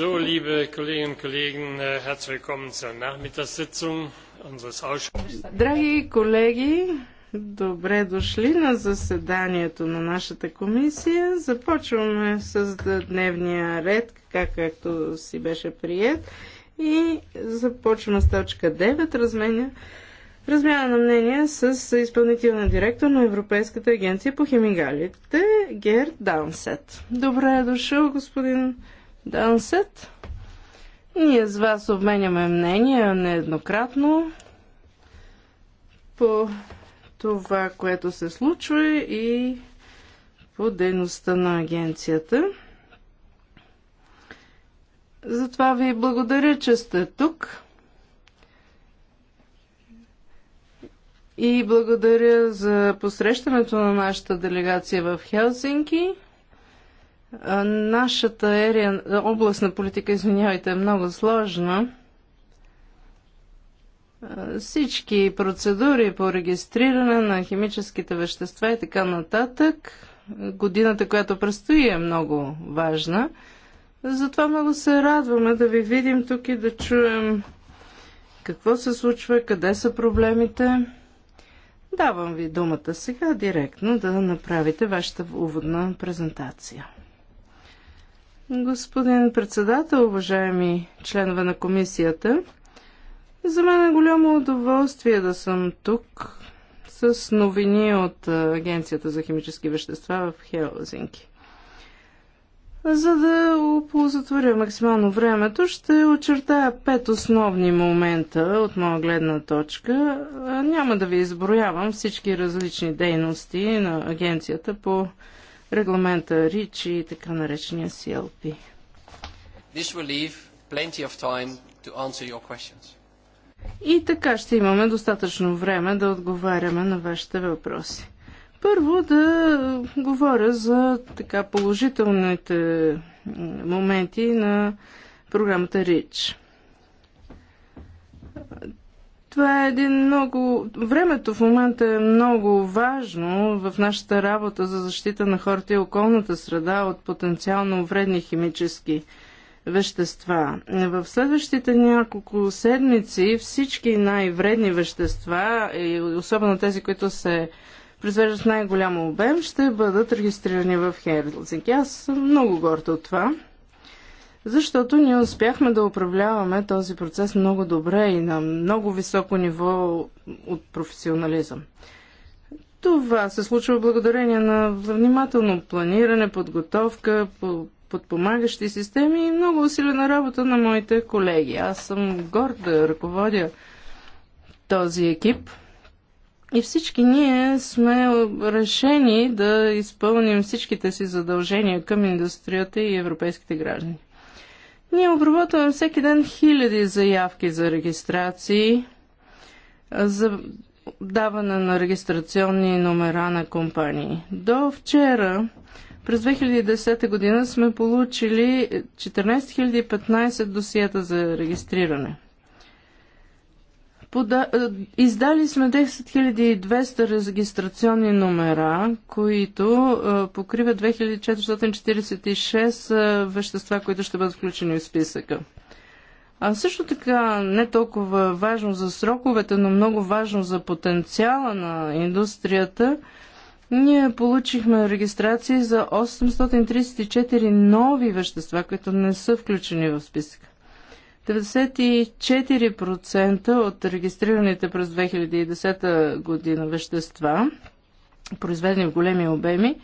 So, liebe Kolleginnen und Kollegen, äh, herzlich willkommen zur Nachmittagssitzung unseres Ausschusses. Драги колеги, добре дошли на заседанието на нашата комисия. Започваме с дневния ред, така както си беше прият. И започваме с точка 9, разменя Размяна на мнение с изпълнителния директор на Европейската агенция по химикалите Гер Даунсет. Добре е дошъл, господин Дансет. Ние с вас обменяме мнения нееднократно по това, което се случва и по дейността на агенцията. Затова ви благодаря, че сте тук. И благодаря за посрещането на нашата делегация в Хелсинки. Нашата ерия, областна политика, извинявайте, е много сложна. Всички процедури по регистриране на химическите вещества и така нататък, годината, която предстои, е много важна. Затова много се радваме да ви видим тук и да чуем какво се случва, къде са проблемите. Давам ви думата сега директно да направите вашата уводна презентация. Господин председател, уважаеми членове на комисията, за мен е голямо удоволствие да съм тук с новини от Агенцията за химически вещества в Хелзинки. За да оползотворя максимално времето, ще очертая пет основни момента от моя гледна точка. Няма да ви изброявам всички различни дейности на агенцията по регламента РИЧ и така наречения CLP. This will leave plenty of time to answer your questions. И така ще имаме достатъчно време да отговаряме на вашите въпроси. Първо да говоря за така положителните моменти на програмата РИЧ. Това е един много... Времето в момента е много важно в нашата работа за защита на хората и околната среда от потенциално вредни химически вещества. В следващите няколко седмици всички най-вредни вещества, и особено тези, които се произвеждат с най-голям обем, ще бъдат регистрирани в Хелсинки. Аз съм много горда от това. Защото ние успяхме да управляваме този процес много добре и на много високо ниво от професионализъм. Това се случва благодарение на внимателно планиране, подготовка, подпомагащи системи и много усилена работа на моите колеги. Аз съм горд да ръководя този екип. И всички ние сме решени да изпълним всичките си задължения към индустрията и европейските граждани. Ние обработваме всеки ден хиляди заявки за регистрации, за даване на регистрационни номера на компании. До вчера, през 2010 година, сме получили 14 015 досията за регистриране – Пода... Е, издали сме 10 200 регистрационни номера, които е, покриват 2446 е, вещества, които ще бъдат включени в списъка. А също така не толкова важно за сроковете, но много важно за потенциала на индустрията, ние получихме регистрации за 834 нови вещества, които не са включени в списъка. 94% от регистрираните през 2010 година вещества, произведени в големи обеми,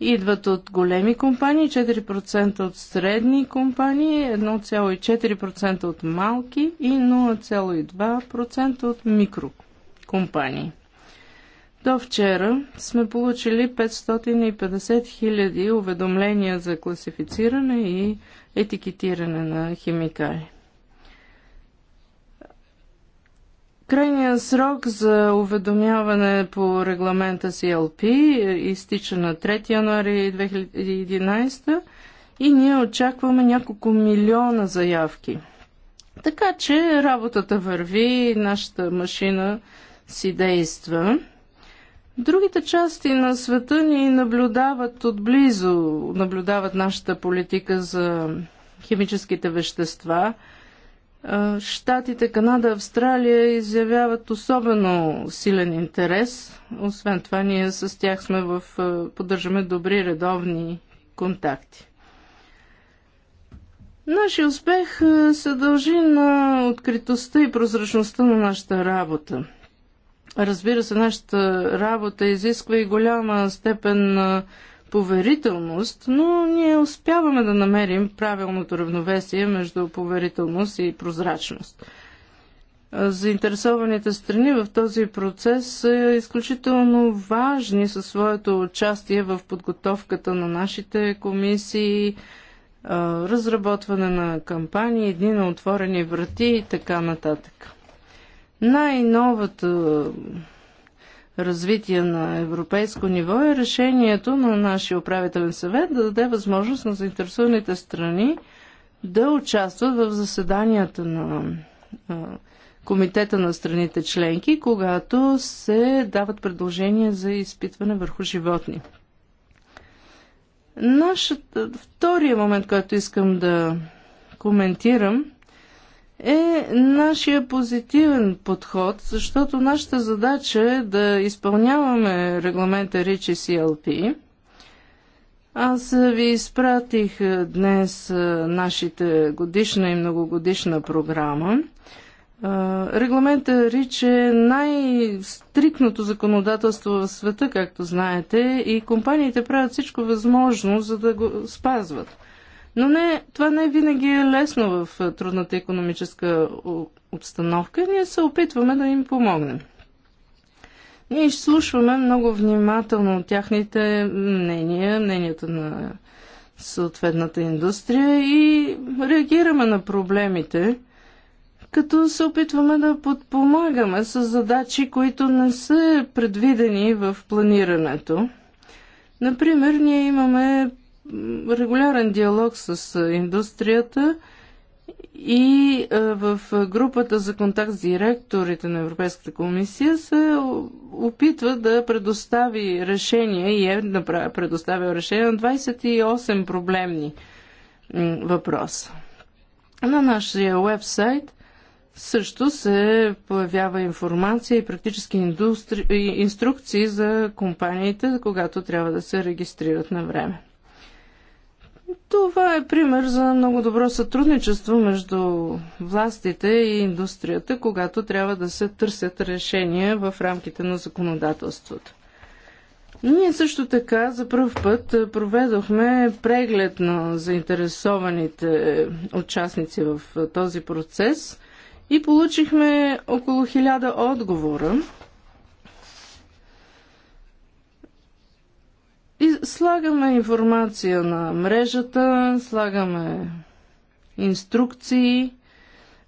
идват от големи компании, 4% от средни компании, 1,4% от малки и 0,2% от микрокомпании. До вчера сме получили 550 000 уведомления за класифициране и етикетиране на химикали. Крайният срок за уведомяване по регламента CLP е, изтича на 3 януари 2011 и ние очакваме няколко милиона заявки. Така че работата върви, нашата машина си действа. Другите части на света ни наблюдават отблизо, наблюдават нашата политика за химическите вещества – Штатите, Канада, Австралия изявяват особено силен интерес. Освен това, ние с тях сме в, поддържаме добри редовни контакти. Нашия успех се дължи на откритостта и прозрачността на нашата работа. Разбира се, нашата работа изисква и голяма степен на поверителност, но ние успяваме да намерим правилното равновесие между поверителност и прозрачност. Заинтересованите страни в този процес са изключително важни със своето участие в подготовката на нашите комисии, разработване на кампании, дни на отворени врати и така нататък. Най-новата развитие на европейско ниво е решението на нашия управителен съвет да даде възможност на заинтересованите страни да участват в заседанията на Комитета на страните членки, когато се дават предложения за изпитване върху животни. Нашата, втория момент, който искам да коментирам, е нашия позитивен подход, защото нашата задача е да изпълняваме регламента РИЧ и CLP. Аз ви изпратих днес нашите годишна и многогодишна програма. Регламента РИЧ е най-стрикното законодателство в света, както знаете, и компаниите правят всичко възможно, за да го спазват. Но не, това не винаги е лесно в трудната економическа обстановка. Ние се опитваме да им помогнем. Ние изслушваме много внимателно тяхните мнения, мненията на съответната индустрия и реагираме на проблемите, като се опитваме да подпомагаме с задачи, които не са предвидени в планирането. Например, ние имаме регулярен диалог с индустрията и в групата за контакт с директорите на Европейската комисия се опитва да предостави решение и е предоставил решение на 28 проблемни въпроса. На нашия вебсайт също се появява информация и практически индустри... инструкции за компаниите, когато трябва да се регистрират на време. Това е пример за много добро сътрудничество между властите и индустрията, когато трябва да се търсят решения в рамките на законодателството. Ние също така за първ път проведохме преглед на заинтересованите участници в този процес и получихме около 1000 отговора И слагаме информация на мрежата, слагаме инструкции,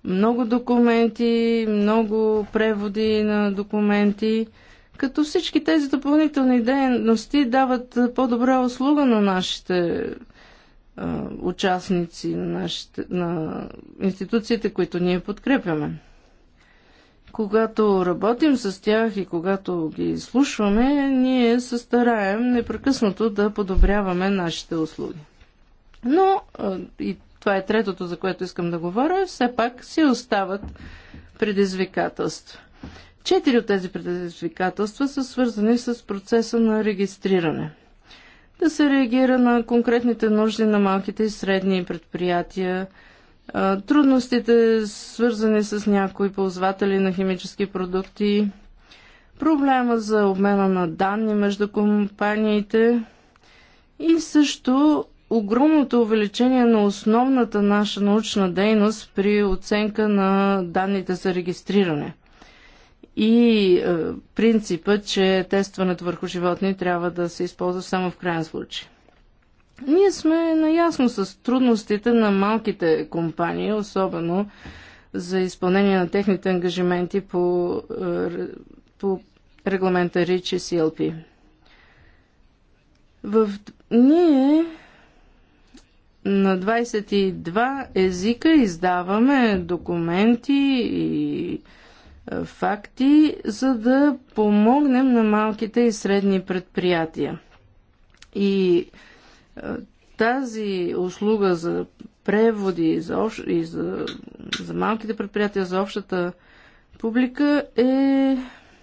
много документи, много преводи на документи, като всички тези допълнителни дейности дават по-добра услуга на нашите а, участници, на, нашите, на институциите, които ние подкрепяме. Когато работим с тях и когато ги слушваме, ние се стараем непрекъснато да подобряваме нашите услуги. Но, и това е третото, за което искам да говоря, все пак си остават предизвикателства. Четири от тези предизвикателства са свързани с процеса на регистриране. Да се реагира на конкретните нужди на малките и средни предприятия, трудностите, свързани с някои ползватели на химически продукти, проблема за обмена на данни между компаниите и също огромното увеличение на основната наша научна дейност при оценка на данните за регистриране. И е, принципът, че тестването върху животни трябва да се използва само в крайен случай. Ние сме наясно с трудностите на малките компании, особено за изпълнение на техните ангажименти по, е, по регламента РИЧ и СЛП. В... Ние на 22 езика издаваме документи и е, факти, за да помогнем на малките и средни предприятия. И тази услуга за преводи за общ... и за... за малките предприятия, за общата публика е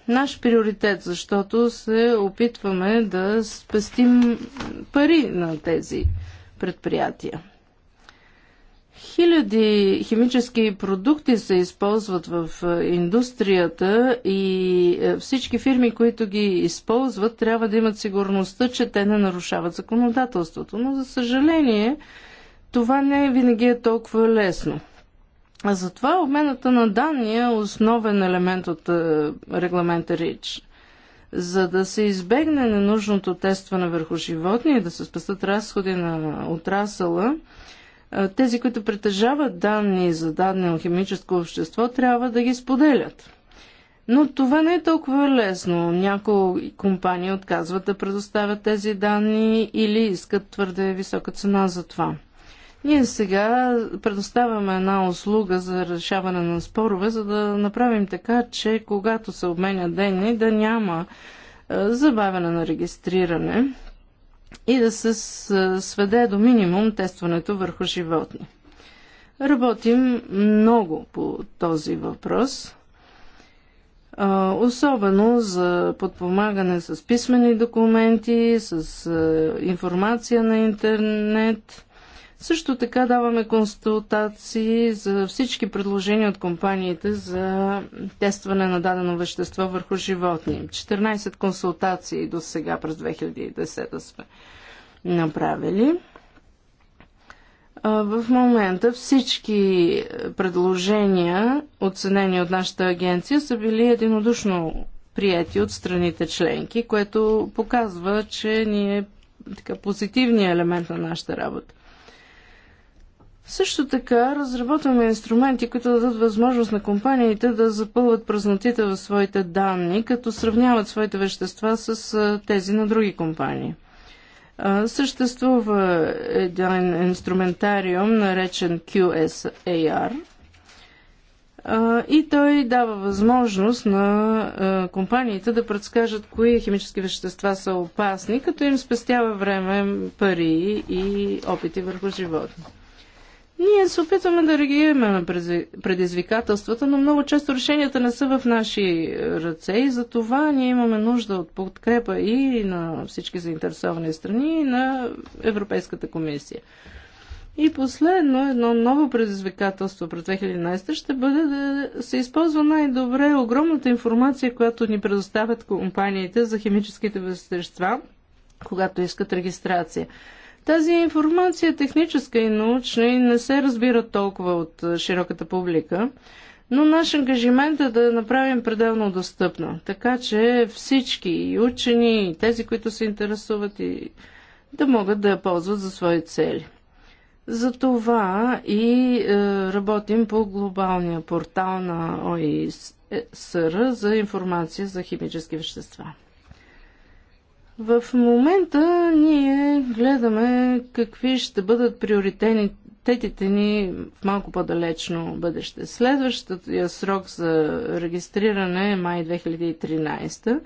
наш приоритет, защото се опитваме да спестим пари на тези предприятия. Хиляди химически продукти се използват в е, индустрията и е, всички фирми, които ги използват, трябва да имат сигурността, че те не нарушават законодателството. Но, за съжаление, това не е винаги е толкова лесно. А затова обмената на данни е основен елемент от регламента РИЧ. За да се избегне ненужното тестване върху животни и да се спасат разходи на отрасъла, е, тези, които притежават данни за дадено химическо общество, трябва да ги споделят. Но това не е толкова лесно. Някои компании отказват да предоставят тези данни или искат твърде висока цена за това. Ние сега предоставяме една услуга за решаване на спорове, за да направим така, че когато се обменя денни, да няма е, забавяне на регистриране, и да се сведе до минимум тестването върху животни. Работим много по този въпрос, особено за подпомагане с писмени документи, с информация на интернет – също така даваме консултации за всички предложения от компаниите за тестване на дадено вещество върху животни. 14 консултации до сега през 2010 сме направили. В момента всички предложения, оценени от нашата агенция, са били единодушно прияти от страните членки, което показва, че ние е така, позитивният елемент на нашата работа. Също така разработваме инструменти, които дадат възможност на компаниите да запълват празнотите в своите данни, като сравняват своите вещества с тези на други компании. Съществува един инструментариум, наречен QSAR, и той дава възможност на компаниите да предскажат кои химически вещества са опасни, като им спестява време, пари и опити върху животни. Ние се опитваме да реагираме на предизвикателствата, но много често решенията не са в наши е, ръце и за това ние имаме нужда от подкрепа и на всички заинтересовани страни и на Европейската комисия. И последно, едно ново предизвикателство през 2011 ще бъде да се използва най-добре огромната информация, която ни предоставят компаниите за химическите вещества, когато искат регистрация. Тази информация е техническа и научна и не се разбира толкова от е, широката публика, но наш ангажимент е да направим пределно достъпна, така че всички, и учени, и тези, които се интересуват, и да могат да я ползват за свои цели. Затова и е, работим по глобалния портал на ОИСР е, за информация за химически вещества. В момента ние гледаме какви ще бъдат приоритетите ни в малко по-далечно бъдеще. Следващия срок за регистриране е май 2013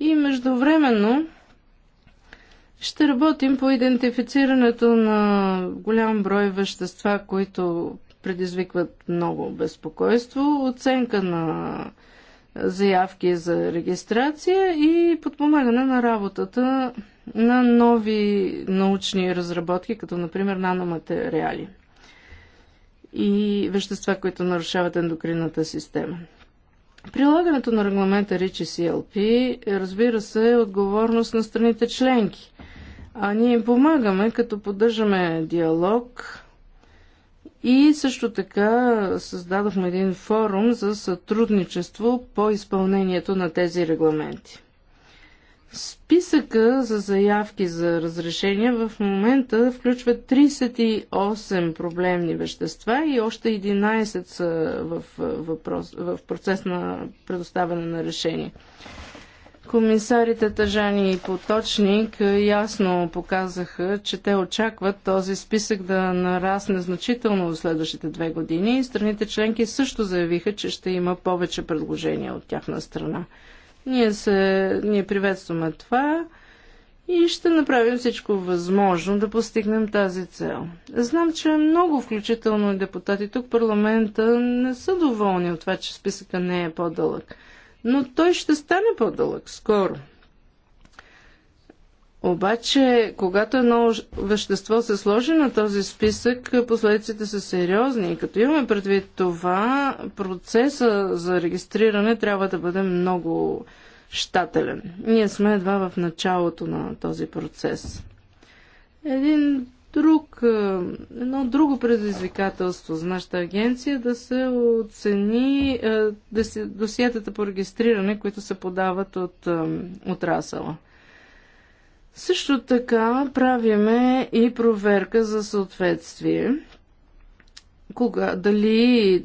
и междувременно ще работим по идентифицирането на голям брой вещества, които предизвикват много безпокойство, оценка на заявки за регистрация и подпомагане на работата на нови научни разработки, като например наноматериали и вещества, които нарушават ендокринната система. Прилагането на регламента Ричи CLP, разбира се, е отговорност на страните членки. А ние им помагаме, като поддържаме диалог, и също така създадохме един форум за сътрудничество по изпълнението на тези регламенти. Списъка за заявки за разрешение в момента включва 38 проблемни вещества и още 11 са в, въпрос, в процес на предоставяне на решение. Комисарите Тъжани и Поточник ясно показаха, че те очакват този списък да нарасне значително в следващите две години и страните членки също заявиха, че ще има повече предложения от тяхна страна. Ние, се, ние приветстваме това и ще направим всичко възможно да постигнем тази цел. Знам, че много, включително и депутати тук парламента, не са доволни от това, че списъка не е по-дълъг но той ще стане по-дълъг скоро. Обаче, когато едно вещество се сложи на този списък, последиците са сериозни. И като имаме предвид това, процеса за регистриране трябва да бъде много щателен. Ние сме едва в началото на този процес. Един друг, едно друго предизвикателство за нашата агенция да се оцени да се, досиетата по регистриране, които се подават от отрасъла. Също така правиме и проверка за съответствие. Кога, дали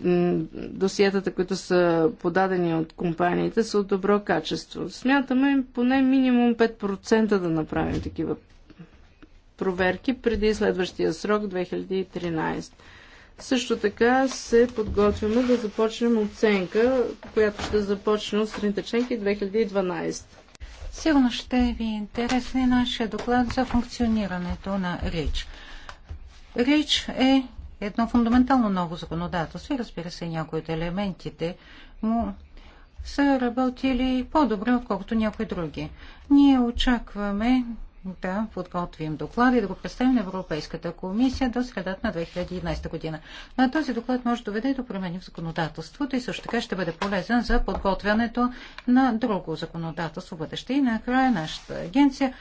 досиетата, които са подадени от компаниите, са от добро качество. Смятаме поне минимум 5% да направим такива проверки преди следващия срок 2013. Също така се подготвяме да започнем оценка, която ще започне от страните членки 2012. Сигурно ще ви е интересни нашия доклад за функционирането на РИЧ. РИЧ е едно фундаментално ново законодателство и разбира се някои от елементите му са работили по-добре, отколкото някои други. Ние очакваме да подготвим доклада и да го представим на Европейската комисия до средата на 2011 година. На този доклад може да доведе до промени в законодателството и също така ще бъде полезен за подготвянето на друго законодателство в бъдеще. И накрая нашата агенция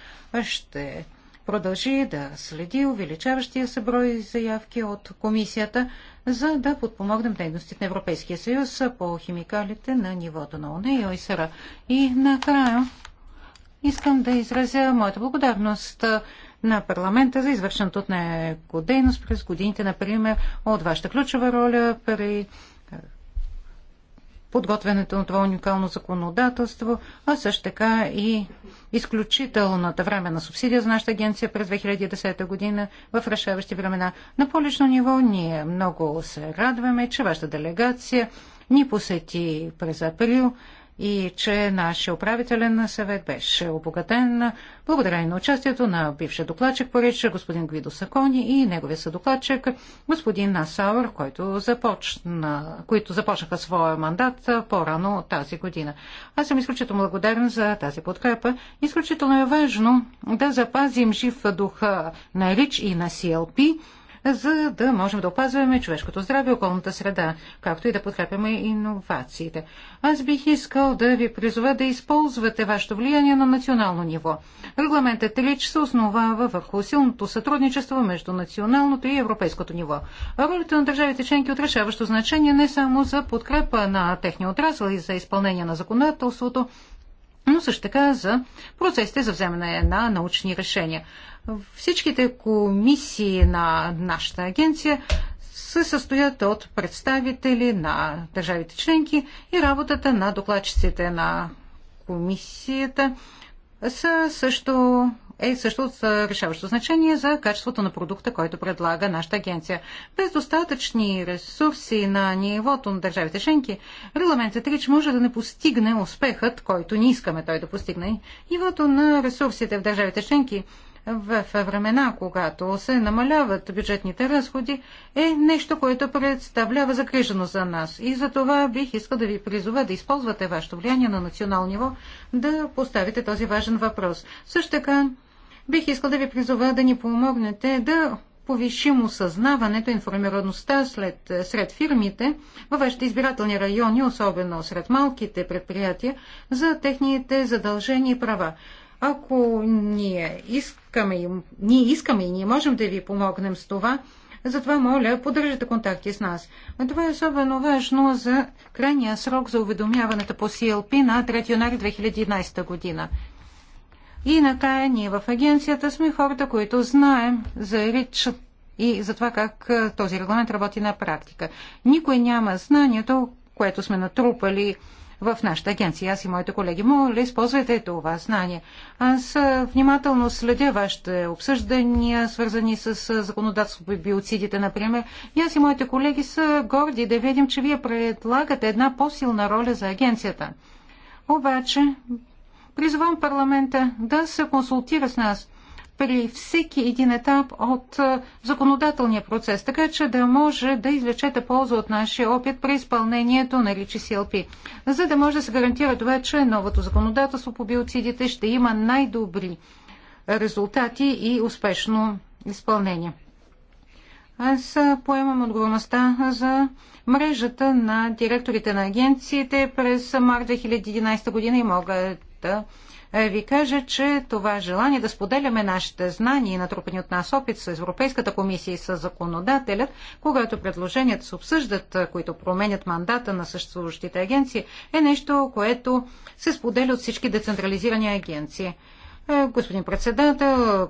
ще продължи да следи увеличаващия се брой заявки от комисията, за да подпомогнем дейностите на Европейския съюз по химикалите на нивото на ОНЕ и ОИСРА. И накрая Искам да изразя моята благодарност на парламента за извършената от него дейност през годините, например, от вашата ключова роля при подготвянето на това уникално законодателство, а също така и изключителната време на субсидия за нашата агенция през 2010 година в решаващи времена. На полично ниво ние много се радваме, че вашата делегация ни посети през април и че нашия управителен съвет беше обогатен благодарение на участието на бившия докладчик по реч господин Гвидо Сакони и неговия съдокладчик господин Насаур, който започна, които започнаха своя мандат по-рано тази година. Аз съм изключително благодарен за тази подкрепа. Изключително е важно да запазим жив духа на Рич и на СЛП за да можем да опазваме човешкото здраве и околната среда, както и да подкрепяме иновациите. Аз бих искал да ви призова да използвате вашето влияние на национално ниво. Регламентът ЛИЧ се основава върху силното сътрудничество между националното и европейското ниво. Ролята на държавите членки е от решаващо значение не само за подкрепа на техния отрасъл и за изпълнение на законодателството, но също така за процесите за вземане на научни решения. Всичките комисии на нашата агенция се състоят от представители на държавите членки и работата на докладчиците на комисията са също е също от решаващо значение за качеството на продукта, който предлага нашата агенция. Без достатъчни ресурси на нивото на държавите членки, регламентът РИЧ е може да не постигне успехът, който ни искаме той да постигне. Нивото на ресурсите в държавите членки в времена, когато се намаляват бюджетните разходи, е нещо, което представлява загрижено за нас. И за това бих искал да ви призова да използвате вашето влияние на национално ниво, да поставите този важен въпрос. Също така Бих искал да ви призова да ни помогнете да повишим осъзнаването, информираността след, сред фирмите във вашите избирателни райони, особено сред малките предприятия, за техните задължения и права. Ако ние искаме, ние искаме и ние можем да ви помогнем с това, затова, моля, поддържате контакти с нас. Това е особено важно за крайния срок за уведомяването по CLP на 3 януари 2011 година. И накрая ние в агенцията сме хората, които знаем за реч и за това как този регламент работи на практика. Никой няма знанието, което сме натрупали в нашата агенция. Аз и моите колеги, моля, използвайте това знание. Аз внимателно следя вашите обсъждания, свързани с законодателство и биоцидите, например. И аз и моите колеги са горди да видим, че вие предлагате една по-силна роля за агенцията. Обаче, призвам парламента да се консултира с нас при всеки един етап от законодателния процес, така че да може да извлечете полза от нашия опит при изпълнението на речи СЛП, за да може да се гарантира това, че новото законодателство по биоцидите ще има най-добри резултати и успешно изпълнение. Аз поемам отговорността за мрежата на директорите на агенциите през март 2011 година и мога да е, ви кажа, че това желание да споделяме нашите знания и натрупани от нас опит с Европейската комисия и с законодателят, когато предложенията се обсъждат, които променят мандата на съществуващите агенции, е нещо, което се споделя от всички децентрализирани агенции. Е, господин председател,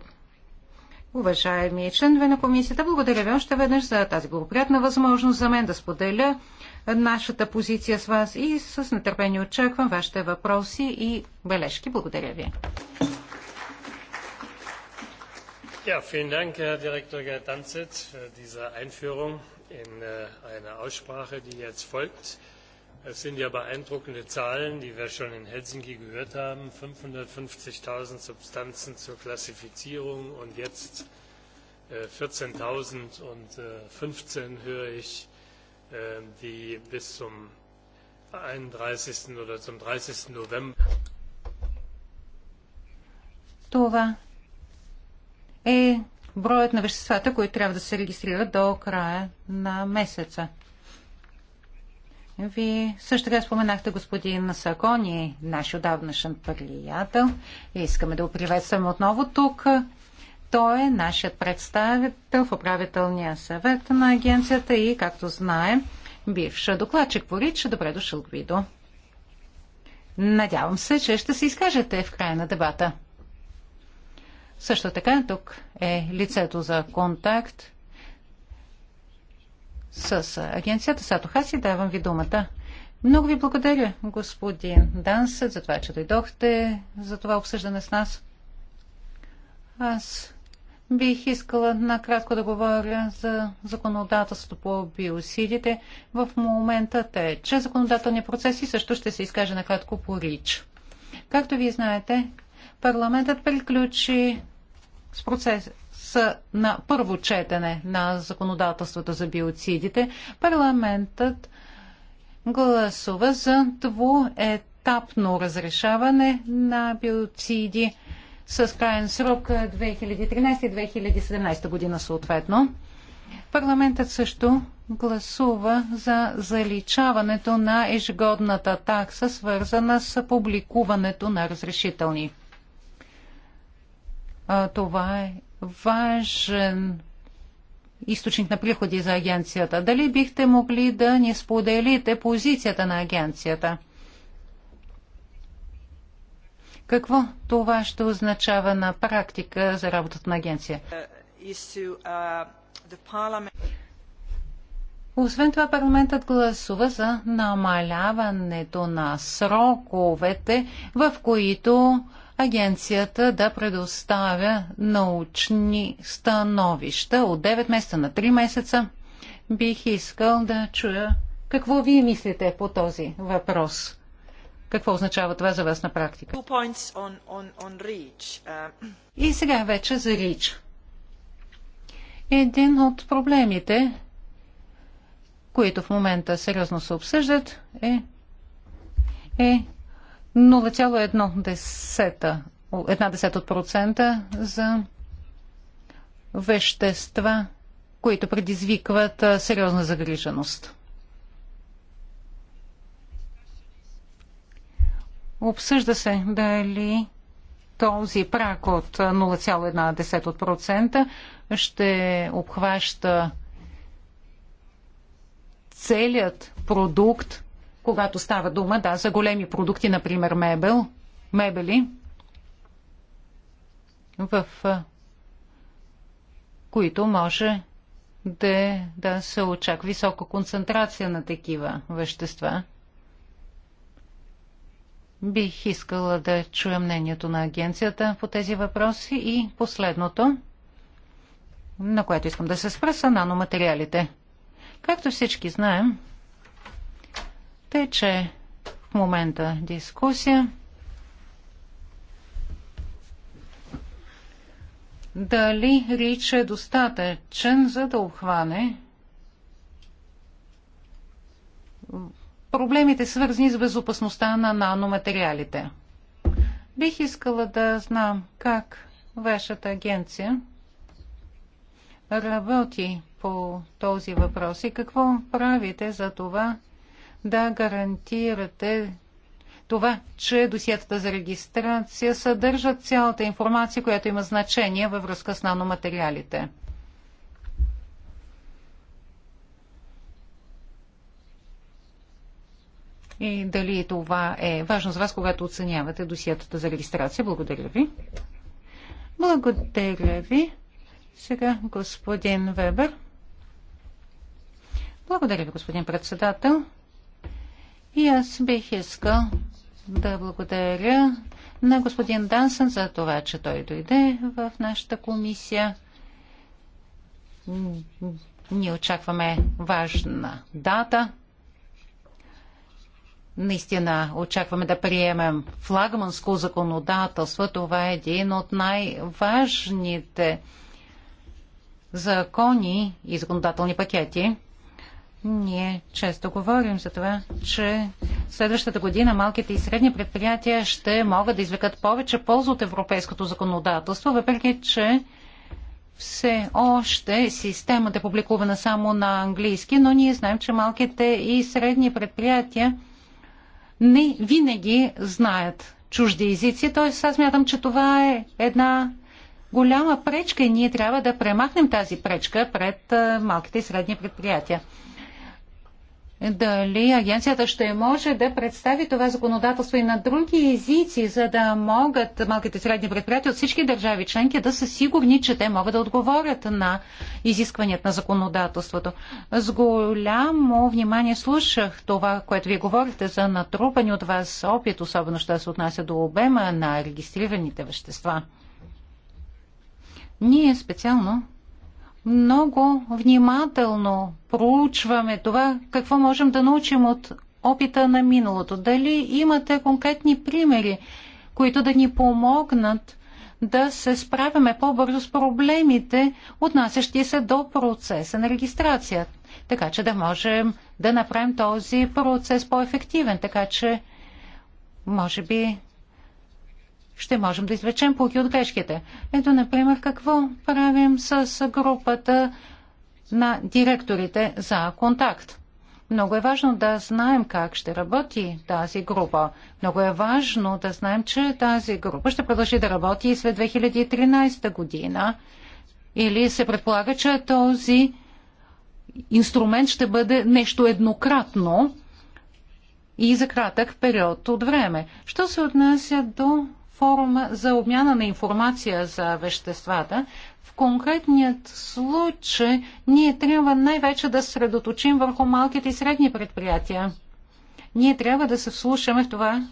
уважаеми членове на комисията, благодаря ви още веднъж за тази благоприятна възможност за мен да споделя нашата позиция с вас и с нетърпение очаквам вашите въпроси и бележки. Благодаря ви. Ja, vielen Dank, Herr Direktor Gertanzit, für diese Einführung in eine Aussprache, die jetzt folgt. Es sind ja beeindruckende Zahlen, die wir schon in Helsinki gehört haben. 550.000 Substanzen zur Klassifizierung und jetzt 14.000 und 15 höre ich Ähm, die bis zum 31. oder zum 30. November. Това е броят на веществата, които трябва да се регистрират до края на месеца. Вие също така споменахте господин Сакони, наш отдавнашен приятел. Искаме да го приветстваме отново тук той е нашият представител в управителния съвет на агенцията и, както знаем, бивша докладчик по РИЧ. Добре дошъл, Гвидо. Надявам се, че ще се изкажете в края на дебата. Също така тук е лицето за контакт с агенцията Сато Хаси. Давам ви думата. Много ви благодаря, господин Дансет, за това, че дойдохте, за това обсъждане с нас. Аз Бих искала накратко да говоря за законодателството по биосидите. В момента те, че законодателни процеси също ще се изкаже накратко по РИЧ. Както ви знаете, парламентът приключи с процес на първо четене на законодателството за биоцидите. Парламентът гласува за двуетапно разрешаване на биоциди – с крайен срок 2013-2017 е, година съответно. Парламентът също гласува за заличаването на ежегодната такса, свързана с публикуването на разрешителни. Това е важен източник на приходи за агенцията. Дали бихте могли да ни споделите позицията на агенцията? Какво това ще означава на практика за работата на агенция? Uh, uh, Освен това, парламентът гласува за намаляването на сроковете, в които агенцията да предоставя научни становища от 9 месеца на 3 месеца. Бих искал да чуя какво вие мислите по този въпрос. Какво означава това за вас на практика? Uh, И сега вече за Рич. Един от проблемите, които в момента сериозно се обсъждат, е, е 0,1% за вещества, които предизвикват сериозна загриженост. Обсъжда се дали този прак от 0,1% ще обхваща целият продукт, когато става дума да, за големи продукти, например мебел, мебели, в които може да, да се очаква висока концентрация на такива вещества. Бих искала да чуя мнението на агенцията по тези въпроси и последното, на което искам да се спра, са наноматериалите. Както всички знаем, тече в момента дискусия дали Рич е достатъчен, за да обхване проблемите, свързани с безопасността на наноматериалите. Бих искала да знам как вашата агенция работи по този въпрос и какво правите за това да гарантирате това, че досиетата за регистрация съдържат цялата информация, която има значение във връзка с наноматериалите. и дали това е важно за вас, когато оценявате досиятата за регистрация. Благодаря ви. Благодаря ви. Сега господин Вебер. Благодаря ви, господин председател. И аз бих искал да благодаря на господин Дансън за това, че той дойде в нашата комисия. Ние очакваме важна дата – Наистина очакваме да приемем флагманско законодателство. Това е един от най-важните закони и законодателни пакети. Ние често говорим за това, че следващата година малките и средни предприятия ще могат да извлекат повече полза от европейското законодателство, въпреки че все още системата е публикувана само на английски, но ние знаем, че малките и средни предприятия – не винаги знаят чужди езици. Т.е. аз мятам, че това е една голяма пречка и ние трябва да премахнем тази пречка пред малките и средни предприятия дали агенцията ще може да представи това законодателство и на други езици, за да могат малките и средни предприятия от всички държави членки да са сигурни, че те могат да отговорят на изискванията на законодателството. С голямо внимание слушах това, което вие говорите за натрупани от вас опит, особено що се отнася до обема на регистрираните вещества. Ние специално много внимателно проучваме това, какво можем да научим от опита на миналото. Дали имате конкретни примери, които да ни помогнат да се справяме по-бързо с проблемите, отнасящи се до процеса на регистрация, така че да можем да направим този процес по-ефективен, така че може би ще можем да извлечем поки от грешките. Ето, например, какво правим с групата на директорите за контакт. Много е важно да знаем как ще работи тази група. Много е важно да знаем, че тази група ще продължи да работи и след 2013 година. Или се предполага, че този инструмент ще бъде нещо еднократно и за кратък период от време. Що се отнася до Форума за обмяна на информация за веществата. В конкретният случай ние трябва най-вече да средоточим върху малките и средни предприятия. Ние трябва да се вслушаме в това,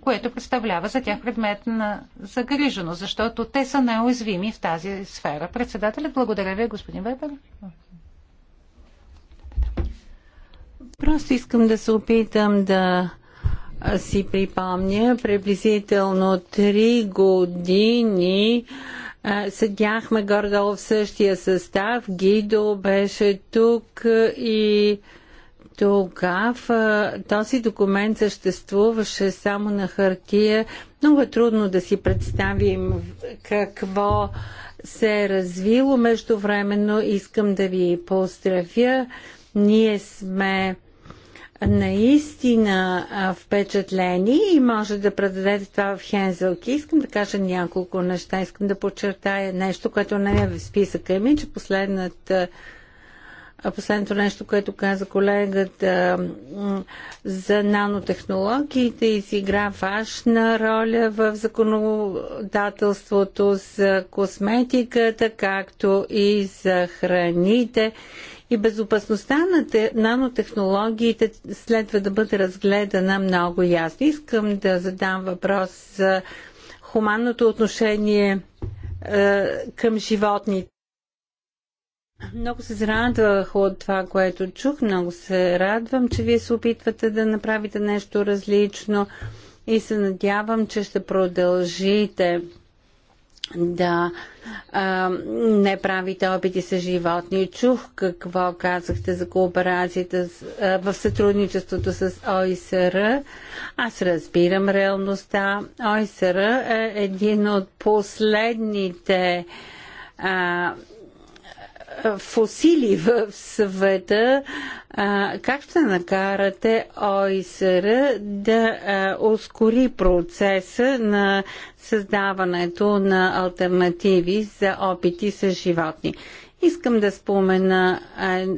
което представлява за тях предмет на загриженост, защото те са най-уязвими в тази сфера. Председателят, благодаря ви, господин Вебер. Просто искам да се опитам да си припомня, приблизително три години седяхме гордо в същия състав. Гидо беше тук и тогава този документ съществуваше само на хартия. Много е трудно да си представим какво се е развило. Междувременно искам да ви поздравя. Ние сме наистина впечатлени и може да предадете това в Хензелки. Искам да кажа няколко неща. Искам да подчертая нещо, което не е в списъка ми, че последната Последното нещо, което каза колегата за нанотехнологиите, изигра важна роля в законодателството за косметиката, както и за храните и безопасността на нанотехнологиите следва да бъде разгледана много ясно. Искам да задам въпрос за хуманното отношение е, към животните. Много се зарадвах от това, което чух. Много се радвам, че вие се опитвате да направите нещо различно и се надявам, че ще продължите да а, не правите опити с животни. Чух какво казахте за кооперацията с, а, в сътрудничеството с ОИСР. Аз разбирам реалността. ОИСР е един от последните а, фосили в света, а, как ще накарате ОИСР да а, ускори процеса на създаването на альтернативи за опити с животни. Искам да спомена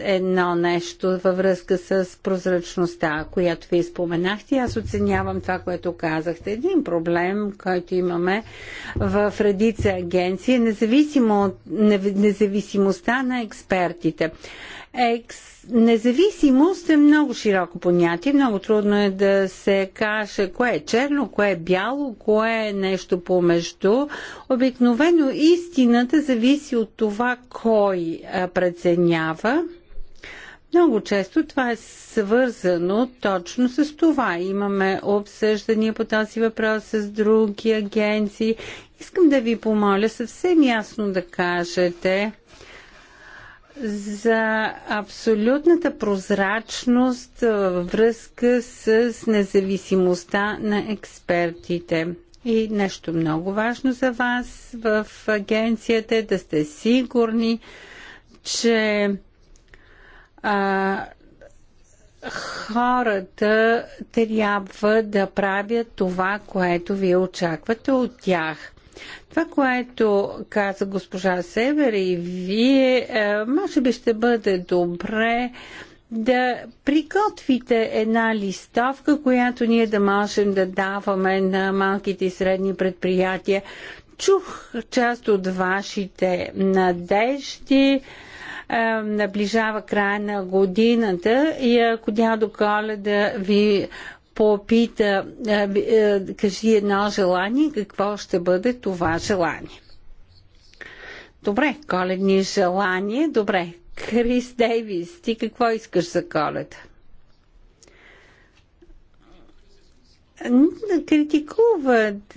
едно нещо във връзка с прозрачността, която ви споменахте. Аз оценявам това, което казахте. Един проблем, който имаме в редица агенции, е независимо от независимостта на експертите. Екс Независимост е много широко понятие. Много трудно е да се каже кое е черно, кое е бяло, кое е нещо помежду. Обикновено истината зависи от това кой преценява. Много често това е свързано точно с това. Имаме обсъждания по този въпрос с други агенции. Искам да ви помоля съвсем ясно да кажете за абсолютната прозрачност във връзка с независимостта на експертите. И нещо много важно за вас в агенцията е да сте сигурни, че а, хората трябва да правят това, което вие очаквате от тях. Това, което каза госпожа Север и вие, е, може би ще бъде добре да приготвите една листовка, която ние да можем да даваме на малките и средни предприятия. Чух част от вашите надежди е, наближава края на годината и ако дядо Коледа ви попита, кажи едно желание, какво ще бъде това желание. Добре, коледни желания, добре. Крис Дейвис, ти какво искаш за коледа? Критикуват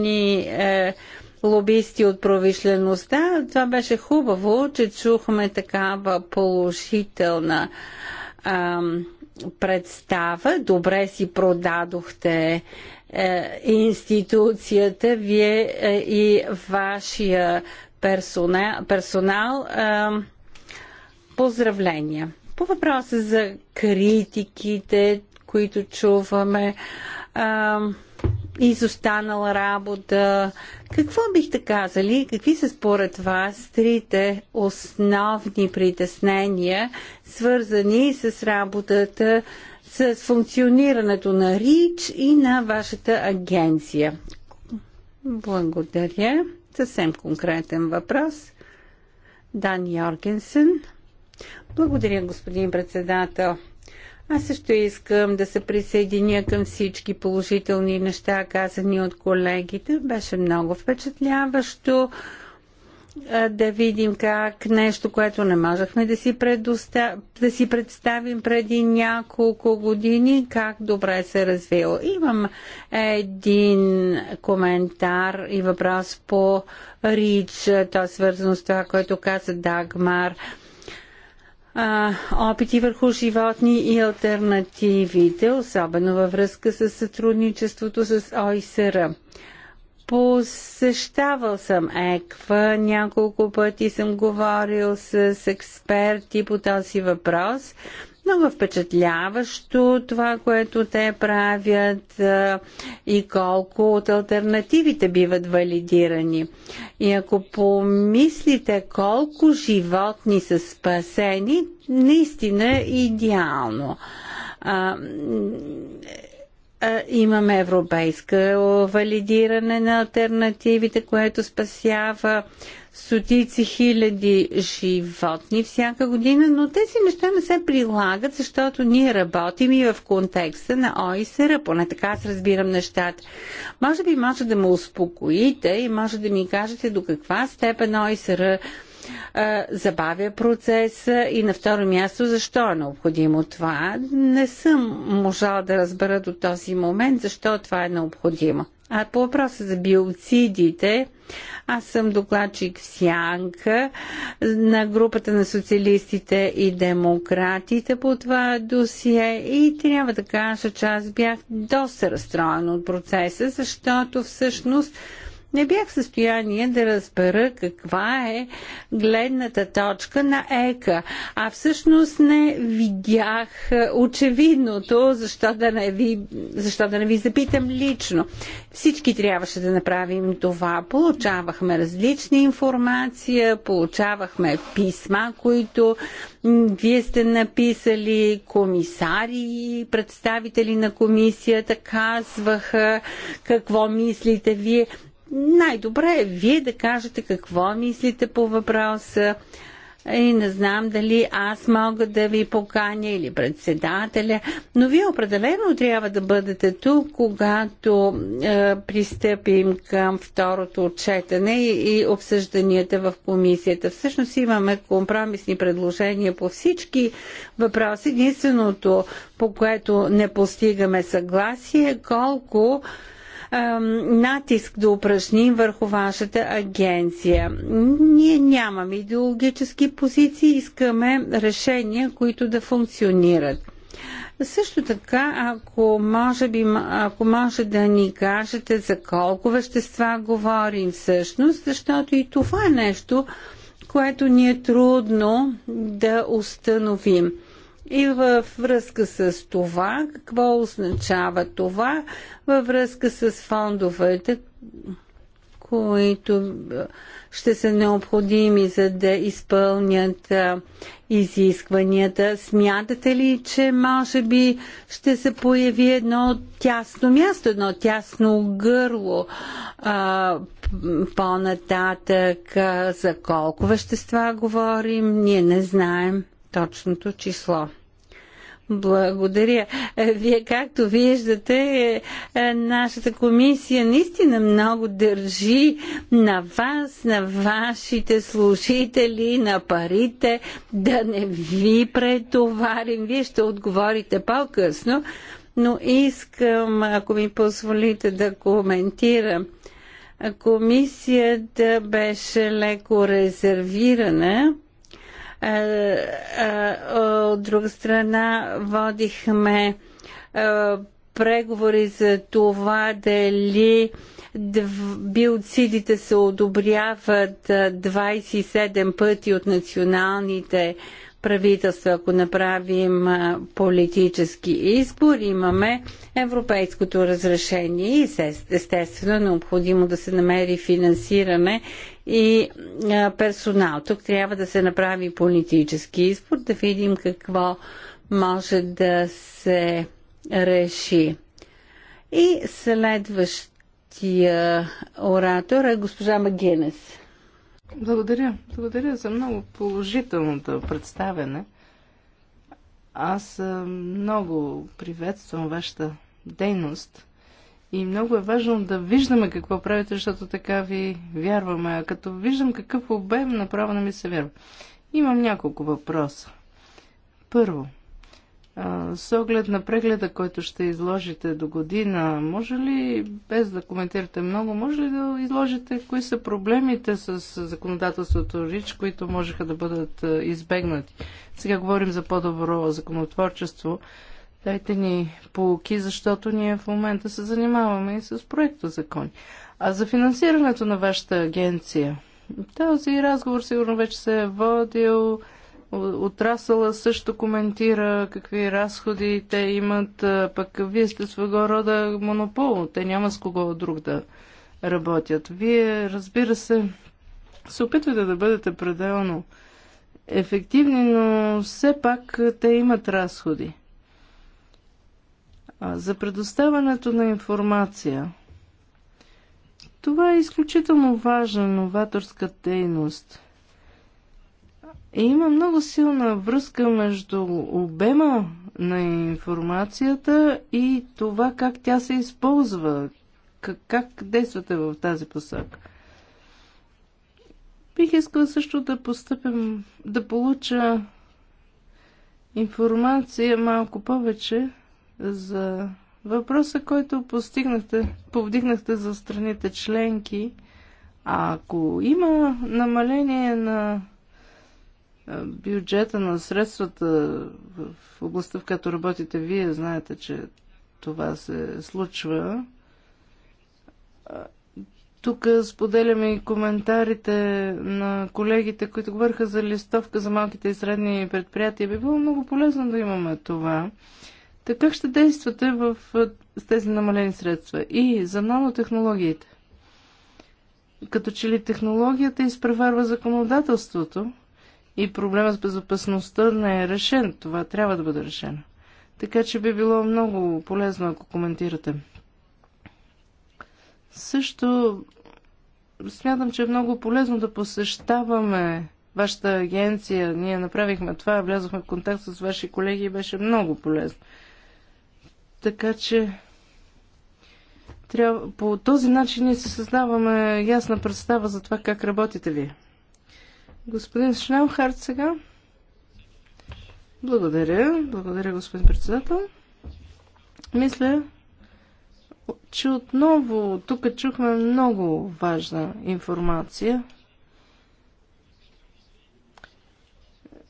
ни е, лобисти от провишлеността. Това беше хубаво, че чухме такава положителна е, представа. Добре си продадохте е, институцията, вие е, и вашия персонал. персонал е, поздравления. По въпроса за критиките, които чуваме, е, изостанала работа. Какво бихте казали? Какви са според вас трите основни притеснения свързани с работата, с функционирането на РИЧ и на вашата агенция. Благодаря. Съвсем конкретен въпрос. Дан Йоргенсен. Благодаря, господин председател. Аз също искам да се присъединя към всички положителни неща, казани от колегите. Беше много впечатляващо да видим как нещо, което не можехме да си, да си представим преди няколко години, как добре се е развило. Имам един коментар и въпрос по Рич, то е свързано с това, което каза Дагмар. А, опити върху животни и альтернативите, особено във връзка с сътрудничеството с ОИСР. Посещавал съм ЕКВА, няколко пъти съм говорил с експерти по този въпрос. Много впечатляващо това, което те правят и колко от альтернативите биват валидирани. И ако помислите колко животни са спасени, наистина е идеално имаме европейско валидиране на альтернативите, което спасява стотици хиляди животни всяка година, но тези неща не се прилагат, защото ние работим и в контекста на ОИСР, поне така аз разбирам нещата. Може би може да ме успокоите и може да ми кажете до каква степен ОИСР забавя процеса и на второ място защо е необходимо това. Не съм можала да разбера до този момент защо това е необходимо. А по въпроса за биоцидите, аз съм докладчик в Сянка на групата на социалистите и демократите по това досие и трябва да кажа, че аз бях доста разстроен от процеса, защото всъщност не бях в състояние да разбера каква е гледната точка на ЕКА. А всъщност не видях е, очевидното, защо да не ви, защо да не ви запитам лично. Всички трябваше да направим това. Получавахме различна информация, получавахме писма, които вие сте написали, комисари, представители на комисията казваха какво мислите вие най-добре е вие да кажете какво мислите по въпроса. И не знам дали аз мога да ви поканя или председателя, но вие определено трябва да бъдете тук, когато е, пристъпим към второто отчетане и, и обсъжданията в комисията. Всъщност имаме компромисни предложения по всички въпроси. Единственото, по което не постигаме съгласие, е колко е, натиск да упражним върху вашата агенция. Ние нямаме идеологически позиции, искаме решения, които да функционират. Също така, ако може, би, ако може да ни кажете за колко вещества говорим всъщност, защото и това е нещо, което ни е трудно да установим. И във връзка с това, какво означава това, във връзка с фондовете, които ще са необходими за да изпълнят изискванията. Смятате ли, че може би ще се появи едно тясно място, едно тясно гърло а, по-нататък? За колко вещества говорим? Ние не знаем точното число. Благодаря. Вие, както виждате, е, нашата комисия наистина много държи на вас, на вашите служители, на парите, да не ви претоварим. Вие ще отговорите по-късно, но искам, ако ми позволите да коментирам. Комисията беше леко резервирана е, е, от друга страна, водихме е, преговори за това дали биоцидите се одобряват 27 пъти от националните правителства, ако направим политически избор, имаме европейското разрешение и естествено необходимо да се намери финансиране и персонал. Тук трябва да се направи политически избор, да видим какво може да се реши. И следващия оратор е госпожа Магинес. Благодаря. Благодаря за много положителното представене. Аз много приветствам вашата дейност – и много е важно да виждаме какво правите, защото така ви вярваме. А като виждам какъв обем, направо не ми се вярва. Имам няколко въпроса. Първо, с оглед на прегледа, който ще изложите до година, може ли, без да коментирате много, може ли да изложите кои са проблемите с законодателството РИЧ, които можеха да бъдат избегнати? Сега говорим за по-добро законотворчество дайте ни полуки, защото ние в момента се занимаваме и с проекта закони. А за финансирането на вашата агенция, този разговор сигурно вече се е водил. Отрасъла също коментира какви разходи те имат, пък вие сте своего рода монопол, те няма с кого друг да работят. Вие, разбира се, се опитвате да бъдете пределно ефективни, но все пак те имат разходи. За предоставянето на информация. Това е изключително важна новаторска дейност. И има много силна връзка между обема на информацията и това как тя се използва, как, как действате в тази посока. Бих искал също да постъпим, да получа информация малко повече за въпроса, който постигнахте, повдигнахте за страните членки. А ако има намаление на бюджета на средствата в областта, в която работите вие, знаете, че това се случва. Тук споделяме и коментарите на колегите, които говориха за листовка за малките и средни предприятия. Би било много полезно да имаме това. Та как ще действате в, с тези намалени средства? И за нанотехнологиите. Като че ли технологията изпреварва законодателството и проблема с безопасността не е решен. Това трябва да бъде решено. Така че би било много полезно, ако коментирате. Също смятам, че е много полезно да посещаваме вашата агенция. Ние направихме това, влязохме в контакт с ваши колеги и беше много полезно. Така че трябва, по този начин ние се създаваме ясна представа за това как работите вие. Господин Шнаухард сега. Благодаря. Благодаря, господин председател. Мисля, че отново тук чухме много важна информация.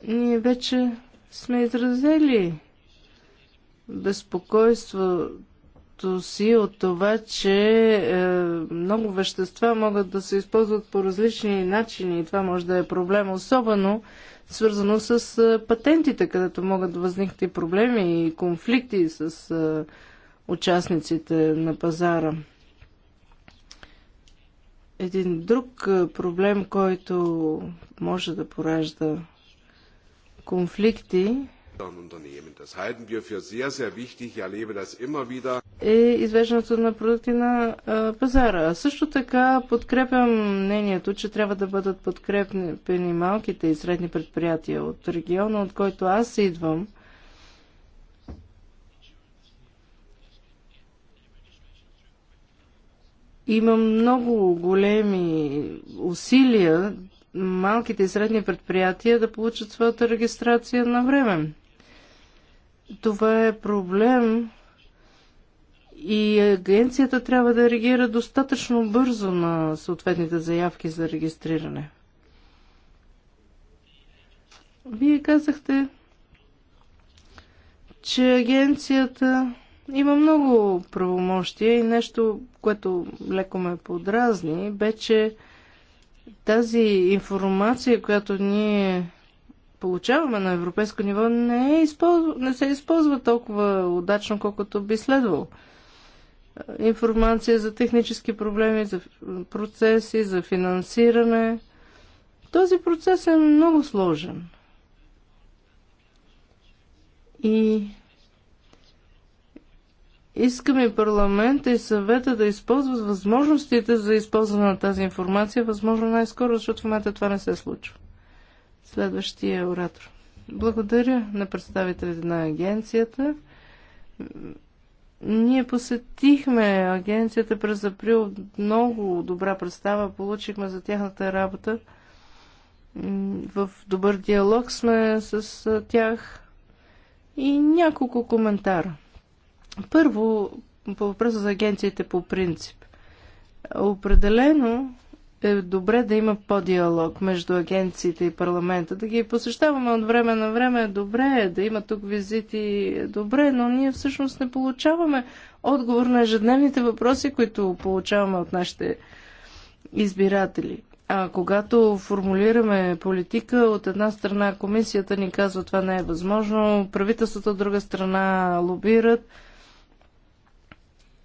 Ние вече сме изразели безпокойството си от това, че е, много вещества могат да се използват по различни начини и това може да е проблем, особено свързано с е, патентите, където могат да възникнат и проблеми и конфликти с е, участниците на пазара. Един друг е, проблем, който може да поражда конфликти Unternehmen. Das halten wir für sehr, sehr wichtig. Ich erlebe das immer wieder. Е извеждането на продукти на а, пазара. Също така подкрепям мнението, че трябва да бъдат подкрепени малките и средни предприятия от региона, от който аз идвам. Има много големи усилия малките и средни предприятия да получат своята регистрация на време. Това е проблем и агенцията трябва да реагира достатъчно бързо на съответните заявки за регистриране. Вие казахте, че агенцията има много правомощия и нещо, което леко ме подразни, бе, че тази информация, която ние получаваме на европейско ниво, не, е използва, не се използва толкова удачно, колкото би следвало. Информация за технически проблеми, за процеси, за финансиране. Този процес е много сложен. И искаме парламента и съвета да използват възможностите за използване на тази информация, възможно най-скоро, защото в момента това не се случва. Следващия оратор. Благодаря на представителите на агенцията. Ние посетихме агенцията през април. Много добра представа получихме за тяхната работа. В добър диалог сме с тях и няколко коментара. Първо, по въпроса за агенциите по принцип. Определено е добре да има по-диалог между агенциите и парламента. Да ги посещаваме от време на време е добре, е да има тук визити е добре, но ние всъщност не получаваме отговор на ежедневните въпроси, които получаваме от нашите избиратели. А когато формулираме политика, от една страна комисията ни казва това не е възможно, правителството от друга страна лобират –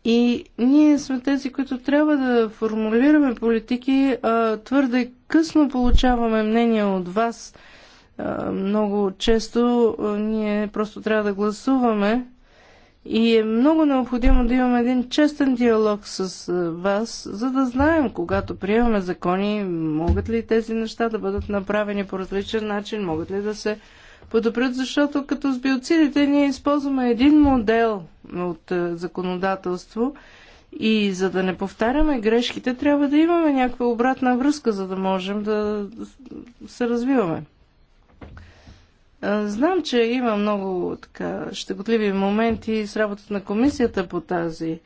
и ние сме тези, които трябва да формулираме политики. А, твърде късно получаваме мнения от вас. А, много често а, ние просто трябва да гласуваме. И е много необходимо да имаме един честен диалог с вас, за да знаем, когато приемаме закони, могат ли тези неща да бъдат направени по различен начин, могат ли да се подобрят, защото като с биоцидите ние използваме един модел от е, законодателство и за да не повтаряме грешките, трябва да имаме някаква обратна връзка, за да можем да се развиваме. Е, знам, че има много така щеготливи моменти с работата на комисията по тази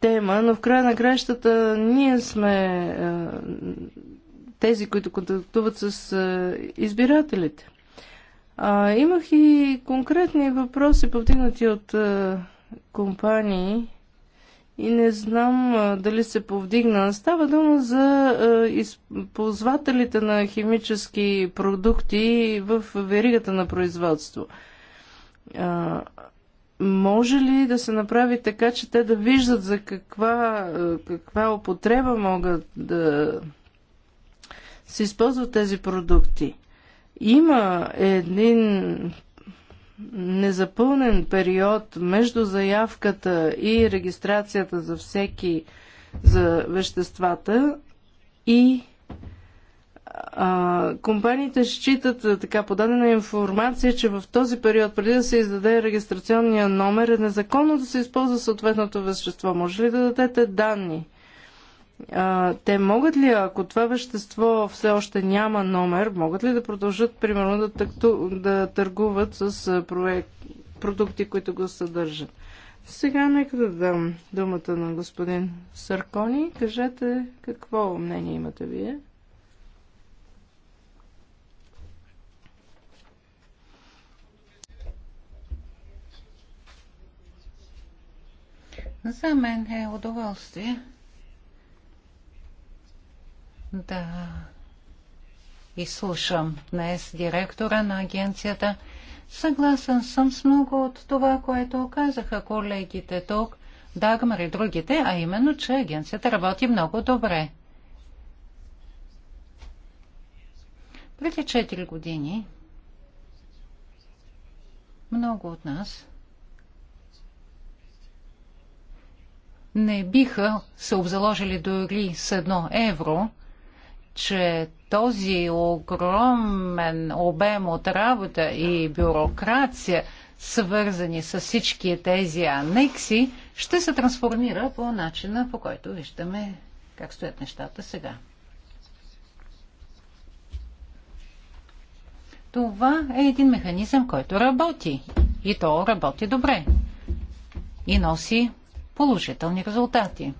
тема, но в края на кращата ние сме е, тези, които контактуват с избирателите. А, имах и конкретни въпроси, повдигнати от а, компании и не знам а, дали се повдигна. Става дума за а, ползвателите на химически продукти в веригата на производство. А, може ли да се направи така, че те да виждат за каква, каква употреба могат да се използват тези продукти? Има един незапълнен период между заявката и регистрацията за всеки за веществата и а, компаниите считат така подадена информация, че в този период преди да се издаде регистрационния номер е незаконно да се използва съответното вещество. Може ли да дадете данни? А, те могат ли, ако това вещество все още няма номер, могат ли да продължат, примерно, да, такту, да търгуват с проект, продукти, които го съдържат? Сега нека да дам думата на господин Саркони. Кажете какво мнение имате вие. За мен е удоволствие да изслушам днес директора на агенцията. Съгласен съм с много от това, което казаха колегите тук, Дагмар и другите, а именно, че агенцията работи много добре. Преди 4 години много от нас не биха се обзаложили дори с едно евро – че този огромен обем от работа и бюрокрация, свързани с всички тези анекси, ще се трансформира по начина, по който виждаме как стоят нещата сега. Това е един механизъм, който работи. И то работи добре. И носи положителни резултати.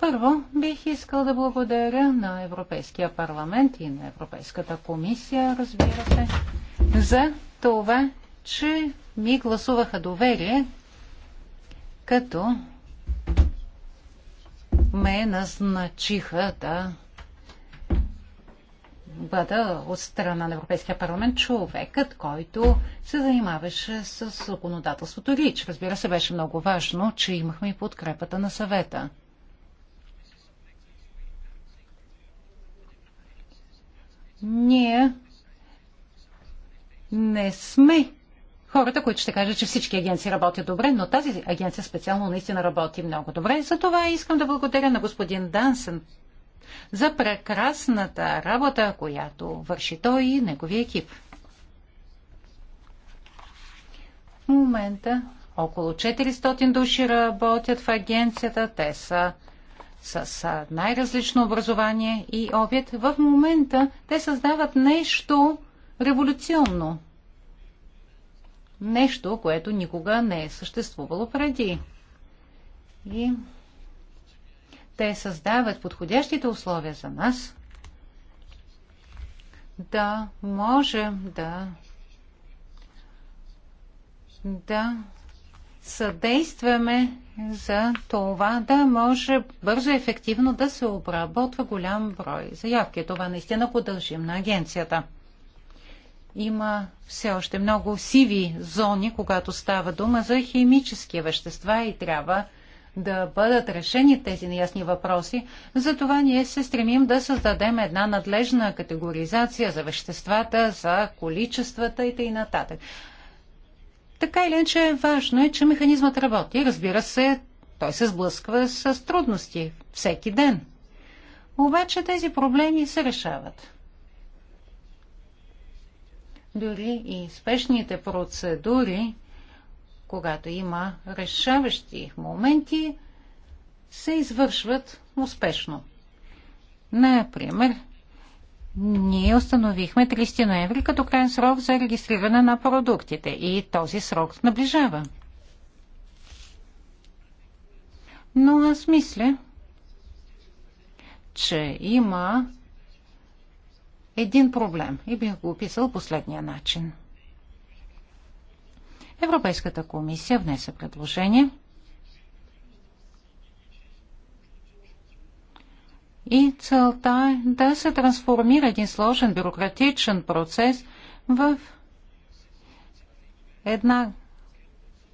Първо, бих искал да благодаря на Европейския парламент и на Европейската комисия, разбира се, за това, че ми гласуваха доверие, като ме назначиха да бъда от страна на Европейския парламент човекът, който се занимаваше с законодателството РИЧ. Разбира се, беше много важно, че имахме и подкрепата на съвета. ние не сме хората, които ще кажат, че всички агенции работят добре, но тази агенция специално наистина работи много добре. За това искам да благодаря на господин Дансен за прекрасната работа, която върши той и неговия екип. В момента около 400 души работят в агенцията. Те са с най-различно образование и опит, в момента те създават нещо революционно. Нещо, което никога не е съществувало преди. И те създават подходящите условия за нас да можем да да съдействаме за това да може бързо и ефективно да се обработва голям брой заявки. Това наистина подължим на агенцията. Има все още много сиви зони, когато става дума за химически вещества и трябва да бъдат решени тези неясни въпроси. Затова ние се стремим да създадем една надлежна категоризация за веществата, за количествата и т.н. Така или иначе важно е, че механизмът работи. Разбира се, той се сблъсква с трудности всеки ден. Обаче тези проблеми се решават. Дори и спешните процедури, когато има решаващи моменти, се извършват успешно. Например, ние установихме 30 ноември като крайен срок за регистриране на продуктите и този срок наближава. Но аз мисля, че има един проблем и бих го описал последния начин. Европейската комисия внесе предложение – И целта е да се трансформира един сложен бюрократичен процес в една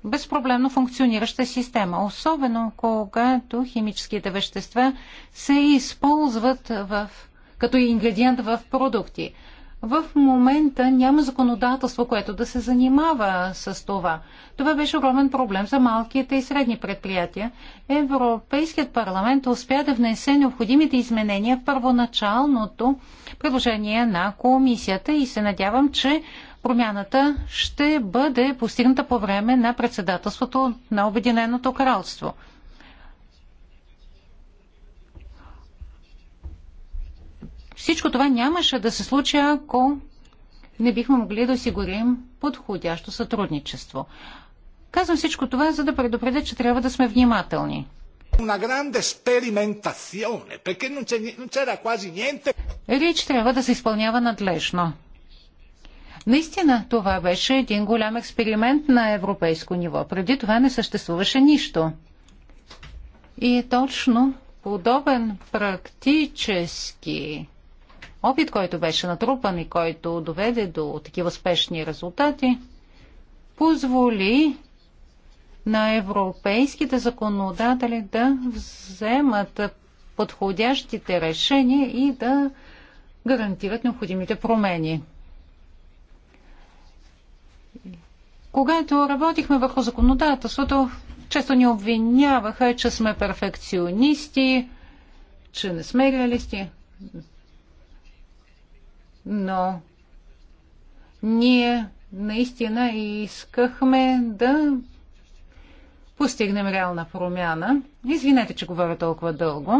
безпроблемно функционираща система, особено когато химическите вещества се използват в, като ингредиент в продукти. В момента няма законодателство, което да се занимава с това. Това беше огромен проблем за малките и средни предприятия. Европейският парламент успя да внесе необходимите изменения в първоначалното предложение на комисията и се надявам, че промяната ще бъде постигната по време на председателството на Обединеното кралство. Всичко това нямаше да се случи, ако не бихме могли да осигурим подходящо сътрудничество. Казвам всичко това, за да предупредя, че трябва да сме внимателни. Рич трябва да се изпълнява надлежно. Наистина, това беше един голям експеримент на европейско ниво. Преди това не съществуваше нищо. И точно подобен практически опит, който беше натрупан и който доведе до такива успешни резултати, позволи на европейските законодатели да вземат подходящите решения и да гарантират необходимите промени. Когато работихме върху законодателството, често ни обвиняваха, че сме перфекционисти, че не сме реалисти но ние наистина искахме да постигнем реална промяна. Извинете, че говоря толкова дълго.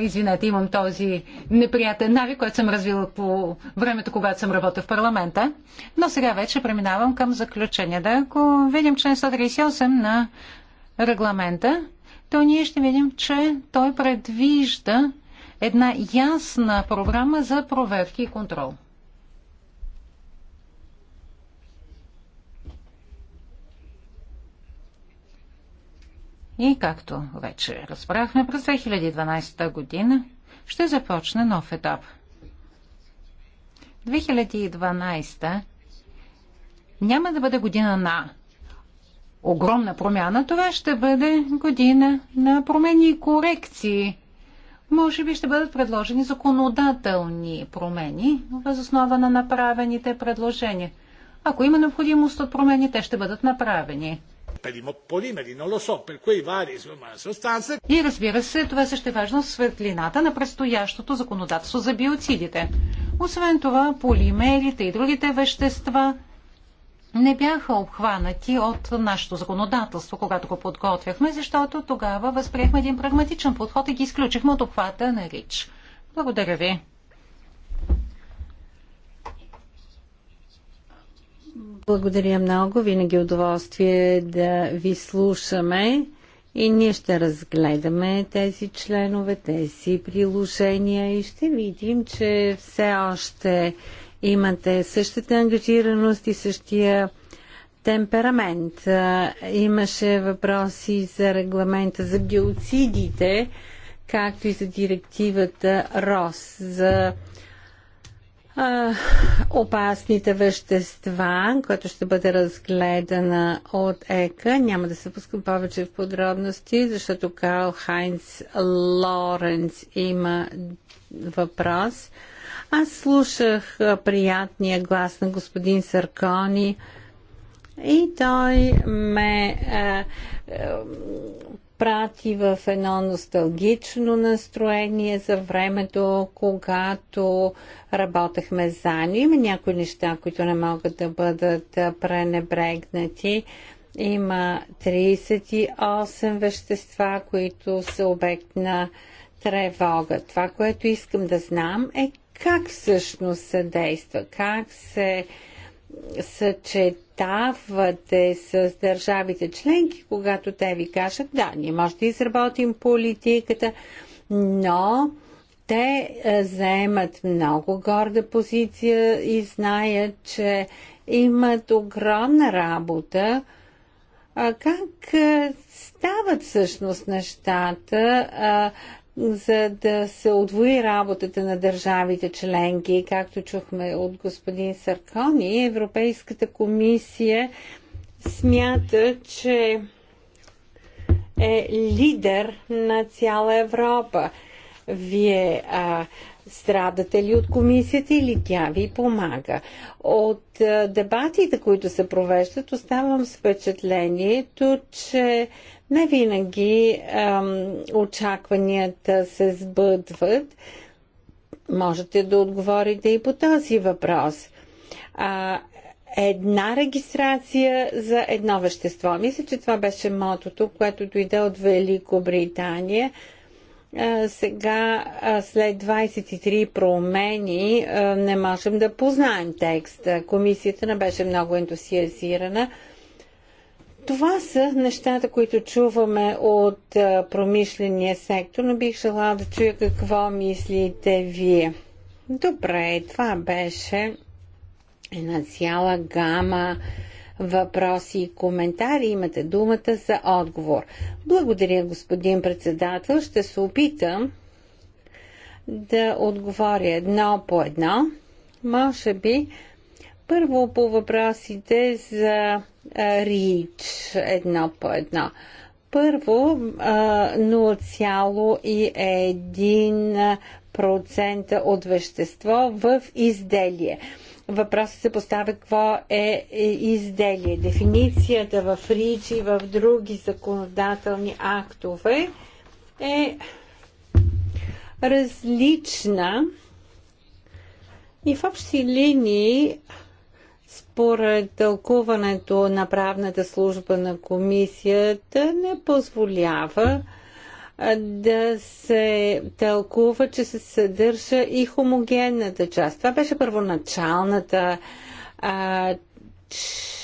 извинете, имам този неприятен навик, който съм развила по времето, когато съм работил в парламента. Но сега вече преминавам към заключение. Да, ако видим член 138 на регламента, то ние ще видим, че той предвижда една ясна програма за проверки и контрол. И както вече разбрахме, през 2012 година ще започне нов етап. 2012 няма да бъде година на огромна промяна, това ще бъде година на промени и корекции може би ще бъдат предложени законодателни промени въз основа на направените предложения. Ако има необходимост от промени, те ще бъдат направени. И разбира се, това също е важно в светлината на предстоящото законодателство за биоцидите. Освен това, полимерите и другите вещества – не бяха обхванати от нашето законодателство, когато го подготвяхме, защото тогава възприехме един прагматичен подход и ги изключихме от обхвата на РИЧ. Благодаря ви. Благодаря много. Винаги удоволствие да ви слушаме и ние ще разгледаме тези членове, тези приложения и ще видим, че все още имате същата ангажираност и същия темперамент. Имаше въпроси за регламента за биоцидите, както и за директивата РОС за а, опасните вещества, което ще бъде разгледана от ЕКА. Няма да се пускам повече в подробности, защото Карл Хайнц Лоренц има въпрос. Аз слушах приятния глас на господин Саркони и той ме е, е, прати в едно носталгично настроение за времето, когато работехме заедно. Има някои неща, които не могат да бъдат пренебрегнати. Има 38 вещества, които са обект на тревога. Това, което искам да знам е как всъщност се действа, как се съчетавате с държавите членки, когато те ви кажат, да, ние може да изработим политиката, но те е, заемат много горда позиция и знаят, че имат огромна работа. А как е, стават всъщност нещата? Е, за да се отвои работата на държавите членки. Както чухме от господин Саркони, Европейската комисия смята, че е лидер на цяла Европа. Вие а, страдате ли от комисията или тя ви помага? От а, дебатите, които се провеждат, оставам с впечатлението, че не винаги ам, очакванията се сбъдват. Можете да отговорите и по този въпрос. А, една регистрация за едно вещество. Мисля, че това беше мотото, което дойде от Великобритания. Сега, след 23 промени, не можем да познаем текста. Комисията не беше много ентусиазирана. Това са нещата, които чуваме от промишления сектор, но бих желала да чуя какво мислите вие. Добре, това беше една цяла гама въпроси и коментари. Имате думата за отговор. Благодаря, господин председател. Ще се опитам да отговоря едно по едно. Може би първо по въпросите за Рич едно по едно. Първо 0,1% от вещество в изделие. Въпросът се поставя какво е, е изделие. Дефиницията в Рич и в други законодателни актове е различна и в общи линии според тълкуването на правната служба на комисията не позволява да се тълкува, че се съдържа и хомогенната част. Това беше първоначалната а,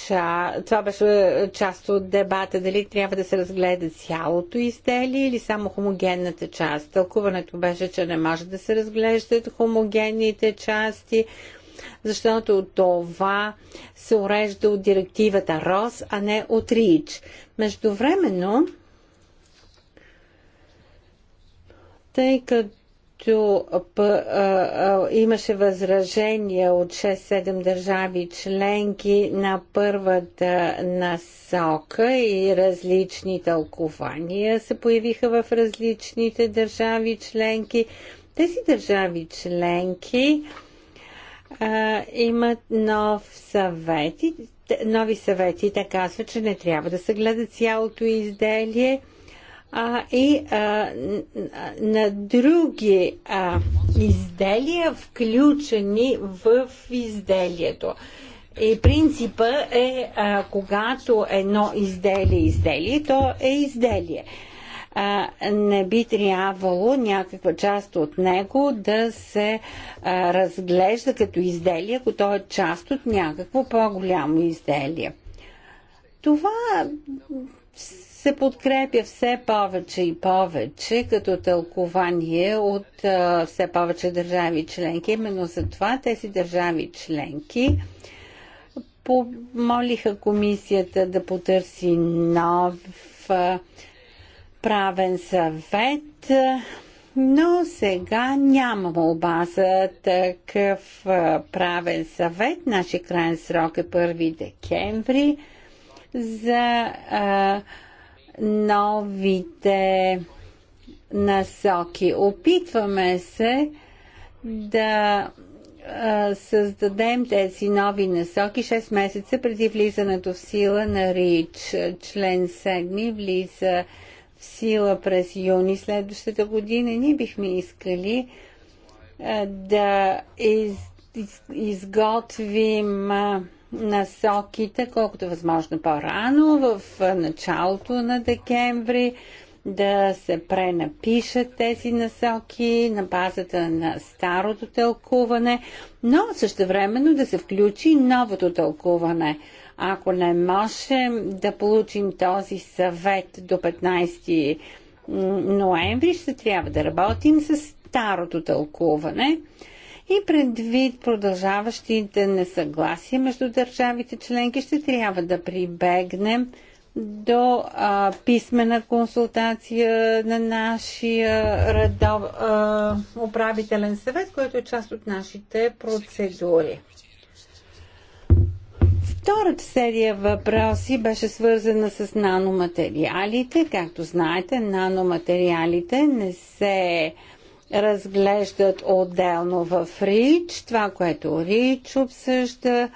ча... това беше част от дебата, дали трябва да се разгледа цялото изделие или само хомогенната част. Тълкуването беше, че не може да се разглеждат хомогенните части, защото това се урежда от директивата РОС, а не от РИЧ. Междувременно, тъй като имаше възражения от 6-7 държави членки на първата насока и различни тълкования се появиха в различните държави членки. Тези държави членки имат нов съвет, нови съвети. Те казват, че не трябва да се гледа цялото изделие а, и а, на други а, изделия, включени в изделието. И принципа е, а, когато едно изделие е изделие, то е изделие а, не би трябвало някаква част от него да се а, разглежда като изделие, ако то е част от някакво по-голямо изделие. Това се подкрепя все повече и повече като тълкование от а, все повече държави членки. Именно за това тези държави членки помолиха комисията да потърси нов правен съвет, но сега няма молба за такъв правен съвет. Наши крайен срок е 1 декември за а, новите насоки. Опитваме се да създадем тези нови насоки 6 месеца преди влизането в сила на РИЧ. Член 7 влиза в сила през юни следващата година. Ние бихме искали да из, из, изготвим насоките, колкото е възможно по-рано, в началото на декември, да се пренапишат тези насоки на базата на старото тълкуване, но същевременно да се включи новото тълкуване – ако не можем да получим този съвет до 15 ноември, ще трябва да работим с старото тълкуване и предвид продължаващите несъгласия между държавите членки, ще трябва да прибегнем до а, писмена консултация на нашия редов, а, управителен съвет, който е част от нашите процедури. Втората серия въпроси беше свързана с наноматериалите. Както знаете, наноматериалите не се разглеждат отделно в РИЧ. Това, което РИЧ обсъжда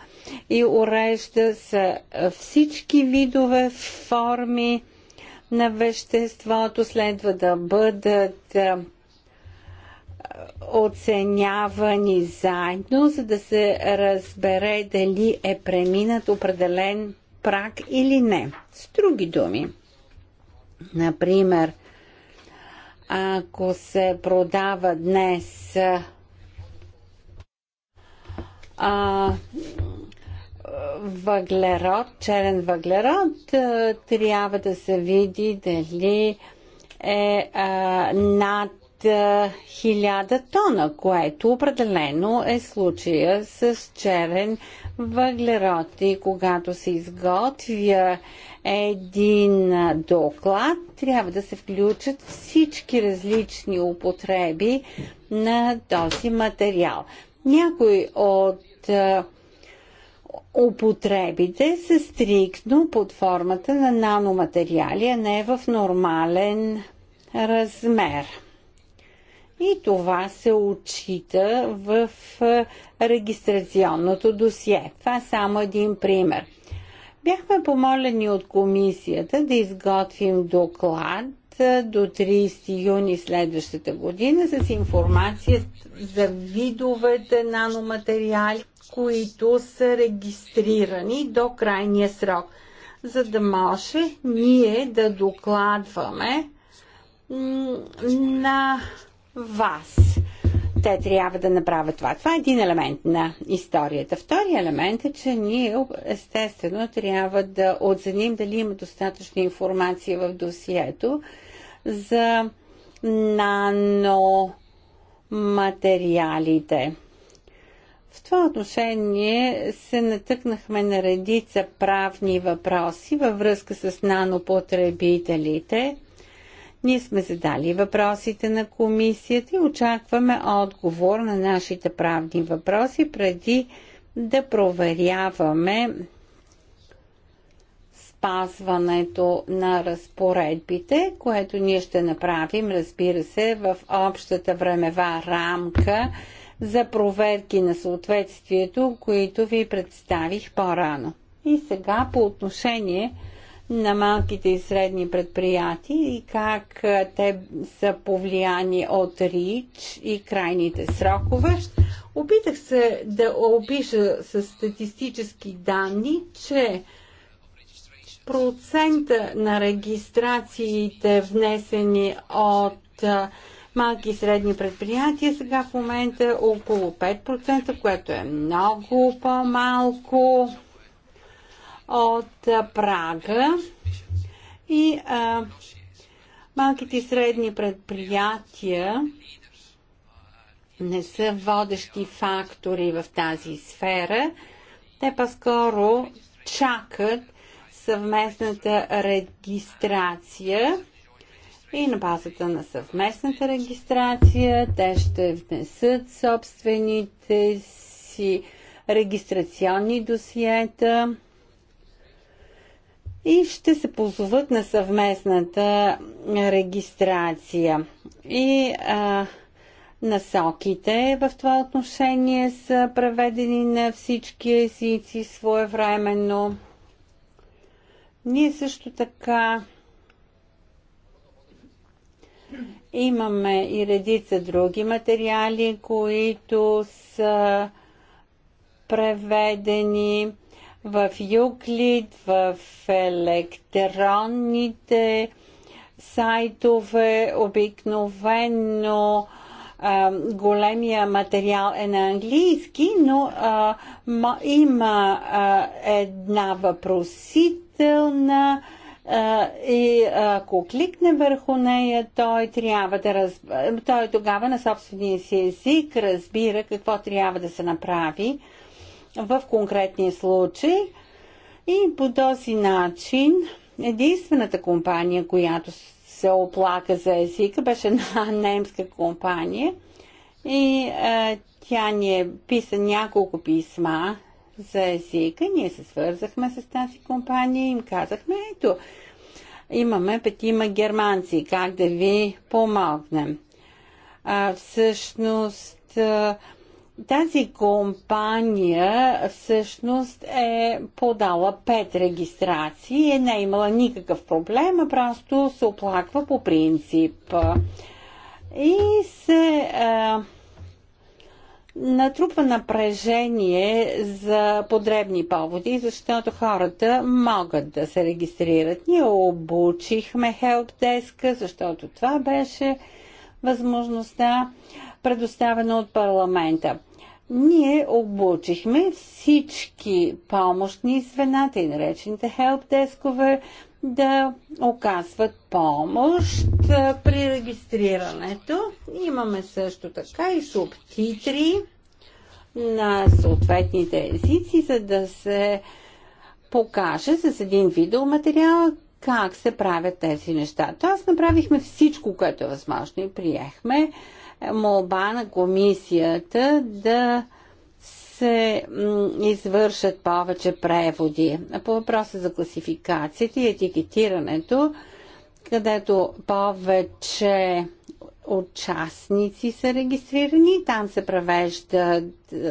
и урежда са всички видове форми на веществото следва да бъдат оценявани заедно, за да се разбере дали е преминат определен прак или не. С други думи, например, ако се продава днес а, въглерод, черен въглерод, трябва да се види дали е а, над 1000 тона, което определено е случая с черен въглерод. И когато се изготвя един доклад, трябва да се включат всички различни употреби на този материал. Някой от е, употребите са стриктно под формата на наноматериали, а не в нормален размер и това се отчита в регистрационното досие. Това е само един пример. Бяхме помолени от комисията да изготвим доклад до 30 юни следващата година с информация за видовете наноматериали, които са регистрирани до крайния срок, за да може ние да докладваме на вас. Те трябва да направят това. Това е един елемент на историята. Втори елемент е, че ние естествено трябва да оценим дали има достатъчно информация в досието за наноматериалите. В това отношение се натъкнахме на редица правни въпроси във връзка с нанопотребителите – ние сме задали въпросите на комисията и очакваме отговор на нашите правни въпроси преди да проверяваме спазването на разпоредбите, което ние ще направим, разбира се, в общата времева рамка за проверки на съответствието, които ви представих по-рано. И сега по отношение на малките и средни предприятия и как те са повлияни от РИЧ и крайните срокове. Опитах се да опиша с статистически данни, че процента на регистрациите внесени от малки и средни предприятия сега в момента е около 5%, което е много по-малко от прага и а, малките и средни предприятия не са водещи фактори в тази сфера. Те по-скоро чакат съвместната регистрация и на базата на съвместната регистрация те ще внесат собствените си регистрационни досиета и ще се позоват на съвместната регистрация. И а, насоките в това отношение са преведени на всички езици своевременно. Ние също така имаме и редица други материали, които са преведени в Юклид, в електронните сайтове, обикновено големия материал е на английски, но а, ма, има а, една въпросителна и ако кликне върху нея, той трябва да разб... той тогава на собствения си език разбира какво трябва да се направи в конкретния случай. И по този начин единствената компания, която се оплака за езика, беше една немска компания. И е, тя ни е писа няколко писма за езика. Ние се свързахме с тази компания и им казахме, ето, имаме петима германци, как да ви помогнем. А, всъщност, е, тази компания всъщност е подала пет регистрации и е не е имала никакъв проблем, а просто се оплаква по принцип. И се е, натрупва напрежение за подребни поводи, защото хората могат да се регистрират. Ние обучихме хелпдеска, защото това беше възможността. Да предоставена от парламента. Ние обучихме всички помощни звена, и наречените хелпдескове, да оказват помощ при регистрирането. Имаме също така и субтитри на съответните езици, за да се покаже с един видеоматериал как се правят тези неща. Тоест направихме всичко, което е възможно и приехме молба на комисията да се извършат повече преводи. По въпроса за класификацията и етикетирането, където повече участници са регистрирани, там се превежда,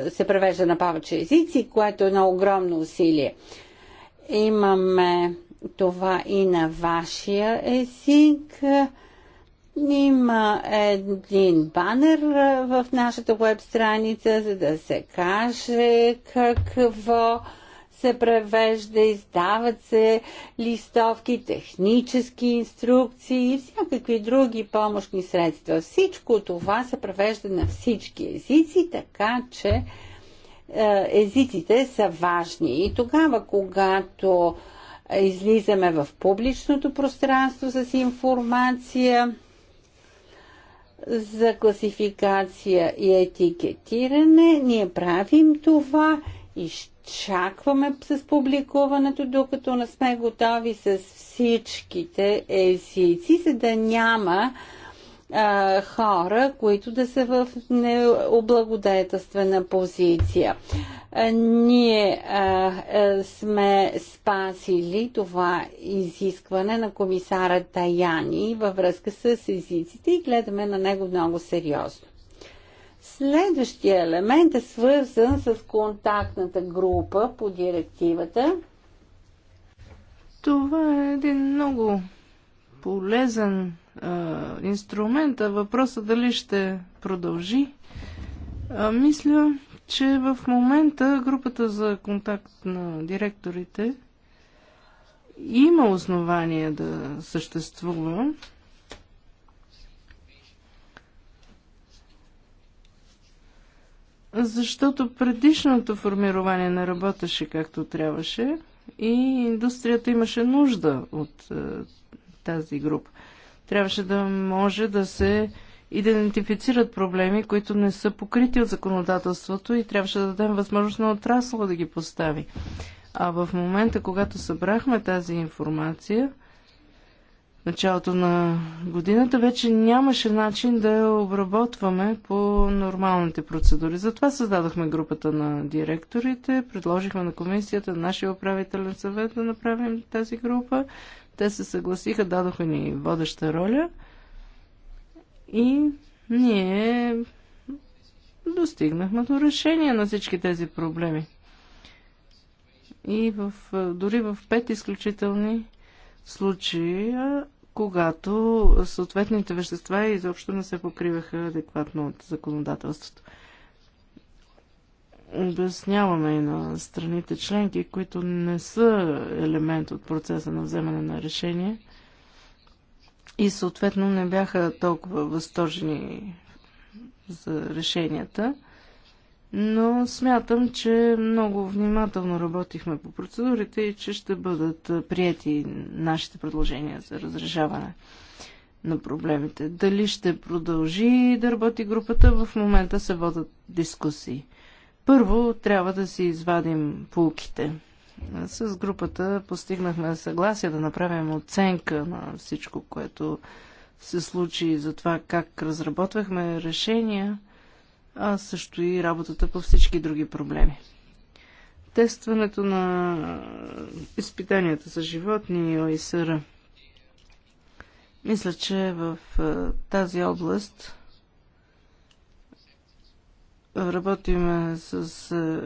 се превежда на повече езици, което е едно огромно усилие. Имаме това и на вашия език. Има един банер в нашата веб страница, за да се каже какво се превежда, издават се листовки, технически инструкции и всякакви други помощни средства. Всичко това се превежда на всички езици, така че е, езиците са важни. И тогава, когато излизаме в публичното пространство с информация, за класификация и етикетиране. Ние правим това, изчакваме с публикуването, докато не сме готови с всичките езици, за да няма а, хора, които да са в необлагодетелствена позиция. А, ние а, а, сме спасили това изискване на комисара Таяни във връзка с езиците и гледаме на него много сериозно. Следващия елемент е свързан с контактната група по директивата. Това е един много полезен инструмента. Въпросът дали ще продължи. А, мисля, че в момента групата за контакт на директорите има основание да съществува. Защото предишното формирование не работеше както трябваше и индустрията имаше нужда от е, тази група трябваше да може да се идентифицират проблеми, които не са покрити от законодателството и трябваше да дадем възможност на отрасъла да ги постави. А в момента, когато събрахме тази информация, началото на годината вече нямаше начин да я обработваме по нормалните процедури. Затова създадохме групата на директорите, предложихме на комисията, на нашия управителен съвет да направим тази група. Те се съгласиха, дадоха ни водеща роля и ние достигнахме до решение на всички тези проблеми. И в, дори в пет изключителни случая, когато съответните вещества изобщо не се покриваха адекватно от законодателството обясняваме и на страните членки, които не са елемент от процеса на вземане на решение и съответно не бяха толкова възторжени за решенията. Но смятам, че много внимателно работихме по процедурите и че ще бъдат прияти нашите предложения за разрешаване на проблемите. Дали ще продължи да работи групата, в момента се водят дискусии. Първо трябва да си извадим полките. С групата постигнахме съгласие да направим оценка на всичко, което се случи за това как разработвахме решения, а също и работата по всички други проблеми. Тестването на изпитанията за животни и ОИСР. Мисля, че в тази област Работиме с е,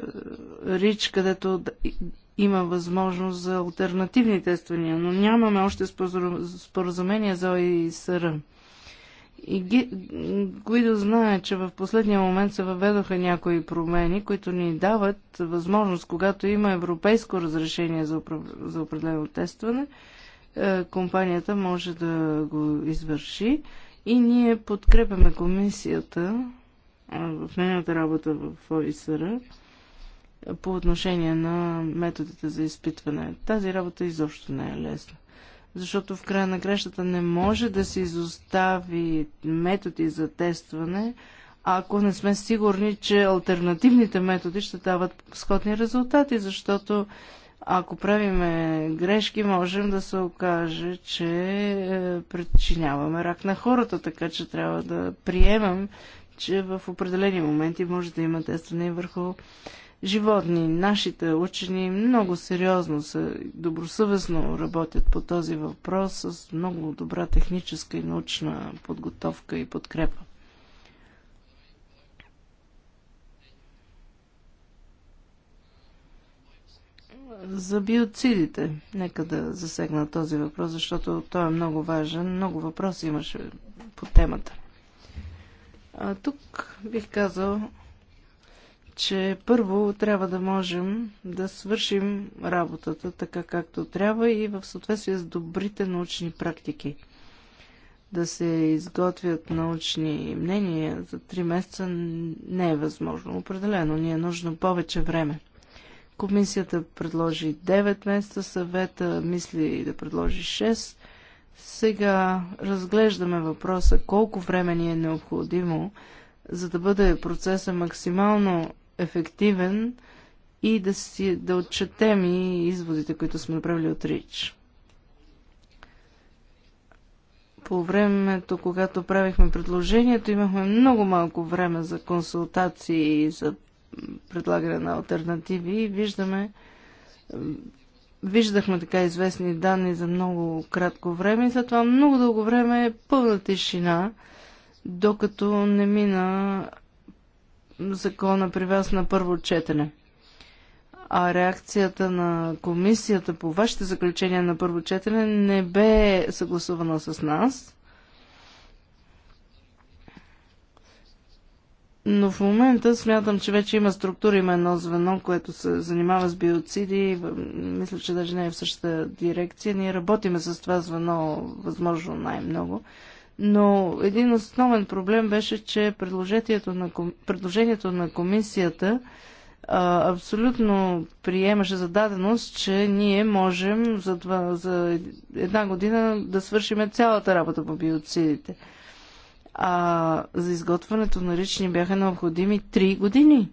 РИЧ, където има възможност за альтернативни тествания, но нямаме още споразумение за ОИСР. И Гуидо знае, че в последния момент се въведоха някои промени, които ни дават възможност, когато има европейско разрешение за, за определено тестване, е, компанията може да го извърши. И ние подкрепяме комисията в нейната работа в ОИСР по отношение на методите за изпитване. Тази работа изобщо не е лесна. Защото в края на грешата не може да се изостави методи за тестване, ако не сме сигурни, че альтернативните методи ще дават сходни резултати, защото ако правиме грешки, можем да се окаже, че е, причиняваме рак на хората, така че трябва да приемем, че в определени моменти може да има тестване върху животни. Нашите учени много сериозно са добросъвестно работят по този въпрос с много добра техническа и научна подготовка и подкрепа. За биоцидите, нека да засегна този въпрос, защото той е много важен. Много въпроси имаше по темата. А, тук бих казал, че първо трябва да можем да свършим работата така както трябва и в съответствие с добрите научни практики. Да се изготвят научни мнения за три месеца не е възможно. Определено ни е нужно повече време. Комисията предложи 9 месеца, съвета мисли да предложи 6. Сега разглеждаме въпроса колко време ни е необходимо, за да бъде процеса максимално ефективен и да, си, да отчетем и изводите, които сме направили от РИЧ. По времето, когато правихме предложението, имахме много малко време за консултации и за предлагане на альтернативи и виждаме Виждахме така известни данни за много кратко време и след това много дълго време е пълна тишина, докато не мина закона при вас на първо четене. А реакцията на комисията по вашите заключения на първо четене не бе съгласувана с нас. Но в момента смятам, че вече има структура, има едно звено, което се занимава с биоциди. Мисля, че даже не е в същата дирекция. Ние работиме с това звено възможно най-много. Но един основен проблем беше, че предложението на, ком... предложението на комисията а, абсолютно приемаше зададеност, че ние можем за, два, за една година да свършим цялата работа по биоцидите а за изготвянето на лични бяха необходими 3 години.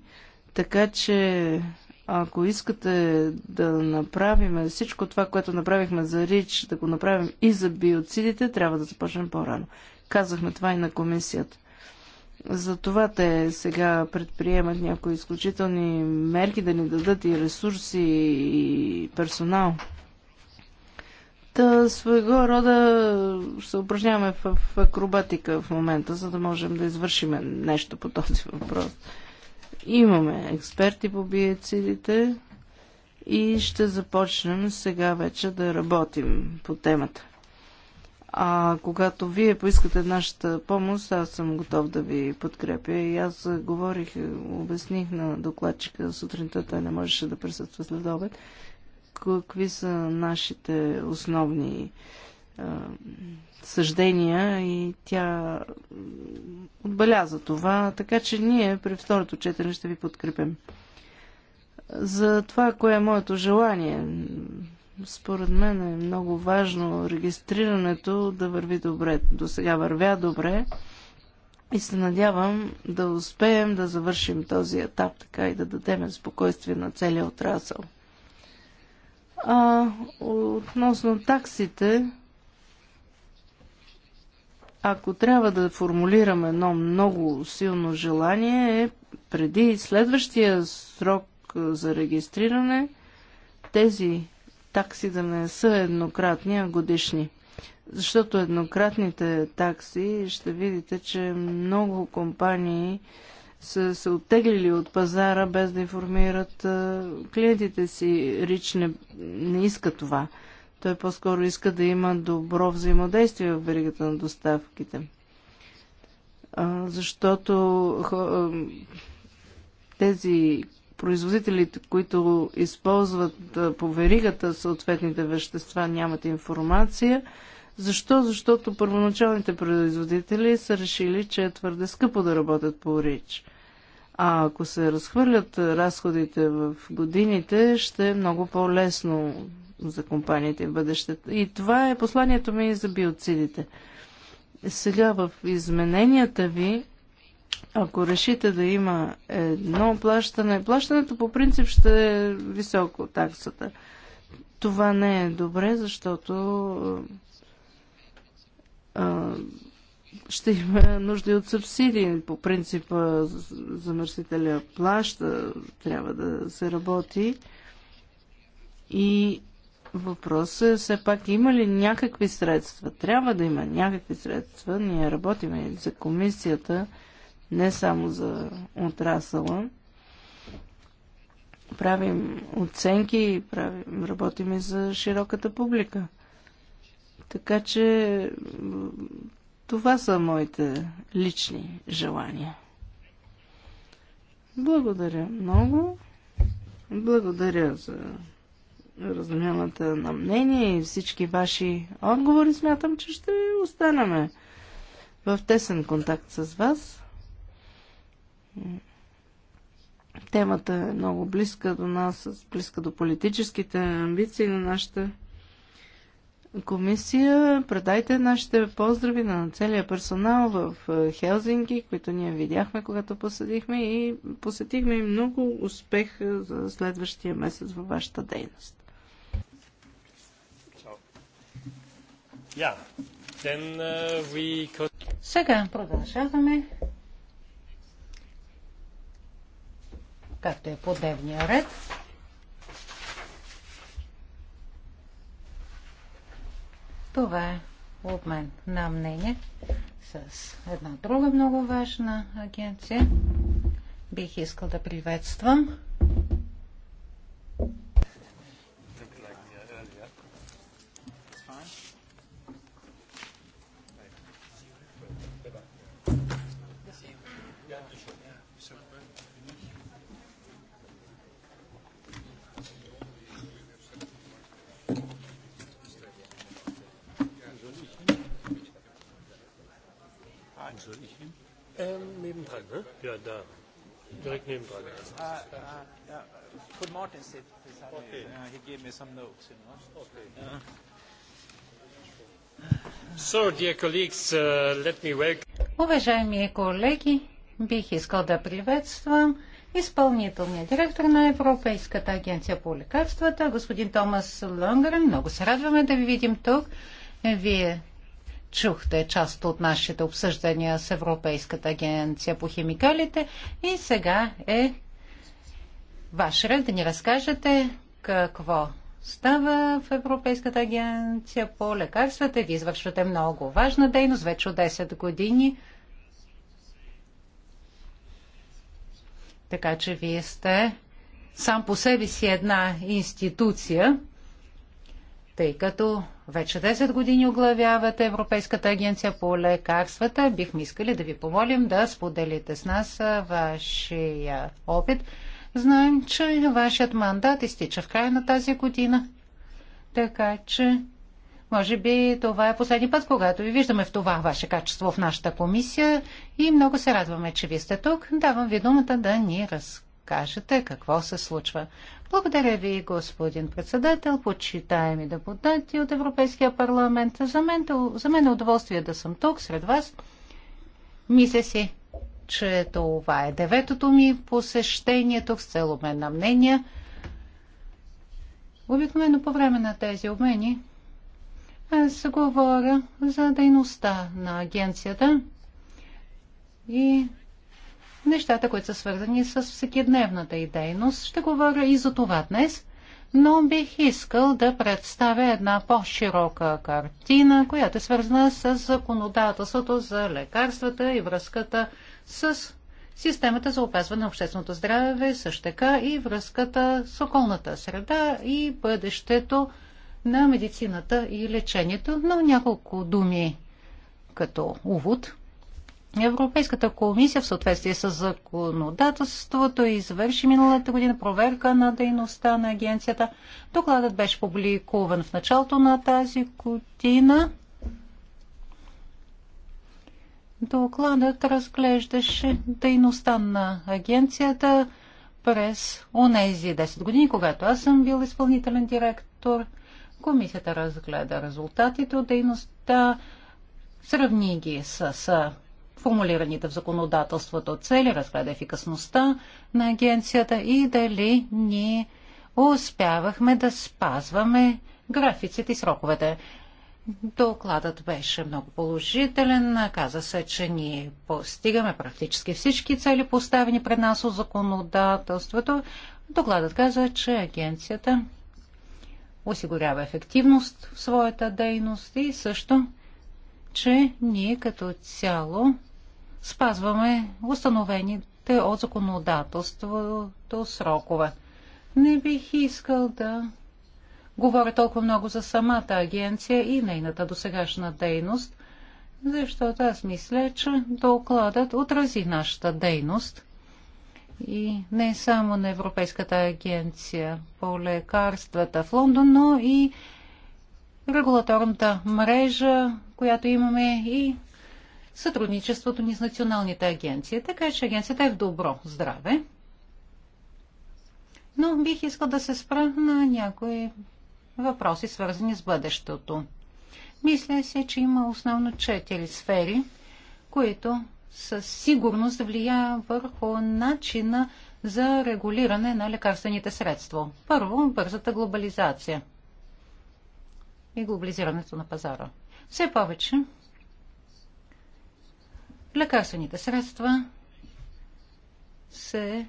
Така че, ако искате да направим всичко това, което направихме за РИЧ, да го направим и за биоцидите, трябва да започнем по-рано. Казахме това и на комисията. Затова те сега предприемат някои изключителни мерки да ни дадат и ресурси, и персонал. Та своего рода се упражняваме в акробатика в момента, за да можем да извършим нещо по този въпрос. Имаме експерти по биецидите и ще започнем сега вече да работим по темата. А когато вие поискате нашата помощ, аз съм готов да ви подкрепя. И аз говорих, обясних на докладчика сутринта, той не можеше да присъства след обед какви са нашите основни а, съждения и тя отбеляза това, така че ние при второто четене ще ви подкрепим. За това, кое е моето желание, според мен е много важно регистрирането да върви добре. До сега вървя добре и се надявам да успеем да завършим този етап така и да дадем спокойствие на целия отрасъл. А, относно таксите, ако трябва да формулираме едно много силно желание, е преди следващия срок за регистриране тези такси да не са еднократни, а годишни. Защото еднократните такси, ще видите, че много компании са се оттеглили от пазара без да информират клиентите си. Рич не, не иска това. Той по-скоро иска да има добро взаимодействие в веригата на доставките. А, защото хо, тези производителите, които използват по веригата съответните вещества, нямат информация. Защо? Защото първоначалните производители са решили, че е твърде скъпо да работят по рич. А ако се разхвърлят разходите в годините, ще е много по-лесно за компаниите в бъдещето. И това е посланието ми за биоцидите. Сега в измененията ви, ако решите да има едно плащане, плащането по принцип ще е високо таксата. Това не е добре, защото а, ще има нужда от субсидии. По принципа замърсителя плаща, трябва да се работи. И въпросът е все пак има ли някакви средства? Трябва да има някакви средства. Ние работим и за комисията, не само за отрасъла. Правим оценки, правим, работим и за широката публика. Така че това са моите лични желания. Благодаря много. Благодаря за размяната на мнение и всички ваши отговори. Смятам, че ще останаме в тесен контакт с вас. Темата е много близка до нас, близка до политическите амбиции на нашата комисия. Предайте нашите поздрави на целия персонал в е, Хелзинки, които ние видяхме, когато посетихме и посетихме и много успех е, за следващия месец във вашата дейност. Uh, Сега продължаваме. Както е по дневния ред. Това е обмен на мнение с една друга много важна агенция. Бих искал да приветствам Ähm, nebendran, ne? Ja, da. Direkt nebendran. Uh, uh, uh, could Martin sit okay. Uh, he gave me some notes, you know. Okay. Uh. So, dear colleagues, uh, let me welcome... Уважаеми колеги, бих искал да приветствам изпълнителния директор на Европейската агенция по лекарствата, господин Томас Лънгрен. Много се радваме да ви видим тук. Вие чухте част от нашите обсъждания с Европейската агенция по химикалите и сега е ваш ред да ни разкажете какво става в Европейската агенция по лекарствата. Вие извършвате много важна дейност вече от 10 години. Така че вие сте сам по себе си една институция, тъй като вече 10 години оглавявате Европейската агенция по лекарствата. Бихме искали да ви помолим да споделите с нас вашия опит. Знаем, че вашият мандат изтича в края на тази година. Така че, може би това е последния път, когато ви виждаме в това ваше качество в нашата комисия и много се радваме, че ви сте тук. Давам ви думата да ни разкажете кажете какво се случва. Благодаря ви, господин председател, почитаеми депутати от Европейския парламент. За мен, за мен е удоволствие да съм тук сред вас. Мисля си, че това е деветото ми посещение тук с цел обмен на мнения. Обикновено по време на тези обмени аз говоря за дейността на агенцията и нещата, които са свързани с всекидневната и дейност. Ще говоря и за това днес, но бих искал да представя една по-широка картина, която е свързана с законодателството за лекарствата и връзката с системата за опазване на общественото здраве, също така и връзката с околната среда и бъдещето на медицината и лечението, но няколко думи като увод – Европейската комисия в съответствие с законодателството извърши миналата година проверка на дейността на агенцията. Докладът беше публикуван в началото на тази година. Докладът разглеждаше дейността на агенцията през онези 10 години, когато аз съм бил изпълнителен директор. Комисията разгледа резултатите от дейността, сравни ги с формулираните в законодателството цели, разгледа ефикасността на агенцията и дали ние успявахме да спазваме графиците и сроковете. Докладът беше много положителен. Каза се, че ние постигаме практически всички цели, поставени пред нас от законодателството. Докладът каза, че агенцията осигурява ефективност в своята дейност и също, че ние като цяло спазваме установените от законодателството срокове. Не бих искал да говоря толкова много за самата агенция и нейната досегашна дейност, защото аз мисля, че докладът отрази нашата дейност и не само на Европейската агенция по лекарствата в Лондон, но и регулаторната мрежа, която имаме и сътрудничеството ни с националните агенции. Така че агенцията е в добро здраве. Но бих искал да се спра на някои въпроси, свързани с бъдещето. Мисля се, че има основно четири сфери, които със сигурност влия върху начина за регулиране на лекарствените средства. Първо, бързата глобализация и глобализирането на пазара. Все повече Лекарствените средства се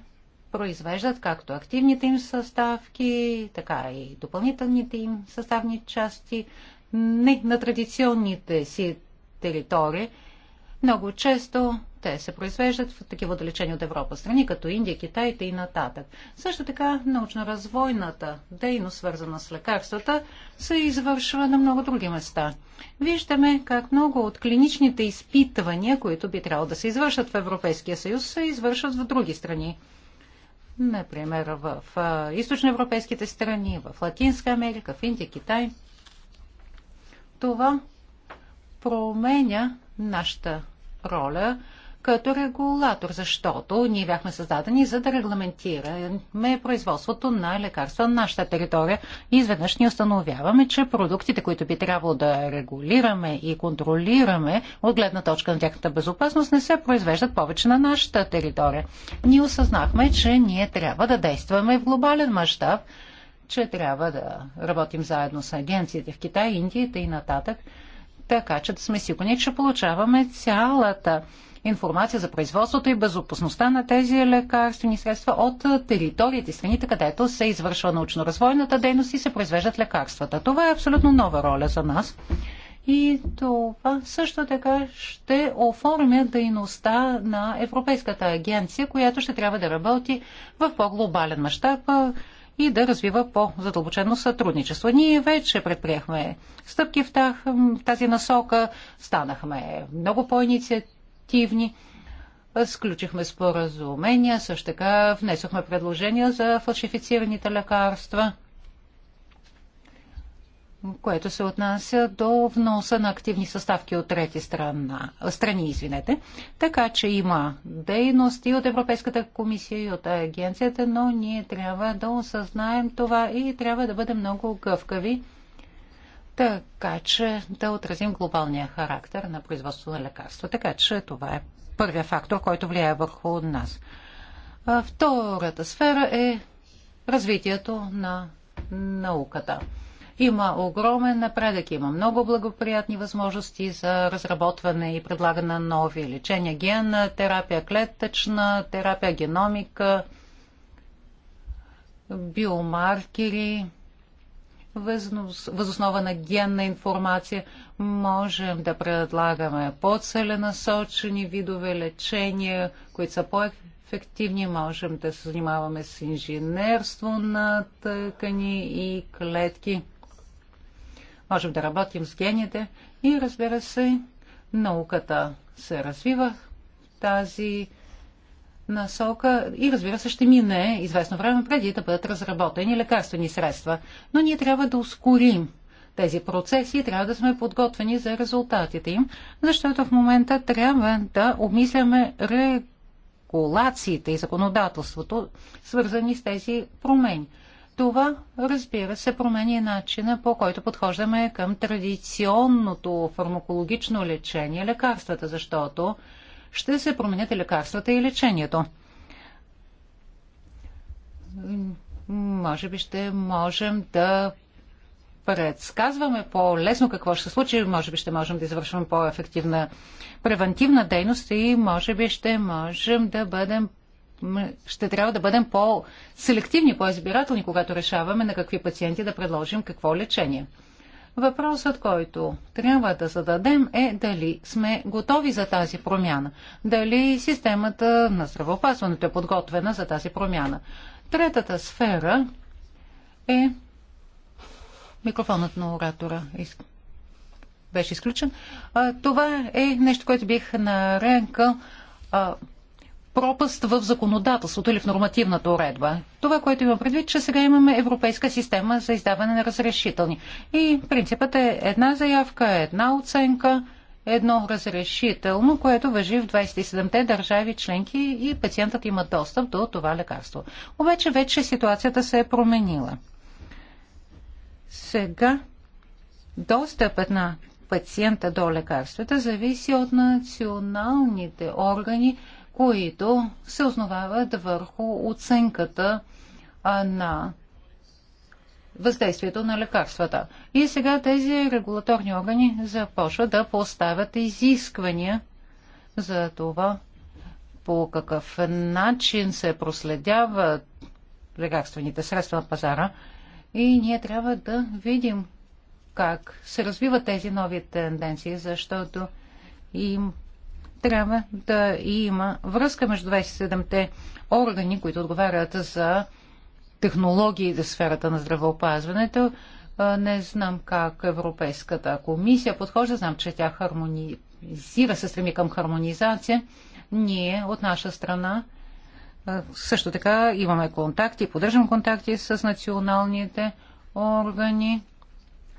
произвеждат както активните им съставки, така и допълнителните им съставни части, не на традиционните си територии. Много често те се произвеждат в такива отдалечени от Европа страни, като Индия, Китай и нататък. Също така научно-развойната дейност, свързана с лекарствата, се извършва на много други места. Виждаме как много от клиничните изпитвания, които би трябвало да се извършат в Европейския съюз, се извършват в други страни. Например, в източноевропейските страни, в Латинска Америка, в Индия, Китай. Това променя нашата роля като регулатор, защото ние бяхме създадени за да регламентираме производството на лекарства на нашата територия. И изведнъж ни установяваме, че продуктите, които би трябвало да регулираме и контролираме от гледна точка на тяхната безопасност, не се произвеждат повече на нашата територия. Ние осъзнахме, че ние трябва да действаме в глобален мащаб, че трябва да работим заедно с агенциите в Китай, Индията и нататък, така че да сме сигурни, че получаваме цялата информация за производството и безопасността на тези лекарствени средства от териториите и страните, където се извършва научно-развойната дейност и се произвеждат лекарствата. Това е абсолютно нова роля за нас. И това също така ще оформя дейността на Европейската агенция, която ще трябва да работи в по-глобален мащаб и да развива по-задълбочено сътрудничество. Ние вече предприехме стъпки в тази насока, станахме много по-инициативни активни. Сключихме споразумения, също така внесохме предложения за фалшифицираните лекарства, което се отнася до вноса на активни съставки от трети страна, страни. Извинете. Така че има дейности от Европейската комисия и от агенцията, но ние трябва да осъзнаем това и трябва да бъдем много гъвкави така че да отразим глобалния характер на производство на лекарства. Така че това е първия фактор, който влияе върху нас. Втората сфера е развитието на науката. Има огромен напредък, има много благоприятни възможности за разработване и предлагане на нови лечения. Ген, терапия клетъчна, терапия геномика, биомаркери, възоснова на генна информация можем да предлагаме по-целенасочени видове лечения, които са по-ефективни. Можем да се занимаваме с инженерство на тъкани и клетки. Можем да работим с гените и разбира се, науката се развива в тази насока и разбира се ще мине известно време преди да бъдат разработени лекарствени средства. Но ние трябва да ускорим тези процеси и трябва да сме подготвени за резултатите им, защото в момента трябва да обмисляме регулациите и законодателството, свързани с тези промени. Това, разбира се, промени начина по който подхождаме към традиционното фармакологично лечение, лекарствата, защото ще се променят и лекарствата и лечението. Може би ще можем да предсказваме по-лесно какво ще се случи, може би ще можем да извършваме по-ефективна превентивна дейност и може би ще можем да бъдем ще трябва да бъдем по-селективни, по-избирателни, когато решаваме на какви пациенти да предложим какво лечение. Въпросът, който трябва да зададем е дали сме готови за тази промяна, дали системата на здравеопазването е подготвена за тази промяна. Третата сфера е микрофонът на оратора. Беше изключен. Това е нещо, което бих нарекал пропаст в законодателството или в нормативната уредба. Това, което има предвид, че сега имаме европейска система за издаване на разрешителни. И принципът е една заявка, една оценка, едно разрешително, което въжи в 27-те държави членки и пациентът има достъп до това лекарство. Обаче вече ситуацията се е променила. Сега достъпът на пациента до лекарствата зависи от националните органи които се основават върху оценката на въздействието на лекарствата. И сега тези регулаторни органи започват да поставят изисквания за това по какъв начин се проследяват лекарствените средства на пазара. И ние трябва да видим как се развиват тези нови тенденции, защото им трябва да има връзка между 27-те органи, които отговарят за технологии за сферата на здравеопазването. Не знам как Европейската комисия подхожда, знам, че тя хармонизира, се стреми към хармонизация. Ние от наша страна също така имаме контакти, поддържам контакти с националните органи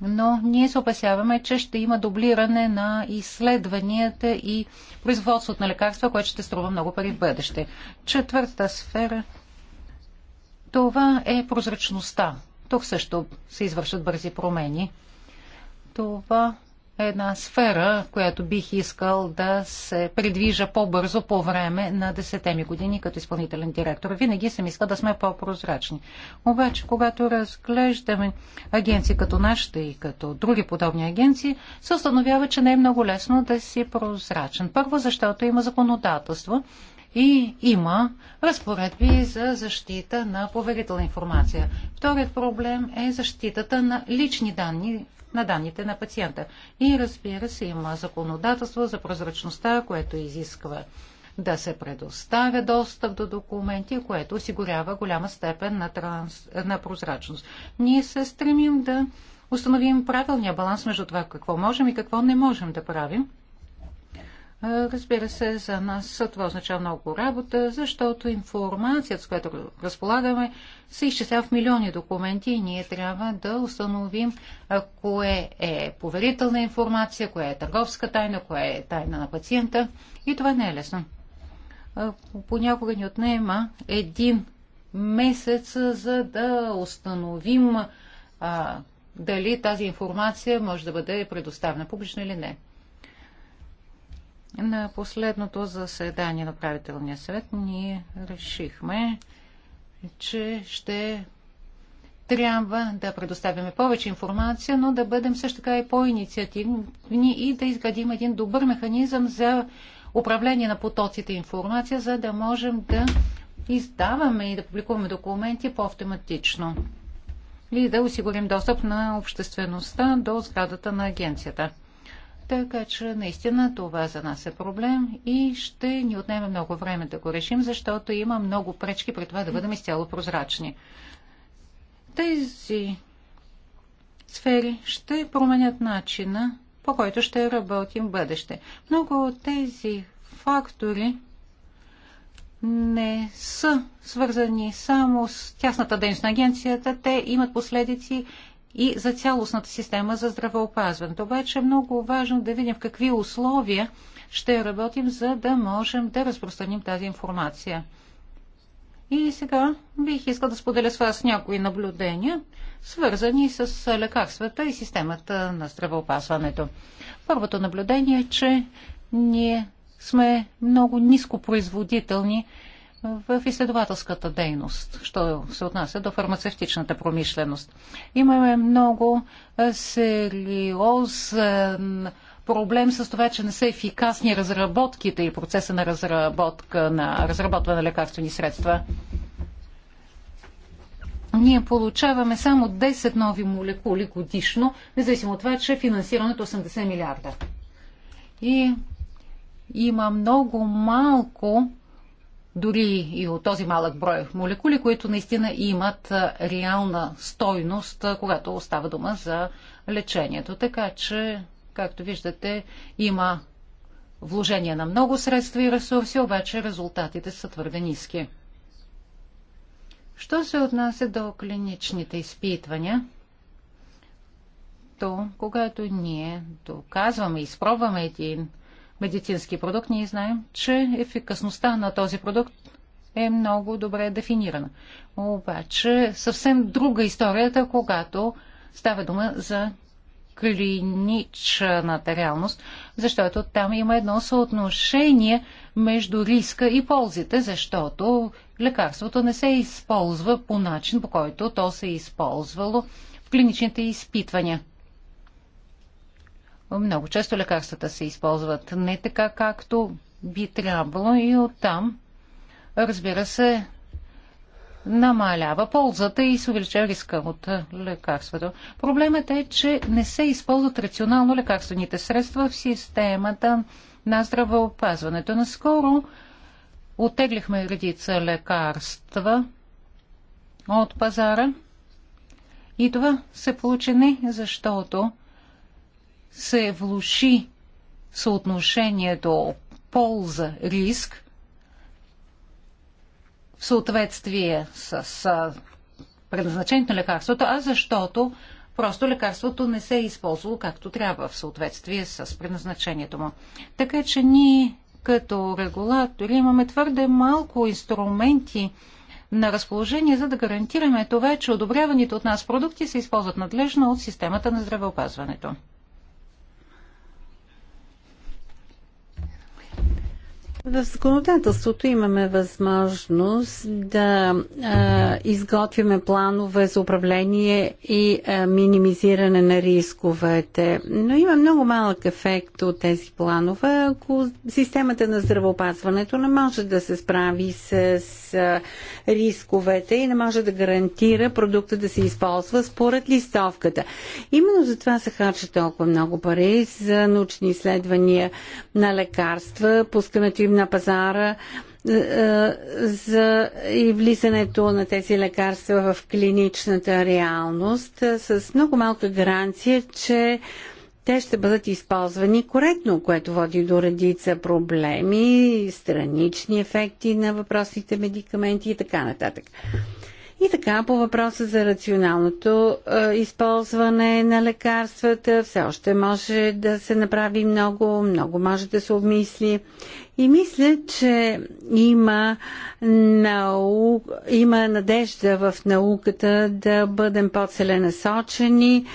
но ние се опасяваме, че ще има дублиране на изследванията и производството на лекарства, което ще струва много пари в бъдеще. Четвърта сфера това е прозрачността. Тук също се извършват бързи промени. Това една сфера, която бих искал да се придвижа по-бързо по време на десете ми години като изпълнителен директор. Винаги съм искал да сме по-прозрачни. Обаче, когато разглеждаме агенции като нашата и като други подобни агенции, се установява, че не е много лесно да си прозрачен. Първо, защото има законодателство, и има разпоредби за защита на поверителна информация. Вторият проблем е защитата на лични данни, на данните на пациента. И разбира се, има законодателство за прозрачността, което изисква да се предоставя достъп до документи, което осигурява голяма степен на, транс... на прозрачност. Ние се стремим да установим правилния баланс между това какво можем и какво не можем да правим. Разбира се, за нас това означава много работа, защото информацията, с която разполагаме, се изчислява в милиони документи и ние трябва да установим кое е поверителна информация, кое е търговска тайна, кое е тайна на пациента. И това не е лесно. Понякога ни отнема един месец, за да установим а, дали тази информация може да бъде предоставена публично или не. На последното заседание на правителния съвет ние решихме, че ще трябва да предоставяме повече информация, но да бъдем също така и по-инициативни и да изградим един добър механизъм за управление на потоците информация, за да можем да издаваме и да публикуваме документи по-автоматично и да осигурим достъп на обществеността до сградата на агенцията. Така че наистина това за нас е проблем и ще ни отнеме много време да го решим, защото има много пречки при това да бъдем изцяло прозрачни. Тези сфери ще променят начина, по който ще работим в бъдеще. Много от тези фактори не са свързани само с тясната дейност на агенцията, те имат последици и за цялостната система за здравеопазването. Обаче е много важно да видим в какви условия ще работим, за да можем да разпространим тази информация. И сега бих искал да споделя с вас някои наблюдения, свързани с лекарствата и системата на здравеопазването. Първото наблюдение е, че ние сме много нископроизводителни производителни в изследователската дейност, що се отнася до фармацевтичната промишленост. Имаме много сериозен проблем с това, че не са ефикасни разработките и процеса на разработка на разработване на лекарствени средства. Ние получаваме само 10 нови молекули годишно, независимо от това, че финансирането 80 е милиарда. И има много малко дори и от този малък брой молекули, които наистина имат реална стойност, когато остава дума за лечението. Така че, както виждате, има вложение на много средства и ресурси, обаче резултатите са твърде ниски. Що се отнася до клиничните изпитвания, то когато ние доказваме, изпробваме един медицински продукт, ние знаем, че ефикасността на този продукт е много добре дефинирана. Обаче съвсем друга историята, когато става дума за клиничната реалност, защото там има едно съотношение между риска и ползите, защото лекарството не се използва по начин, по който то се е използвало в клиничните изпитвания. Много често лекарствата се използват не така, както би трябвало и оттам, разбира се, намалява ползата и се увеличава риска от лекарството. Проблемът е, че не се използват рационално лекарствените средства в системата на здравеопазването. Наскоро отеглихме редица лекарства от пазара и това се получи не защото се влуши съотношението полза-риск в съответствие с предназначението на лекарството, а защото Просто лекарството не се е използвало както трябва в съответствие с предназначението му. Така че ние като регулатори имаме твърде малко инструменти на разположение, за да гарантираме това, че одобряваните от нас продукти се използват надлежно от системата на здравеопазването. В законодателството имаме възможност да а, изготвяме планове за управление и а, минимизиране на рисковете, но има много малък ефект от тези планове, ако системата на здравеопазването не може да се справи с, с рисковете и не може да гарантира продукта да се използва според листовката. Именно за това се харчат толкова много пари за научни изследвания на лекарства, пускането им на пазара е, е, за и влизането на тези лекарства в клиничната реалност е, с много малка гаранция, че те ще бъдат използвани коректно, което води до редица проблеми, странични ефекти на въпросните медикаменти и така нататък. И така, по въпроса за рационалното е, използване на лекарствата, все още може да се направи много, много може да се обмисли. И мисля, че има, нау... има надежда в науката да бъдем по-целенасочени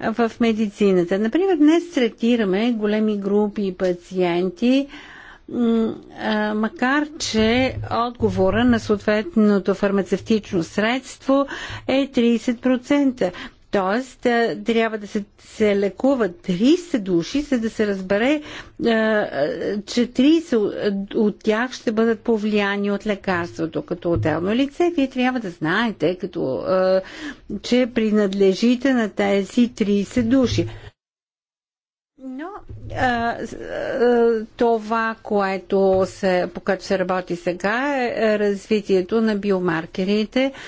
в медицината. Например, днес третираме големи групи пациенти, макар че отговора на съответното фармацевтично средство е 30%. Тоест, трябва да се, се лекуват 30 души, за да се разбере, че 30 от тях ще бъдат повлияни от лекарството като отделно лице. Вие трябва да знаете, като, че принадлежите на тези 30 души. Но а, а, това, което се, по което се работи сега е, е развитието на биомаркерите. А,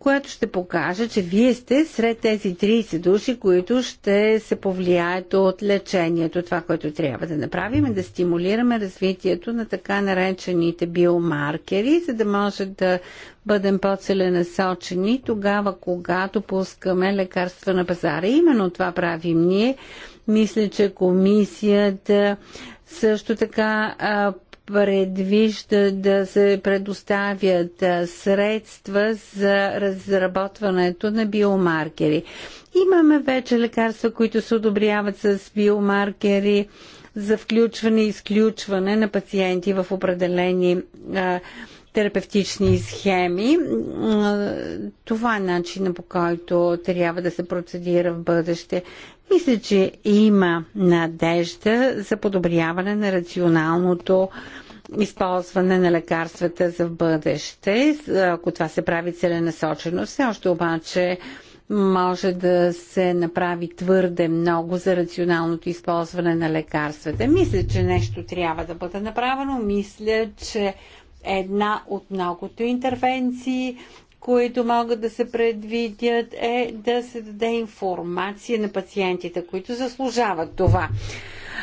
което ще покаже, че вие сте сред тези 30 души, които ще се повлияят от лечението. Това, което трябва да направим е да стимулираме развитието на така наречените биомаркери, за да може да бъдем по-целенасочени тогава, когато пускаме лекарства на пазара. Именно това правим ние. Мисля, че комисията също така предвижда да се предоставят средства за разработването на биомаркери. Имаме вече лекарства, които се одобряват с биомаркери за включване и изключване на пациенти в определени а, терапевтични схеми. Това е начина по който трябва да се процедира в бъдеще. Мисля, че има надежда за подобряване на рационалното използване на лекарствата за в бъдеще, ако това се прави целенасочено. Все още обаче може да се направи твърде много за рационалното използване на лекарствата. Мисля, че нещо трябва да бъде направено. Мисля, че Една от многото интервенции, които могат да се предвидят, е да се даде информация на пациентите, които заслужават това.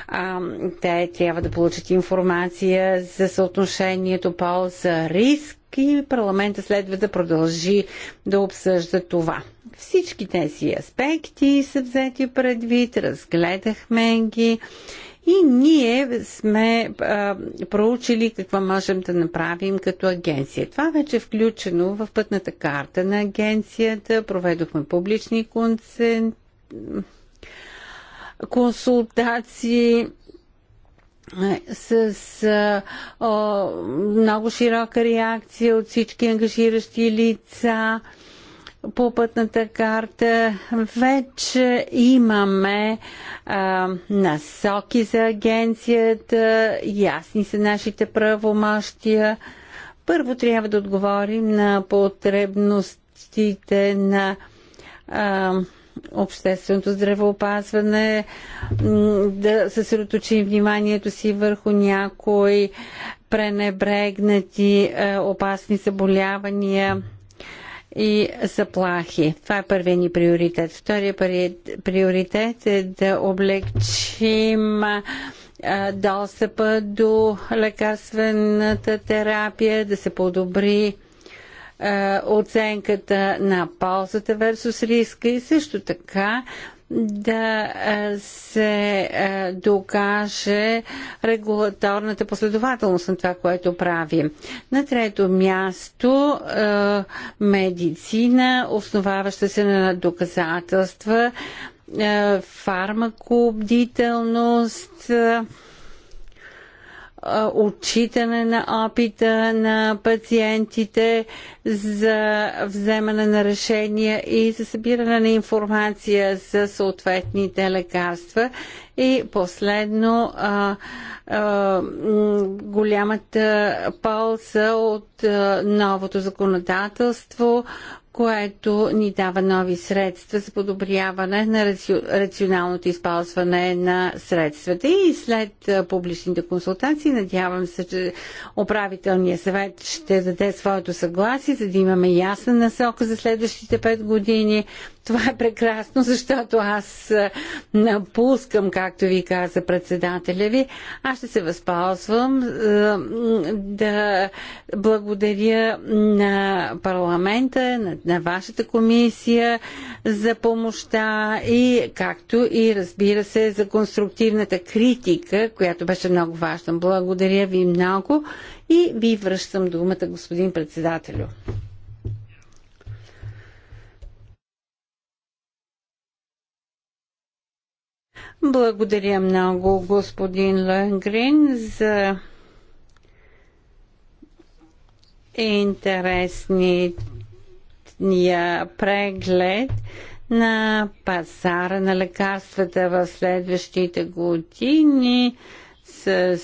А, те трябва да получат информация за съотношението полза-риск и парламента следва да продължи да обсъжда това. Всички тези аспекти са взети предвид, разгледахме ги и ние сме а, проучили какво можем да направим като агенция. Това вече е включено в пътната карта на агенцията. Проведохме публични концен... консултации с а, о, много широка реакция от всички ангажиращи лица. А, по пътната карта. Вече имаме а, насоки за агенцията, ясни са нашите правомощия. Първо трябва да отговорим на потребностите на а, общественото здравеопазване, да съсредоточим вниманието си върху някои пренебрегнати опасни заболявания, и заплахи. Това е първият ни приоритет. Вторият приоритет е да облегчим достъпа до лекарствената терапия, да се подобри оценката на ползата versus риска и също така да се докаже регулаторната последователност на това, което правим. На трето място медицина, основаваща се на доказателства, фармакобдителност, отчитане на опита на пациентите за вземане на решения и за събиране на информация за съответните лекарства. И последно, а, а, голямата полза от а, новото законодателство което ни дава нови средства за подобряване на рационалното използване на средствата. И след публичните консултации, надявам се, че управителният съвет ще даде своето съгласие, за да имаме ясна насока за следващите 5 години това е прекрасно, защото аз е, напускам, както ви каза председателя ви. Аз ще се възползвам е, да благодаря на парламента, на, вашата комисия за помощта и както и разбира се за конструктивната критика, която беше много важна. Благодаря ви много и ви връщам думата, господин председателю. Благодаря много, господин Ленгрин за интересния преглед на пазара на лекарствата в следващите години с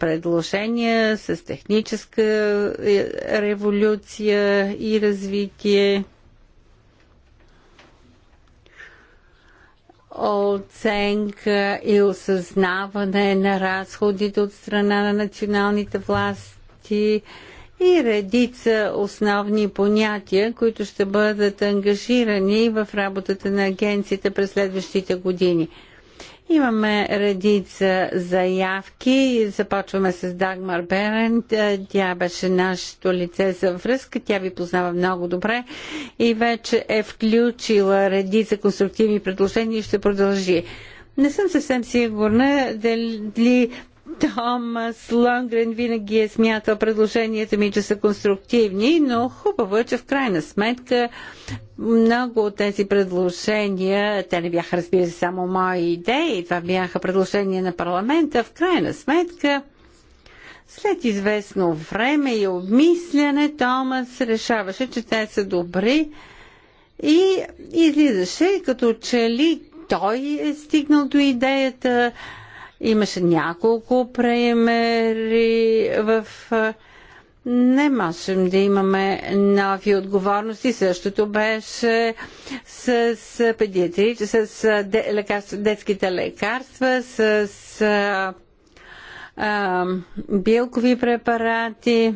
предложения, с техническа революция и развитие. оценка и осъзнаване на разходите от страна на националните власти и редица основни понятия, които ще бъдат ангажирани в работата на агенцията през следващите години. Имаме редица заявки. Започваме с Дагмар Берен. Е, тя беше нашето лице за връзка. Тя ви познава много добре и вече е включила редица конструктивни предложения и ще продължи. Не съм съвсем сигурна дали Томас Лонгрен винаги е смятал предложенията ми, че са конструктивни, но хубаво е, че в крайна сметка много от тези предложения, те не бяха, разбира се, само мои идеи, това бяха предложения на парламента, в крайна сметка след известно време и обмисляне Томас решаваше, че те са добри и излизаше като че ли той е стигнал до идеята Имаше няколко примери в не можем да имаме нови отговорности. Същото беше с, с педиатри, с, с де, лекарства, детските лекарства, с, с а, а, билкови препарати.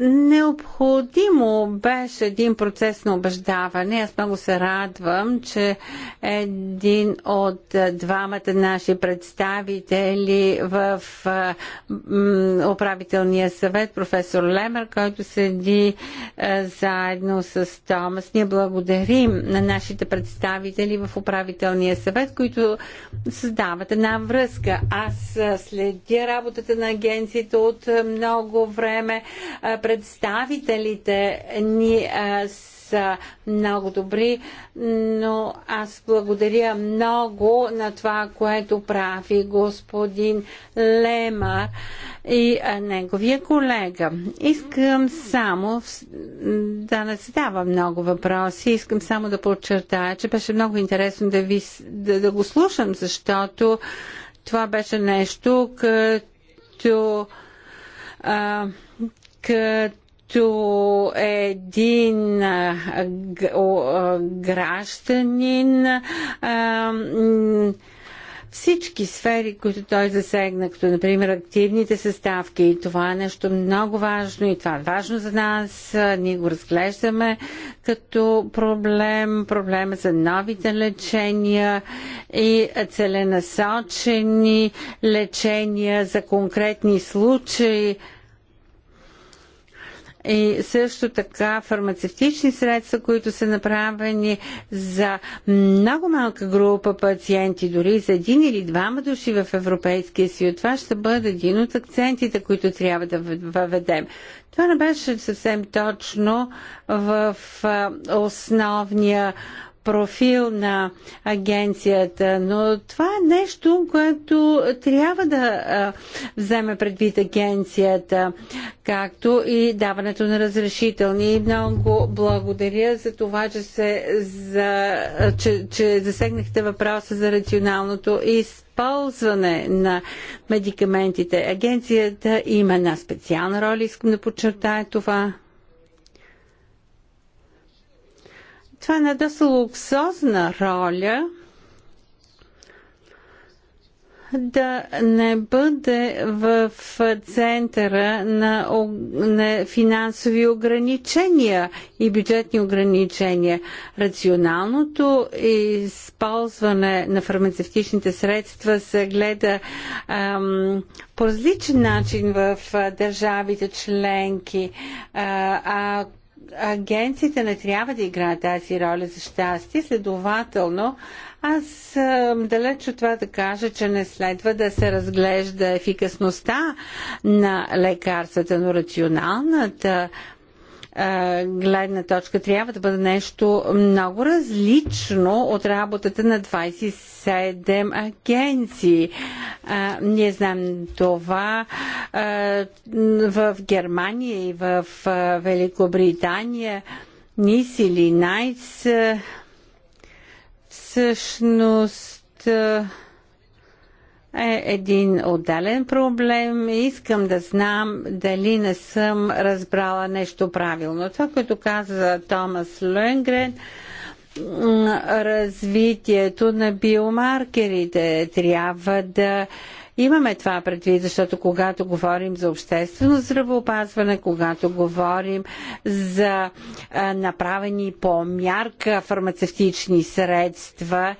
Необходимо беше един процес на убеждаване. Аз много се радвам, че един от двамата наши представители в управителния съвет, професор Лемер, който седи заедно с Томас, ние благодарим на нашите представители в управителния съвет, които създават една връзка. Аз следя работата на агенцията от много време сме. Представителите ни са много добри, но аз благодаря много на това, което прави господин Лемар и неговия колега. Искам само да не задавам много въпроси, искам само да подчертая, че беше много интересно да, ви, да, да го слушам, защото това беше нещо като а, като един а, гражданин. А, всички сфери, които той засегна, като например активните съставки. И това е нещо много важно и това е важно за нас. Ние го разглеждаме като проблем, проблема за новите лечения и целенасочени лечения за конкретни случаи и също така фармацевтични средства, които са направени за много малка група пациенти, дори за един или двама души в Европейския съюз. Това ще бъде един от акцентите, които трябва да въведем. Това не беше съвсем точно в основния профил на агенцията, но това е нещо, което трябва да вземе предвид агенцията, както и даването на разрешителни. Много благодаря за това, че, се, за, че, че засегнахте въпроса за рационалното използване на медикаментите. Агенцията има една специална роля, искам да подчертая това. Това е една доста луксозна роля да не бъде в центъра на, на финансови ограничения и бюджетни ограничения. Рационалното използване на фармацевтичните средства се гледа ам, по различен начин в държавите членки. А, а агенциите не трябва да играят тази роля за щастие, следователно аз съм далеч от това да кажа, че не следва да се разглежда ефикасността на лекарствата, но рационалната гледна точка трябва да бъде нещо много различно от работата на 27 агенции. А, ние знаем това а, в Германия и в а, Великобритания. Нис или Найц всъщност а, е един отделен проблем. Искам да знам дали не съм разбрала нещо правилно. Това, което каза Томас Ленгрен, развитието на биомаркерите трябва да Имаме това предвид, защото когато говорим за обществено здравеопазване, когато говорим за направени по мярка фармацевтични средства,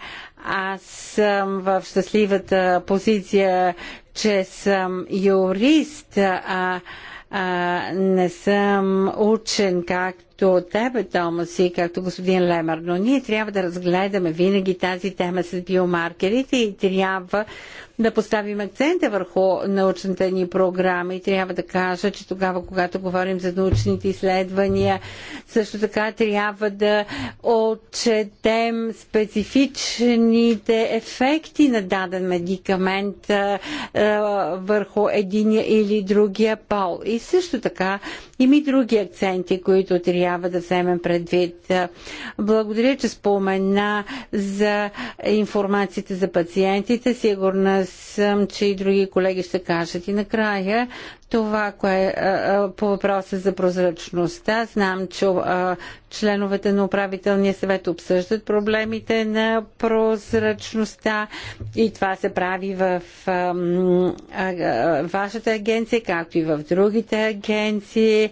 аз съм в щастливата позиция, че съм юрист, а, а не съм учен, както тебе, Томас, и както господин Лемер, Но ние трябва да разгледаме винаги тази тема с биомаркерите и трябва да поставим акцента върху научните ни програми. Трябва да кажа, че тогава, когато говорим за научните изследвания, също така трябва да отчетем специфичните ефекти на даден медикамент а, а, върху единия или другия пол. И също така има и други акценти, които трябва да вземем предвид. Благодаря, че спомена за информацията за пациентите. Сигурна съм, че и други колеги ще кажат. И накрая това, кое е, е по въпроса за прозрачността, знам, че а, е, членовете на управителния съвет обсъждат проблемите на прозрачността и това се прави в а, а, вашата агенция, както и в другите агенции.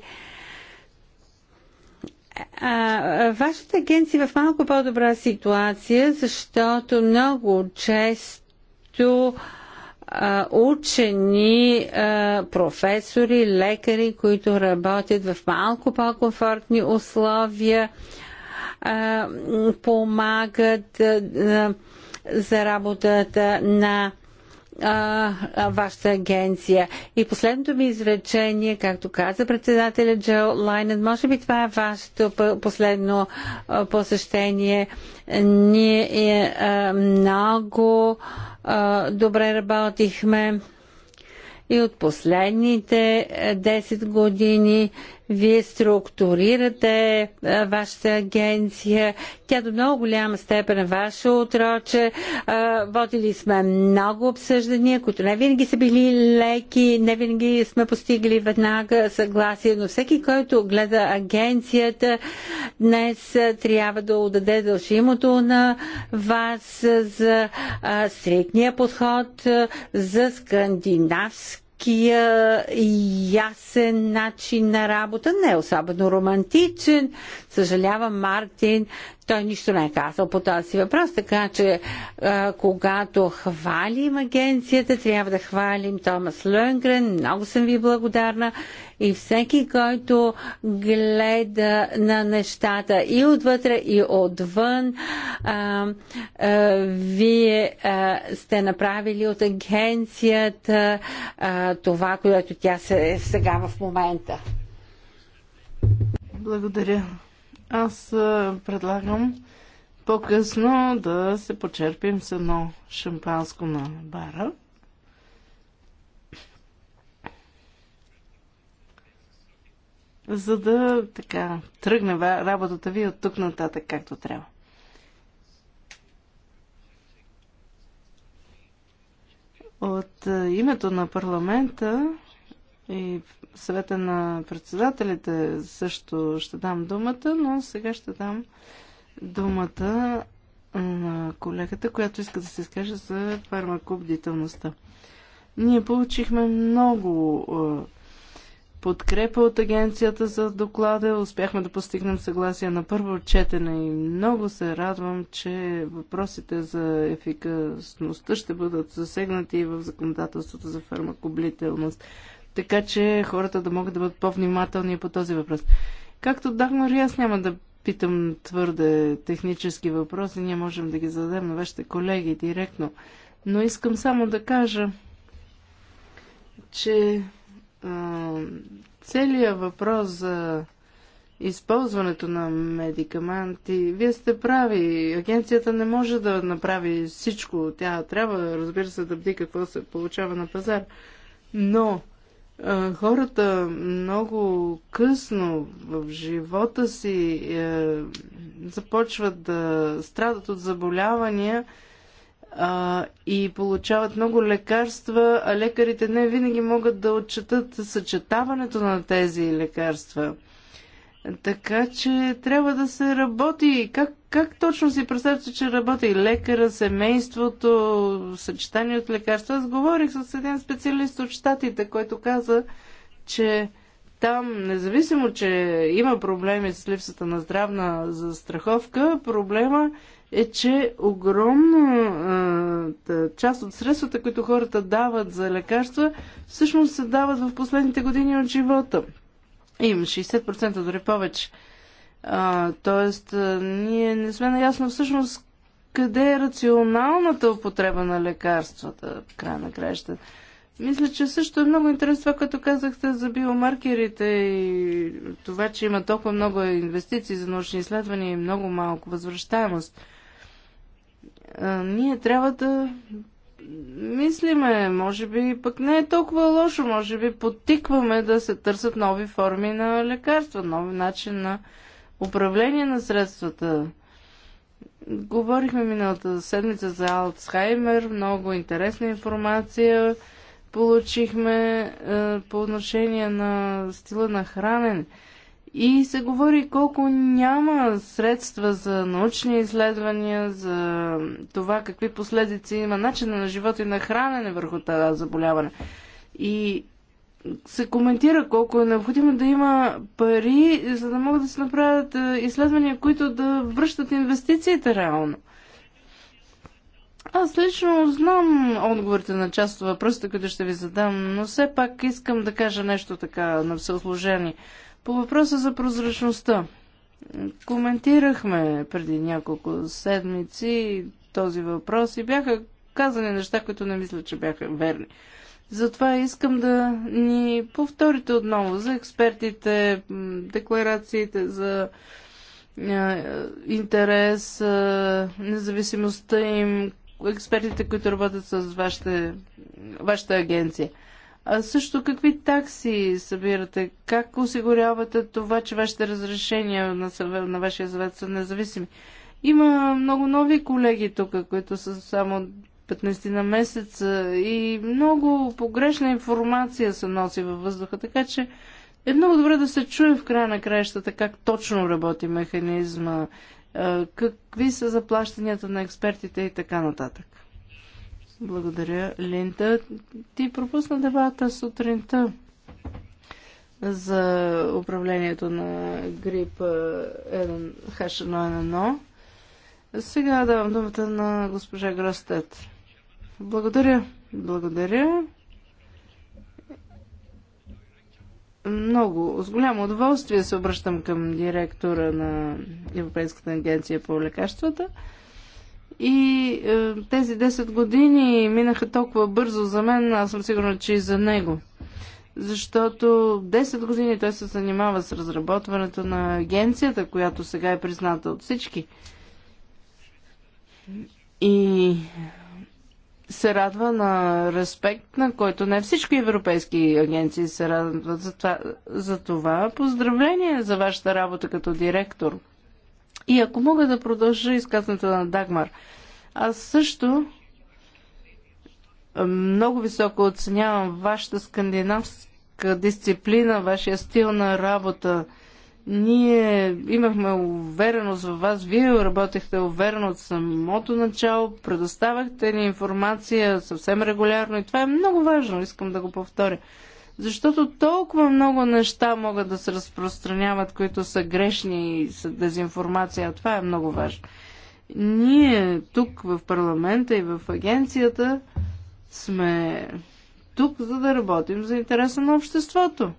А, вашата агенция е в малко по-добра ситуация, защото много често срещу учени, професори, лекари, които работят в малко по-комфортни условия, помагат за работата на а, вашата агенция. И последното ми изречение, както каза председателя Джо Лайнен, може би това е вашето последно а, посещение. Ние е, а, много а, добре работихме и от последните 10 е, години вие структурирате а, вашата агенция. Тя до много голяма степен е ваше отроче. А, водили сме много обсъждания, които не винаги са били леки, не винаги сме постигали веднага съгласие, но всеки, който гледа агенцията, днес трябва да отдаде дължимото на вас за а, стрикния подход, за скандинавски такия ясен начин на работа, не е особено романтичен, Съжалявам, Мартин, той нищо не е казал по този въпрос, така че а, когато хвалим агенцията, трябва да хвалим Томас Лънгрен. Много съм ви благодарна и всеки, който гледа на нещата и отвътре, и отвън, а, а, вие а, сте направили от агенцията а, това, което тя се е сега в момента. Благодаря. Аз предлагам по-късно да се почерпим с едно шампанско на бара. За да така тръгне работата ви от тук нататък както трябва. От името на парламента и съвета на председателите също ще дам думата, но сега ще дам думата на колегата, която иска да се изкаже за фармакобдителността. Ние получихме много подкрепа от агенцията за доклада. Успяхме да постигнем съгласие на първо четене и много се радвам, че въпросите за ефикасността ще бъдат засегнати и в законодателството за фармакоблителност така че хората да могат да бъдат по-внимателни по този въпрос. Както Дагмар, и аз няма да питам твърде технически въпроси, ние можем да ги зададем на вашите колеги директно. Но искам само да кажа, че а, целият въпрос за използването на медикаменти, вие сте прави. Агенцията не може да направи всичко. Тя трябва, разбира се, да бди какво се получава на пазар. Но хората много късно в живота си е, започват да страдат от заболявания е, и получават много лекарства, а лекарите не винаги могат да отчетат съчетаването на тези лекарства. Така че трябва да се работи. Как, как точно си представяте, че работи лекара, семейството, съчетание от лекарства? Аз говорих с един специалист от щатите, който каза, че там, независимо, че има проблеми с липсата на здравна застраховка, проблема е, че огромна част от средствата, които хората дават за лекарства, всъщност се дават в последните години от живота. Им 60% дори повече. А, тоест, ние не сме наясно всъщност къде е рационалната употреба на лекарствата в края на краища. Мисля, че също е много интересно това, като казахте за биомаркерите и това, че има толкова много инвестиции за научни изследвания и много малко възвръщаемост. А, ние трябва да мислиме, може би пък не е толкова лошо, може би подтикваме да се търсят нови форми на лекарства, нови начин на управление на средствата. Говорихме миналата седмица за Алцхаймер, много интересна информация получихме е, по отношение на стила на хранене. И се говори колко няма средства за научни изследвания, за това какви последици има начина на живота и на хранене върху това заболяване. И се коментира колко е необходимо да има пари, за да могат да се направят е, изследвания, които да връщат инвестициите реално. Аз лично знам отговорите на част от въпросите, които ще ви задам, но все пак искам да кажа нещо така на всеосложение. По въпроса за прозрачността. Коментирахме преди няколко седмици този въпрос и бяха казани неща, които не мисля, че бяха верни. Затова искам да ни повторите отново за експертите, декларациите за е, интерес, е, независимостта им, експертите, които работят с вашата агенция. А също какви такси събирате? Как осигурявате това, че вашите разрешения на, съвет, на вашия съвет са независими? Има много нови колеги тук, които са само 15 на месеца и много погрешна информация се носи във въздуха, така че е много добре да се чуе в края на краищата как точно работи механизма, какви са заплащанията на експертите и така нататък. Благодаря, Линта. Ти пропусна дебата сутринта за управлението на грип H1N1. Сега давам думата на госпожа Гростет. Благодаря. Благодаря. Много, с голямо удоволствие се обръщам към директора на Европейската агенция по лекарствата. И е, тези 10 години минаха толкова бързо за мен, аз съм сигурна, че и за него. Защото 10 години той се занимава с разработването на агенцията, която сега е призната от всички. И се радва на респект, на който не всички европейски агенции се радват. За това, за това поздравление за вашата работа като директор – и ако мога да продължа изказването на Дагмар, аз също много високо оценявам вашата скандинавска дисциплина, вашия стил на работа. Ние имахме увереност във вас, вие работехте уверено от самото начало, предоставяхте ни информация съвсем регулярно и това е много важно, искам да го повторя защото толкова много неща могат да се разпространяват, които са грешни и са дезинформация. Това е много важно. Ние тук в парламента и в агенцията сме тук, за да работим за интереса на обществото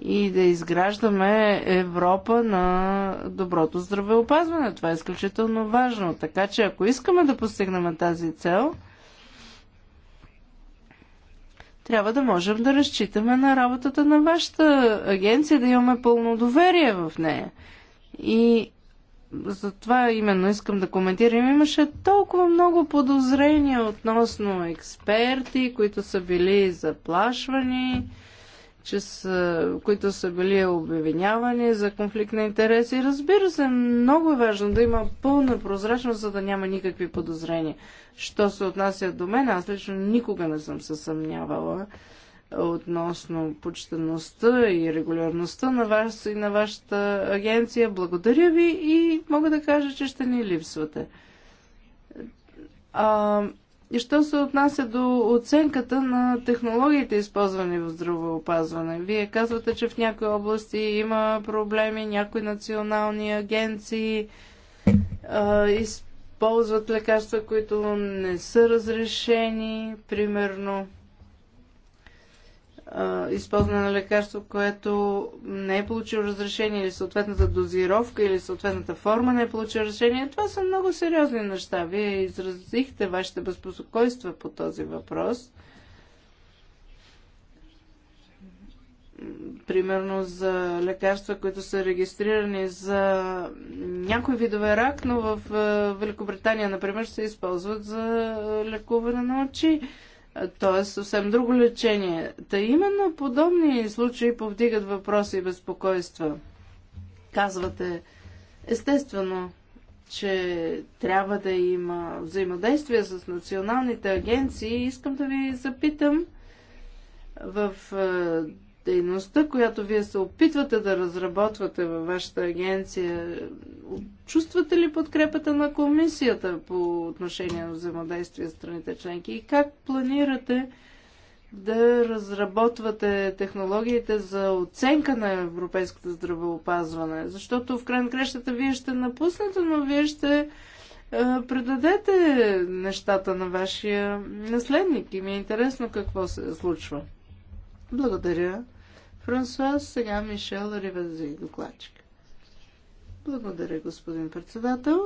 и да изграждаме Европа на доброто здравеопазване. Това е изключително важно. Така че ако искаме да постигнем тази цел – трябва да можем да разчитаме на работата на вашата агенция, да имаме пълно доверие в нея. И за това именно искам да коментирам. Имаше толкова много подозрения относно експерти, които са били заплашвани че са, които са били обвинявани за конфликт на интереси. Разбира се, много е важно да има пълна прозрачност, за да няма никакви подозрения. Що се отнася до мен, аз лично никога не съм се съмнявала относно почтеността и регулярността на вас и на вашата агенция. Благодаря ви и мога да кажа, че ще ни липсвате. А, и що се отнася до оценката на технологиите, използвани в здравеопазване? Вие казвате, че в някои области има проблеми, някои национални агенции а, използват лекарства, които не са разрешени, примерно използване на лекарство, което не е получило разрешение или съответната дозировка или съответната форма не е получила разрешение. Това са много сериозни неща. Вие изразихте вашите безпокойства по този въпрос. Примерно за лекарства, които са регистрирани за някои видове рак, но в Великобритания, например, се използват за лекуване на очи т.е. Е съвсем друго лечение. Та именно подобни случаи повдигат въпроси и безпокойства. Казвате, естествено, че трябва да има взаимодействие с националните агенции. Искам да ви запитам в е, дейността, която вие се опитвате да разработвате във вашата агенция, чувствате ли подкрепата на комисията по отношение на взаимодействие с страните членки и как планирате да разработвате технологиите за оценка на европейското здравеопазване? Защото в край крещата вие ще напуснете, но вие ще е, предадете нещата на вашия наследник и ми е интересно какво се случва. Благодаря. Франсуаз, сега Мишел Ревази, докладчик. Благодаря, господин председател.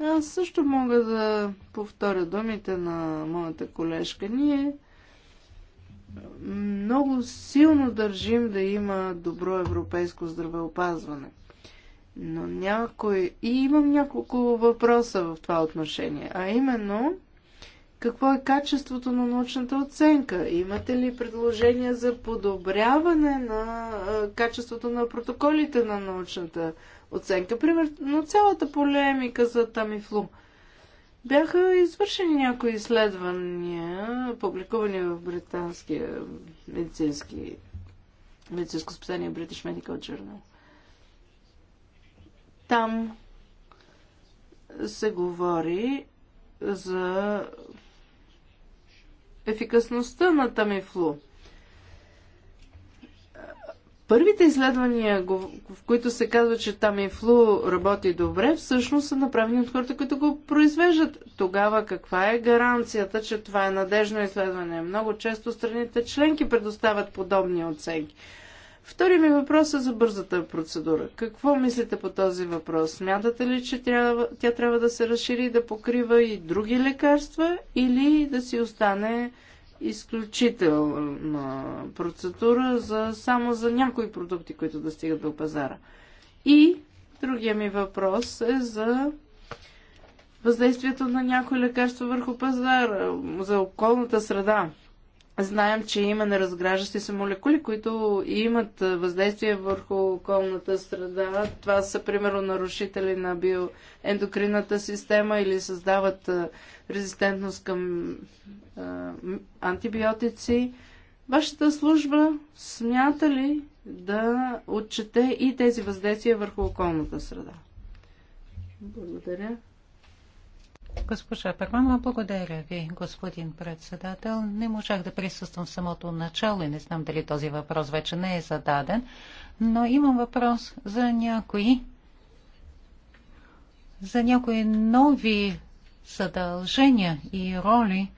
Аз също мога да повторя думите на моята колежка. Ние много силно държим да има добро европейско здравеопазване. Но някой... И имам няколко въпроса в това отношение. А именно, какво е качеството на научната оценка? Имате ли предложения за подобряване на качеството на протоколите на научната оценка? Примерно цялата полемика за Тамифлум. Бяха извършени някои изследвания, публикувани в британския медицински медицинско списание British Medical Journal. Там се говори за ефикасността на Тамифлу. Първите изследвания, в които се казва, че Тамифлу работи добре, всъщност са направени от хората, които го произвеждат. Тогава каква е гаранцията, че това е надежно изследване? Много често страните членки предоставят подобни оценки. Втори ми въпрос е за бързата процедура. Какво мислите по този въпрос? Смятате ли, че трябва, тя трябва да се разшири да покрива и други лекарства или да си остане изключителна процедура за, само за някои продукти, които да стигат до пазара? И другия ми въпрос е за въздействието на някои лекарства върху пазара, за околната среда. Знаем, че има неразграждащи се молекули, които имат въздействие върху околната среда. Това са, примерно, нарушители на биоендокринната система или създават резистентност към антибиотици. Вашата служба смята ли да отчете и тези въздействия върху околната среда? Благодаря. Госпожа Перманова, благодаря ви, господин председател. Не можах да присъствам в самото начало и не знам дали този въпрос вече не е зададен, но имам въпрос за някои за някои нови задължения и роли,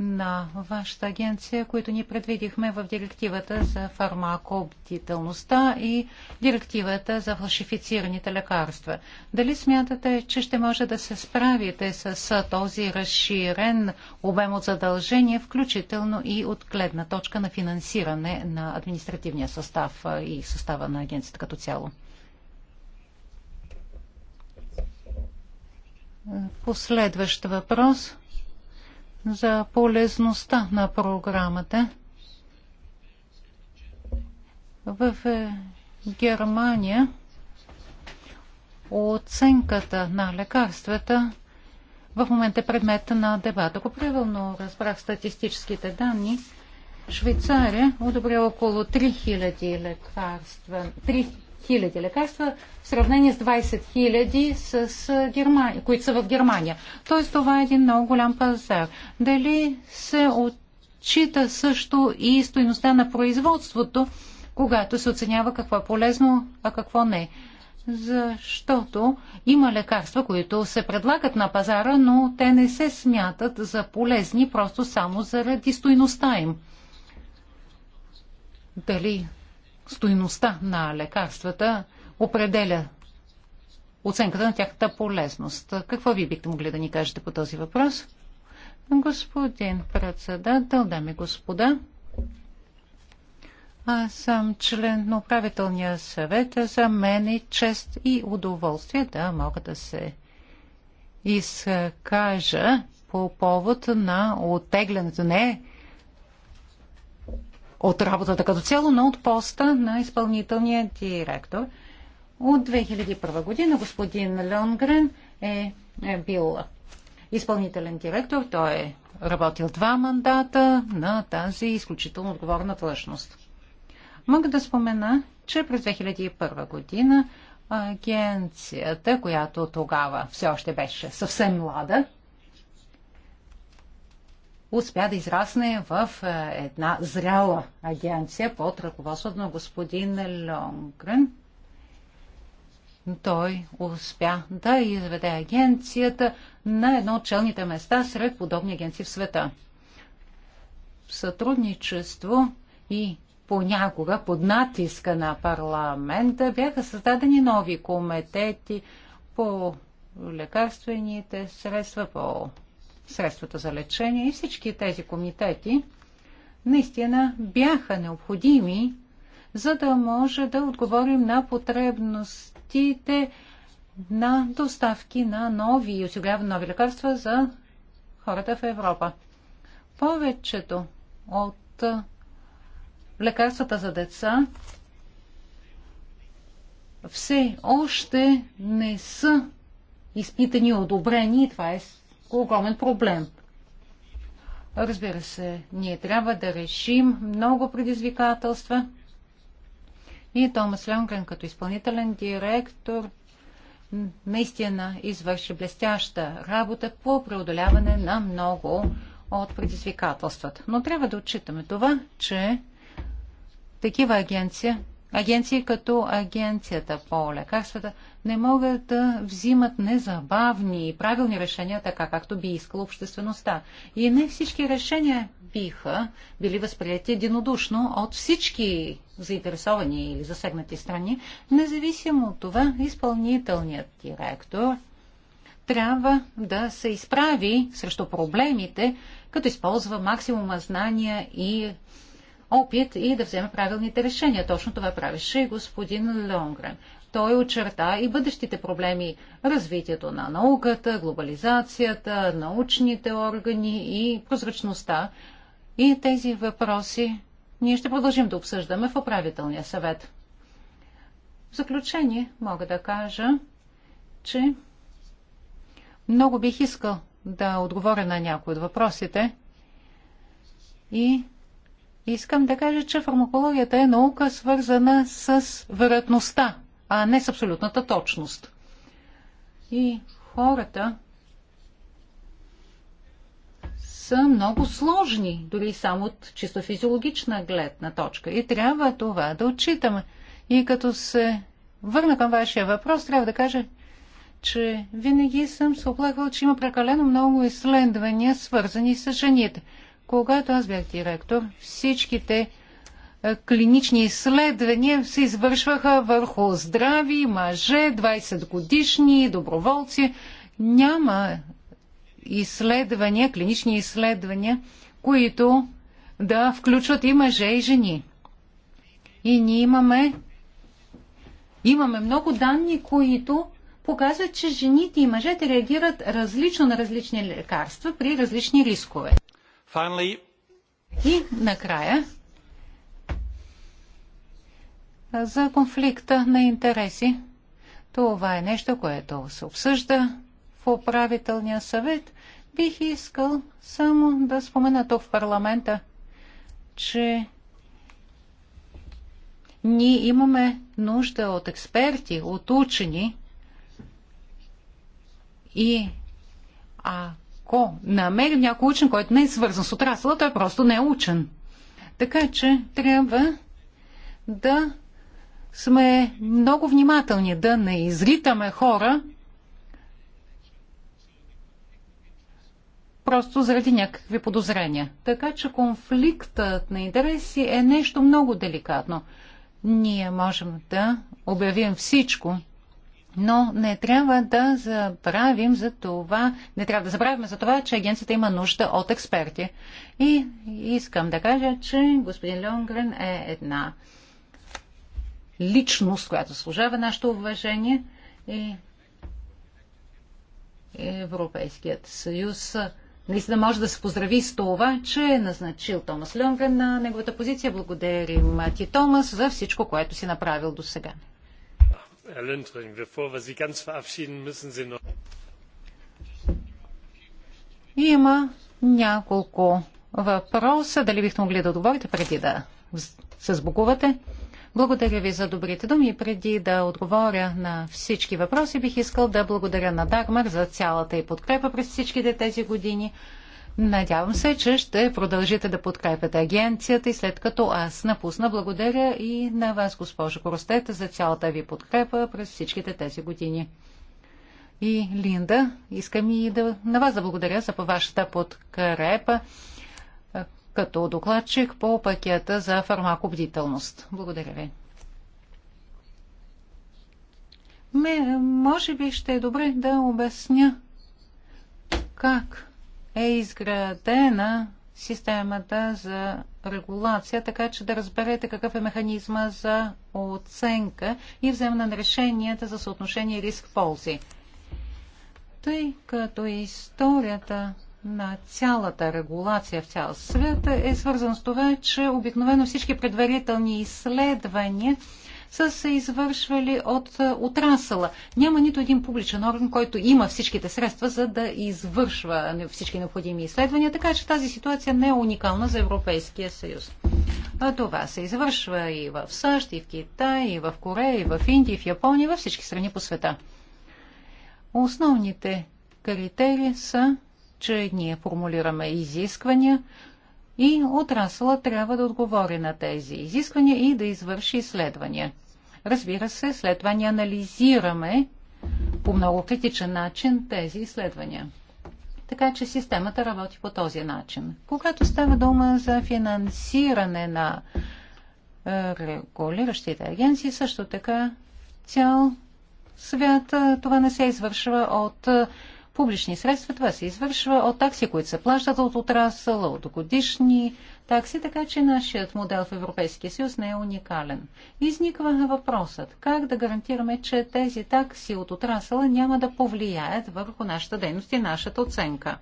на вашата агенция, които ни предвидихме в директивата за фармакобдителността и директивата за фалшифицираните лекарства. Дали смятате, че ще може да се справите с този разширен обем от задължения, включително и от гледна точка на финансиране на административния състав и състава на агенцията като цяло? Последващ въпрос – за полезността на програмата. В е, Германия оценката на лекарствата в момента е предмет на дебата. Ако правилно разбрах статистическите данни, Швейцария одобрява около 3000 лекарства, хиляди лекарства в сравнение с 20 хиляди, с Германия, които са в Германия. Тоест това е един много голям пазар. Дали се отчита също и стоиността на производството, когато се оценява какво е полезно, а какво не? Защото има лекарства, които се предлагат на пазара, но те не се смятат за полезни просто само заради стойността им дали стоиността на лекарствата определя оценката на тяхната полезност. Какво ви бихте могли да ни кажете по този въпрос? Господин председател, дами и господа, аз съм член на управителния съвет. За мен е чест и удоволствие да мога да се изкажа по повод на оттеглянето, не от работата като цяло, но от поста на изпълнителния директор. От 2001 година господин Лонгрен е, е бил изпълнителен директор. Той е работил два мандата на тази изключително отговорна длъжност. Мога да спомена, че през 2001 година агенцията, която тогава все още беше съвсем млада, успя да израсне в е, една зряла агенция под ръководството на господин Лонгрен. Той успя да изведе агенцията на едно от челните места сред подобни агенции в света. Сътрудничество и понякога под натиска на парламента бяха създадени нови комитети по лекарствените средства, по средствата за лечение и всички тези комитети наистина бяха необходими, за да може да отговорим на потребностите на доставки на нови и осигуряване нови лекарства за хората в Европа. Повечето от лекарствата за деца все още не са изпитани и одобрени. Това е огромен проблем. Разбира се, ние трябва да решим много предизвикателства. И Томас Лонгрен като изпълнителен директор наистина извърши блестяща работа по преодоляване на много от предизвикателствата. Но трябва да отчитаме това, че такива агенция, агенции като агенцията по лекарствата, не могат да взимат незабавни и правилни решения, така както би искала обществеността. И не всички решения биха били възприяти единодушно от всички заинтересовани или засегнати страни, независимо от това изпълнителният директор трябва да се изправи срещу проблемите, като използва максимума знания и опит и да вземе правилните решения. Точно това правеше и господин Лонгрен. Той очерта и бъдещите проблеми – развитието на науката, глобализацията, научните органи и прозрачността. И тези въпроси ние ще продължим да обсъждаме в управителния съвет. В заключение мога да кажа, че много бих искал да отговоря на някои от въпросите и искам да кажа, че фармакологията е наука свързана с вероятността а не с абсолютната точност. И хората са много сложни, дори само от чисто физиологична гледна точка. И трябва това да отчитаме. И като се върна към вашия въпрос, трябва да кажа, че винаги съм се оплаквал, че има прекалено много изследвания, свързани с жените. Когато аз бях директор, всичките клинични изследвания се извършваха върху здрави мъже, 20 годишни, доброволци. Няма изследвания, клинични изследвания, които да включват и мъже, и жени. И ние имаме, имаме много данни, които показват, че жените и мъжете реагират различно на различни лекарства при различни рискове. Finally... И накрая за конфликта на интереси. Това е нещо, което се обсъжда в управителния съвет. Бих искал само да спомена тук в парламента, че ние имаме нужда от експерти, от учени и ако намерим някой учен, който не е свързан с отрасъла, той просто не е учен. Така че трябва да сме много внимателни да не изритаме хора просто заради някакви подозрения. Така че конфликтът на интереси е нещо много деликатно. Ние можем да обявим всичко, но не трябва да забравим за това, не трябва да забравим за това, че агенцията има нужда от експерти. И искам да кажа, че господин Лонгрен е една личност, която служава нашето уважение и е Европейският съюз наистина може да се поздрави с това, че е назначил Томас Лънгрен на неговата позиция. Благодарим ти, Томас, за всичко, което си направил до сега. Има няколко въпроса. Дали бихте могли да отговорите преди да се сбокувате? Благодаря ви за добрите думи. Преди да отговоря на всички въпроси, бих искал да благодаря на Дагмар за цялата и подкрепа през всичките тези години. Надявам се, че ще продължите да подкрепяте агенцията и след като аз напусна, благодаря и на вас, госпожо Коростета, за цялата ви подкрепа през всичките тези години. И Линда, искам и да, на вас да благодаря за по вашата подкрепа като докладчик по пакета за фармакобдителност. Благодаря ви. Ме, може би ще е добре да обясня как е изградена системата за регулация, така че да разберете какъв е механизма за оценка и вземане на решенията за съотношение риск-ползи. Тъй като историята на цялата регулация в цял свят е свързан с това, че обикновено всички предварителни изследвания са се извършвали от е, отрасъла. Няма нито един публичен орган, който има всичките средства, за да извършва всички необходими изследвания, така че тази ситуация не е уникална за Европейския съюз. А това се извършва и в САЩ, и в Китай, и в Корея, и в Индия, и в Япония, и във всички страни по света. Основните критерии са че ние формулираме изисквания и отрасъла трябва да отговори на тези изисквания и да извърши изследвания. Разбира се, след това ни анализираме по много критичен начин тези изследвания. Така че системата работи по този начин. Когато става дума за финансиране на е, регулиращите агенции, също така цял свят е, това не се извършва от е, публични средства. Това се извършва от такси, които се плащат от отрасъл, от годишни такси, така че нашият модел в Европейския съюз не е уникален. Изниква въпросът как да гарантираме, че тези такси от отрасъла няма да повлияят върху нашата дейност и нашата оценка.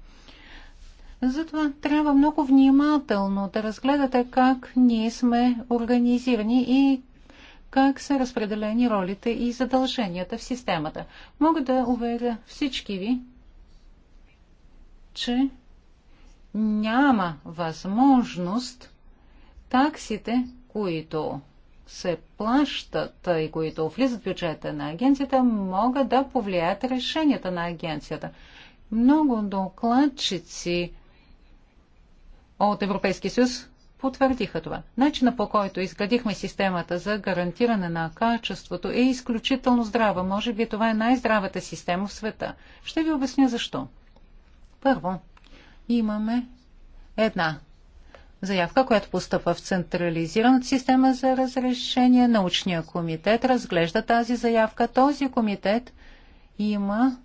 Затова трябва много внимателно да разгледате как ние сме организирани и как са разпределени ролите и задълженията в системата. Мога да уверя всички ви, че няма възможност таксите, които се плащат и които влизат в бюджета на агенцията, могат да повлияят решенията на агенцията. Много докладчици от Европейския съюз потвърдиха това. Начина по който изградихме системата за гарантиране на качеството е изключително здрава. Може би това е най-здравата система в света. Ще ви обясня защо. Първо, имаме една заявка, която постъпва в централизираната система за разрешение. Научния комитет разглежда тази заявка. Този комитет има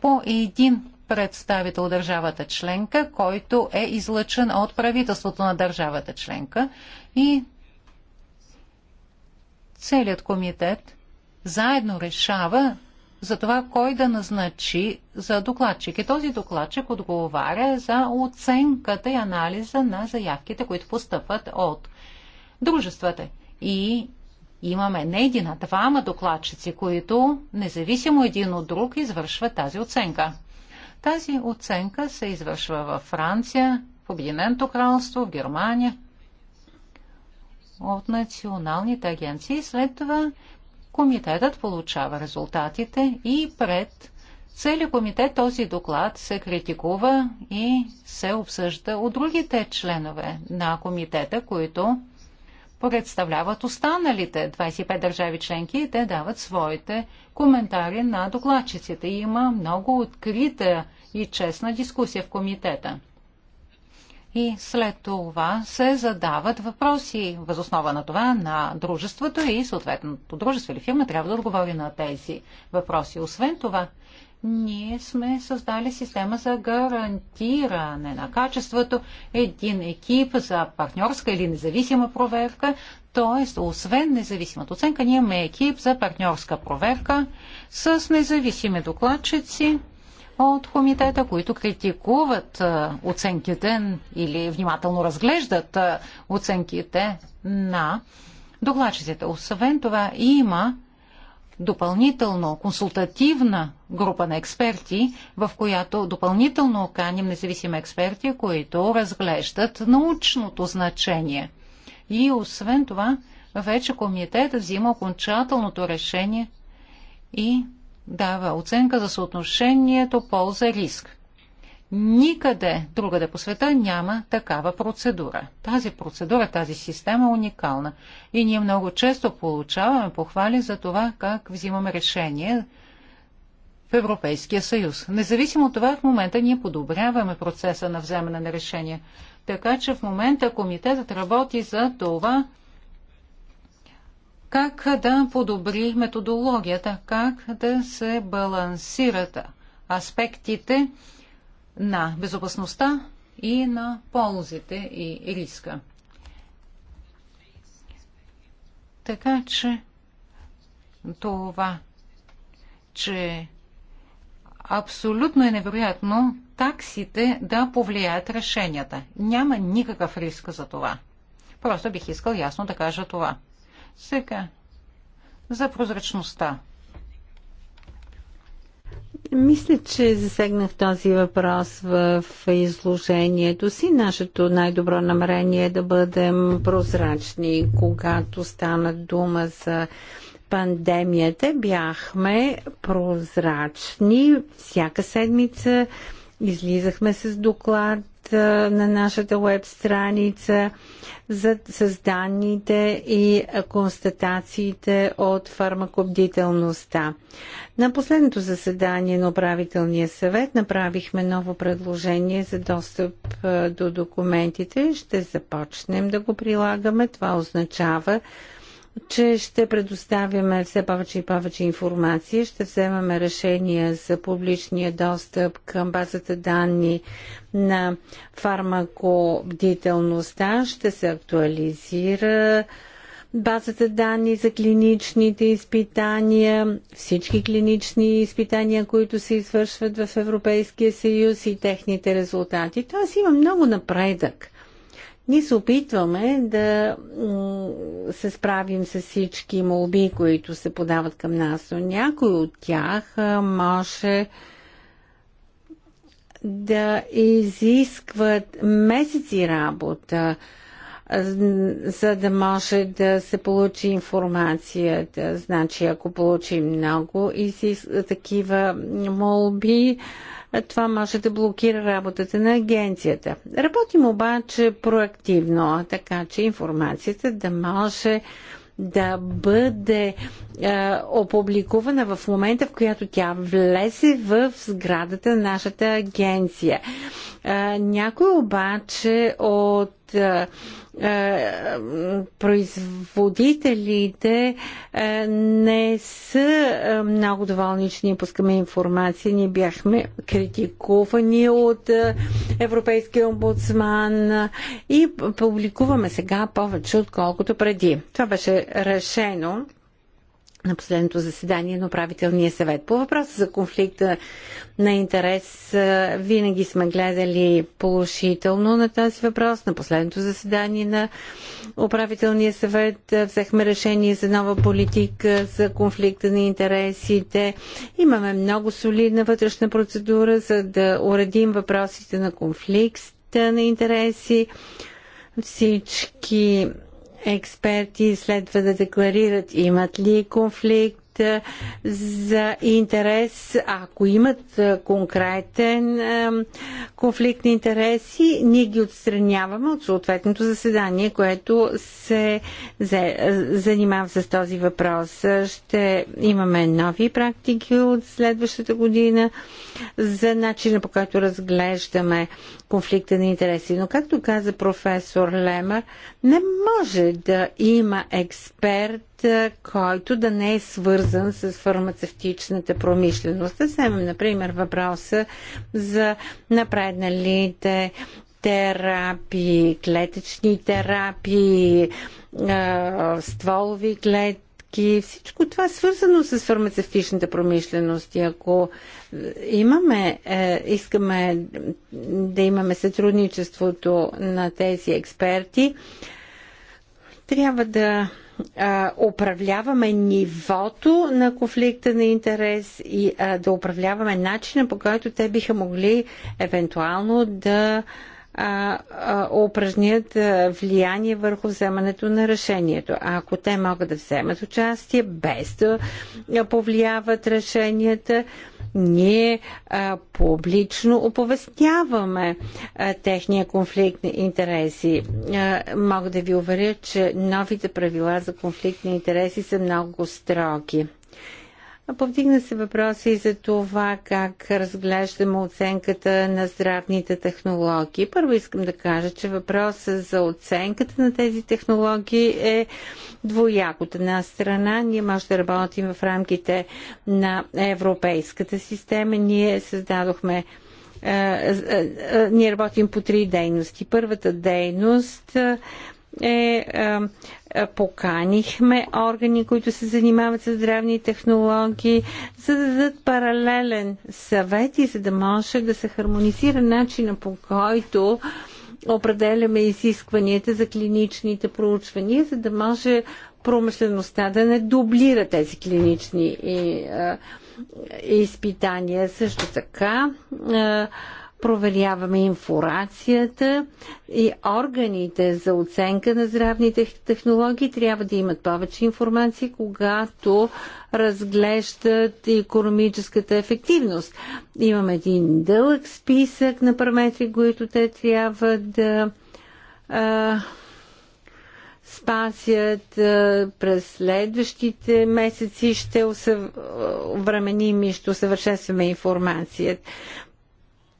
по един представител от държавата членка, който е излъчен от правителството на държавата членка и целият комитет заедно решава за това кой да назначи за докладчик. И този докладчик отговаря за оценката и анализа на заявките, които постъпват от дружествата. И имаме не един, а двама докладчици, които независимо един от друг извършват тази оценка. Тази оценка се извършва във Франция, в Обединеното кралство, в Германия, от националните агенции. След това комитетът получава резултатите и пред целият комитет този доклад се критикува и се обсъжда от другите членове на комитета, които представляват останалите 25 държави членки и те дават своите коментари на докладчиците. И има много открита и честна дискусия в комитета и след това се задават въпроси възоснова на това на дружеството и съответното дружество или фирма трябва да отговори на тези въпроси. Освен това, ние сме създали система за гарантиране на качеството, един екип за партньорска или независима проверка, т.е. освен независимата оценка, ние имаме екип за партньорска проверка с независими докладчици, от комитета, които критикуват оценките или внимателно разглеждат оценките на докладчиците. Освен това има допълнително консултативна група на експерти, в която допълнително каним независими експерти, които разглеждат научното значение. И освен това, вече комитетът взима окончателното решение и дава оценка за съотношението полза-риск. Никъде другаде по света няма такава процедура. Тази процедура, тази система е уникална. И ние много често получаваме похвали за това как взимаме решение в Европейския съюз. Независимо от това, в момента ние подобряваме процеса на вземане на решения. Така че в момента комитетът работи за това как да подобри методологията, как да се балансират аспектите на безопасността и на ползите и риска. Така че това, че абсолютно е невероятно таксите да повлияят решенията. Няма никакъв риск за това. Просто бих искал ясно да кажа това. Сега за прозрачността. Мисля, че засегнах този въпрос в изложението си. Нашето най-добро намерение е да бъдем прозрачни. Когато стана дума за пандемията, бяхме прозрачни. Всяка седмица Излизахме с доклад на нашата веб страница за, с данните и констатациите от фармакобдителността. На последното заседание на управителния съвет направихме ново предложение за достъп до документите. Ще започнем да го прилагаме. Това означава, че ще предоставяме все повече и повече информация, ще вземаме решения за публичния достъп към базата данни на фармакобдителността, ще се актуализира базата данни за клиничните изпитания, всички клинични изпитания, които се извършват в Европейския съюз и техните резултати. Тоест има много напредък ние се опитваме да се справим с всички молби, които се подават към нас, но някой от тях може да изискват месеци работа, за да може да се получи информацията. Значи, ако получим много изиск... такива молби, това може да блокира работата на агенцията. Работим обаче проактивно, така че информацията да може да бъде е, опубликувана в момента, в която тя влезе в сградата на нашата агенция. Е, някой обаче от е, е, производителите е, не са е, много доволни, че ние пускаме информация. Ние бяхме критикувани от Европейския омбудсман и публикуваме сега повече, отколкото преди. Това беше решено на последното заседание на управителния съвет. По въпроса за конфликта на интерес, винаги сме гледали положително на този въпрос. На последното заседание на управителния съвет взехме решение за нова политика за конфликта на интересите. Имаме много солидна вътрешна процедура, за да уредим въпросите на конфликта на интереси. Всички експерти следва да декларират имат ли конфликт за интерес, ако имат конкретен конфликт на интереси, ние ги отстраняваме от съответното заседание, което се занимава с този въпрос. Ще имаме нови практики от следващата година за начина по който разглеждаме конфликта на интереси. Но както каза професор Лемър, не може да има експерт, който да не е свързан с фармацевтичната промишленост. Да вземем, например, въпроса за напредналите терапии, клетъчни терапии, стволови клетки, поръчки, всичко това е свързано с фармацевтичната промишленост. И ако е, имаме, е, искаме да имаме сътрудничеството на тези експерти, трябва да а, управляваме нивото на конфликта на интерес и а, да управляваме начина по който те биха могли евентуално да а, а, упражнят влияние върху вземането на решението. А ако те могат да вземат участие без да повлияват решенията, ние а, публично оповестяваме а, техния конфликт на интереси. А, мога да ви уверя, че новите правила за конфликт на интереси са много строги. Повдигна се въпроса и за това как разглеждаме оценката на здравните технологии. Първо искам да кажа, че въпросът за оценката на тези технологии е двояк. От една страна, ние може да работим в рамките на европейската система. Ние създадохме е, е, е, ние работим по три дейности. Първата дейност е е, поканихме органи, които се занимават с здравни технологии, за да дадат паралелен съвет и за да може да се хармонизира начина по който определяме изискванията за клиничните проучвания, за да може промишлеността да не дублира тези клинични и, и, е, изпитания. Също така е, проверяваме информацията и органите за оценка на здравните технологии трябва да имат повече информация, когато разглеждат економическата ефективност. Имаме един дълъг списък на параметри, които те трябва да а, спасят през следващите месеци ще усъв... времени ще усъвършенстваме информацията.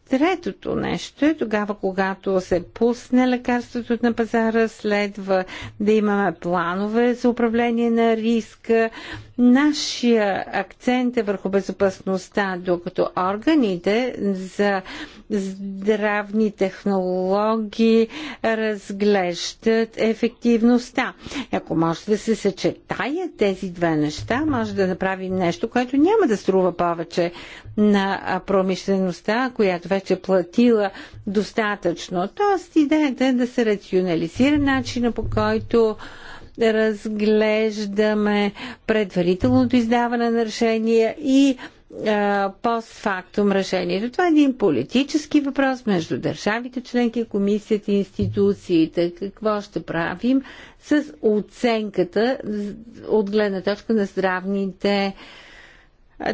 Третото нещо е тогава, когато се пусне лекарството на пазара, следва да имаме планове за управление на риска, Нашия акцент е върху безопасността, докато органите за здравни технологии разглеждат ефективността. Ако може да се съчетая тези две неща, може да направим нещо, което няма да струва повече на промишлеността, която вече е платила достатъчно. Тоест идеята е да се рационализира начина по който разглеждаме предварителното издаване на решения и постфактум решението. Това е един политически въпрос между държавите, членки, комисията и институциите. Какво ще правим с оценката от гледна точка на здравните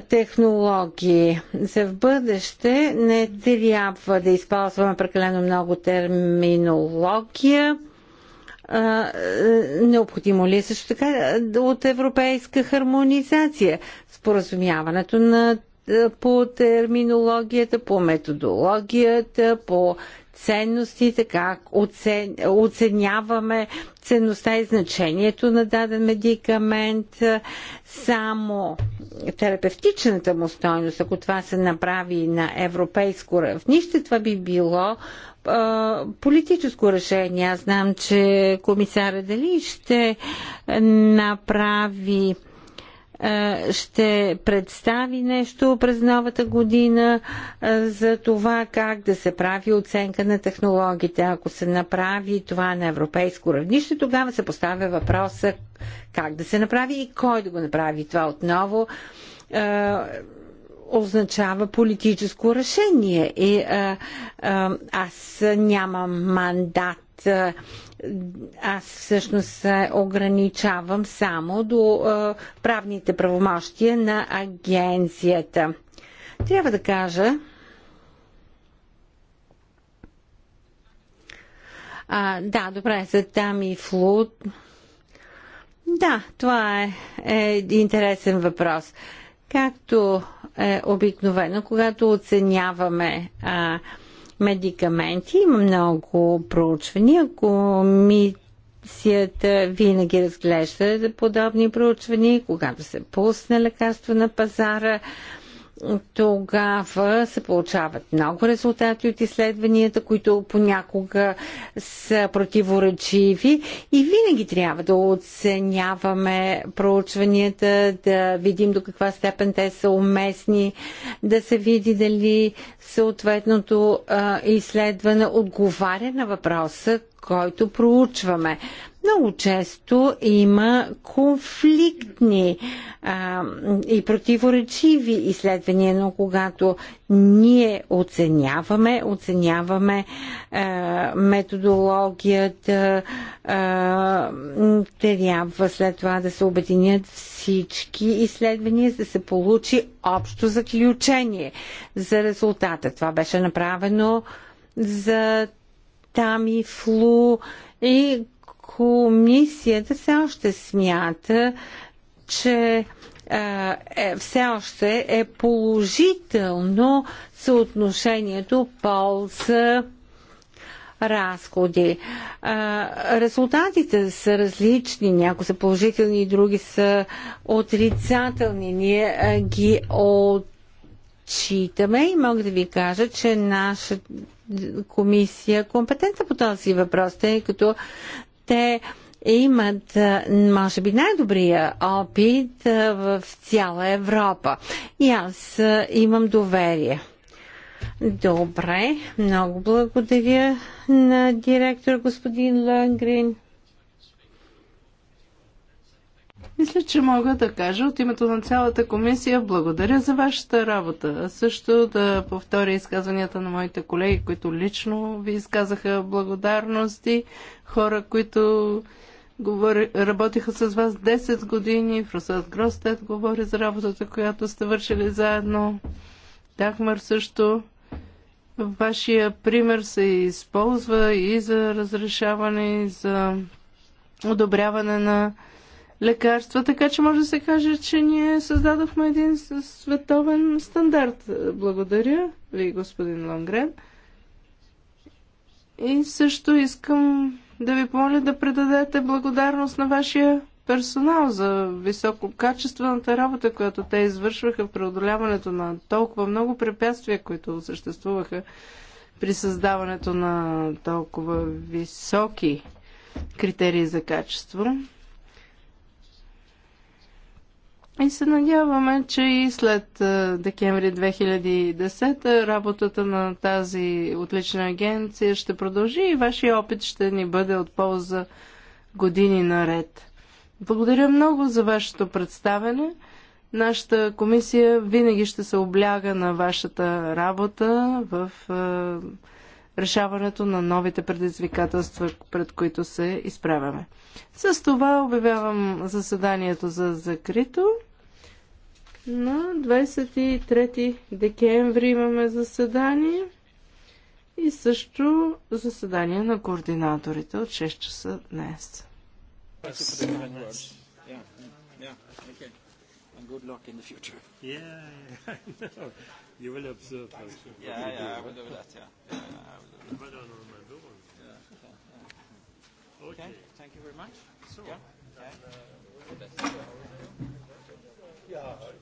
технологии. За в бъдеще не трябва да използваме прекалено много терминология е, необходимо ли е също така от европейска хармонизация споразумяването на е, по терминологията, по методологията, по ценностите, как оцен... оценяваме ценността и значението на даден медикамент, само терапевтичната му стойност, ако това се направи на европейско равнище, това би било политическо решение. Аз знам, че комисаря дали ще направи ще представи нещо през новата година за това как да се прави оценка на технологиите. Ако се направи това на европейско равнище, тогава се поставя въпроса как да се направи и кой да го направи това отново означава политическо решение. И а, а, аз нямам мандат аз всъщност се ограничавам само до а, правните правомощия на агенцията. Трябва да кажа, а, да, добре, за там и флут. Да, това е, е интересен въпрос. Както е обикновено, когато оценяваме а, медикаменти, има много проучвания. Комисията винаги разглежда подобни проучвания, когато се пусне лекарство на пазара. А, тогава се получават много резултати от изследванията, които понякога са противоречиви и винаги трябва да оценяваме проучванията, да видим до каква степен те са уместни, да се види дали съответното изследване отговаря на въпроса, който проучваме много често има конфликтни а, и противоречиви изследвания, но когато ние оценяваме, оценяваме а, методологията, а, трябва след това да се обединят всички изследвания, за да се получи общо заключение за резултата. Това беше направено за Тамифлу и Комисията все още смята, че е, все още е положително съотношението полза разходи. А, резултатите са различни, някои са положителни, други са отрицателни. Ние а, ги отчитаме и мога да ви кажа, че нашата комисия е компетентна по този въпрос, тъй като те имат, може би, най-добрия опит в цяла Европа. И аз имам доверие. Добре, много благодаря на директор господин Лънгрин. Мисля, че мога да кажа от името на цялата комисия благодаря за вашата работа. А също да повторя изказванията на моите колеги, които лично ви изказаха благодарности, хора, които говори, работиха с вас 10 години, Фросът Гростет говори за работата, която сте вършили заедно, Дахмар също. Вашия пример се използва и за разрешаване, и за одобряване на лекарства, така че може да се каже, че ние създадохме един световен стандарт. Благодаря ви, господин Лонгрен. И също искам да ви помоля да предадете благодарност на вашия персонал за висококачествената работа, която те извършваха в преодоляването на толкова много препятствия, които съществуваха при създаването на толкова високи критерии за качество. И се надяваме, че и след е, декември 2010 работата на тази отлична агенция ще продължи и вашия опит ще ни бъде от полза години наред. Благодаря много за вашето представене. Нашата комисия винаги ще се обляга на вашата работа в е, решаването на новите предизвикателства, пред които се изправяме. С това обявявам заседанието за закрито. На 23 декември имаме заседание и също заседание на координаторите от 6 часа днес. Okay very much. So, yeah. yeah.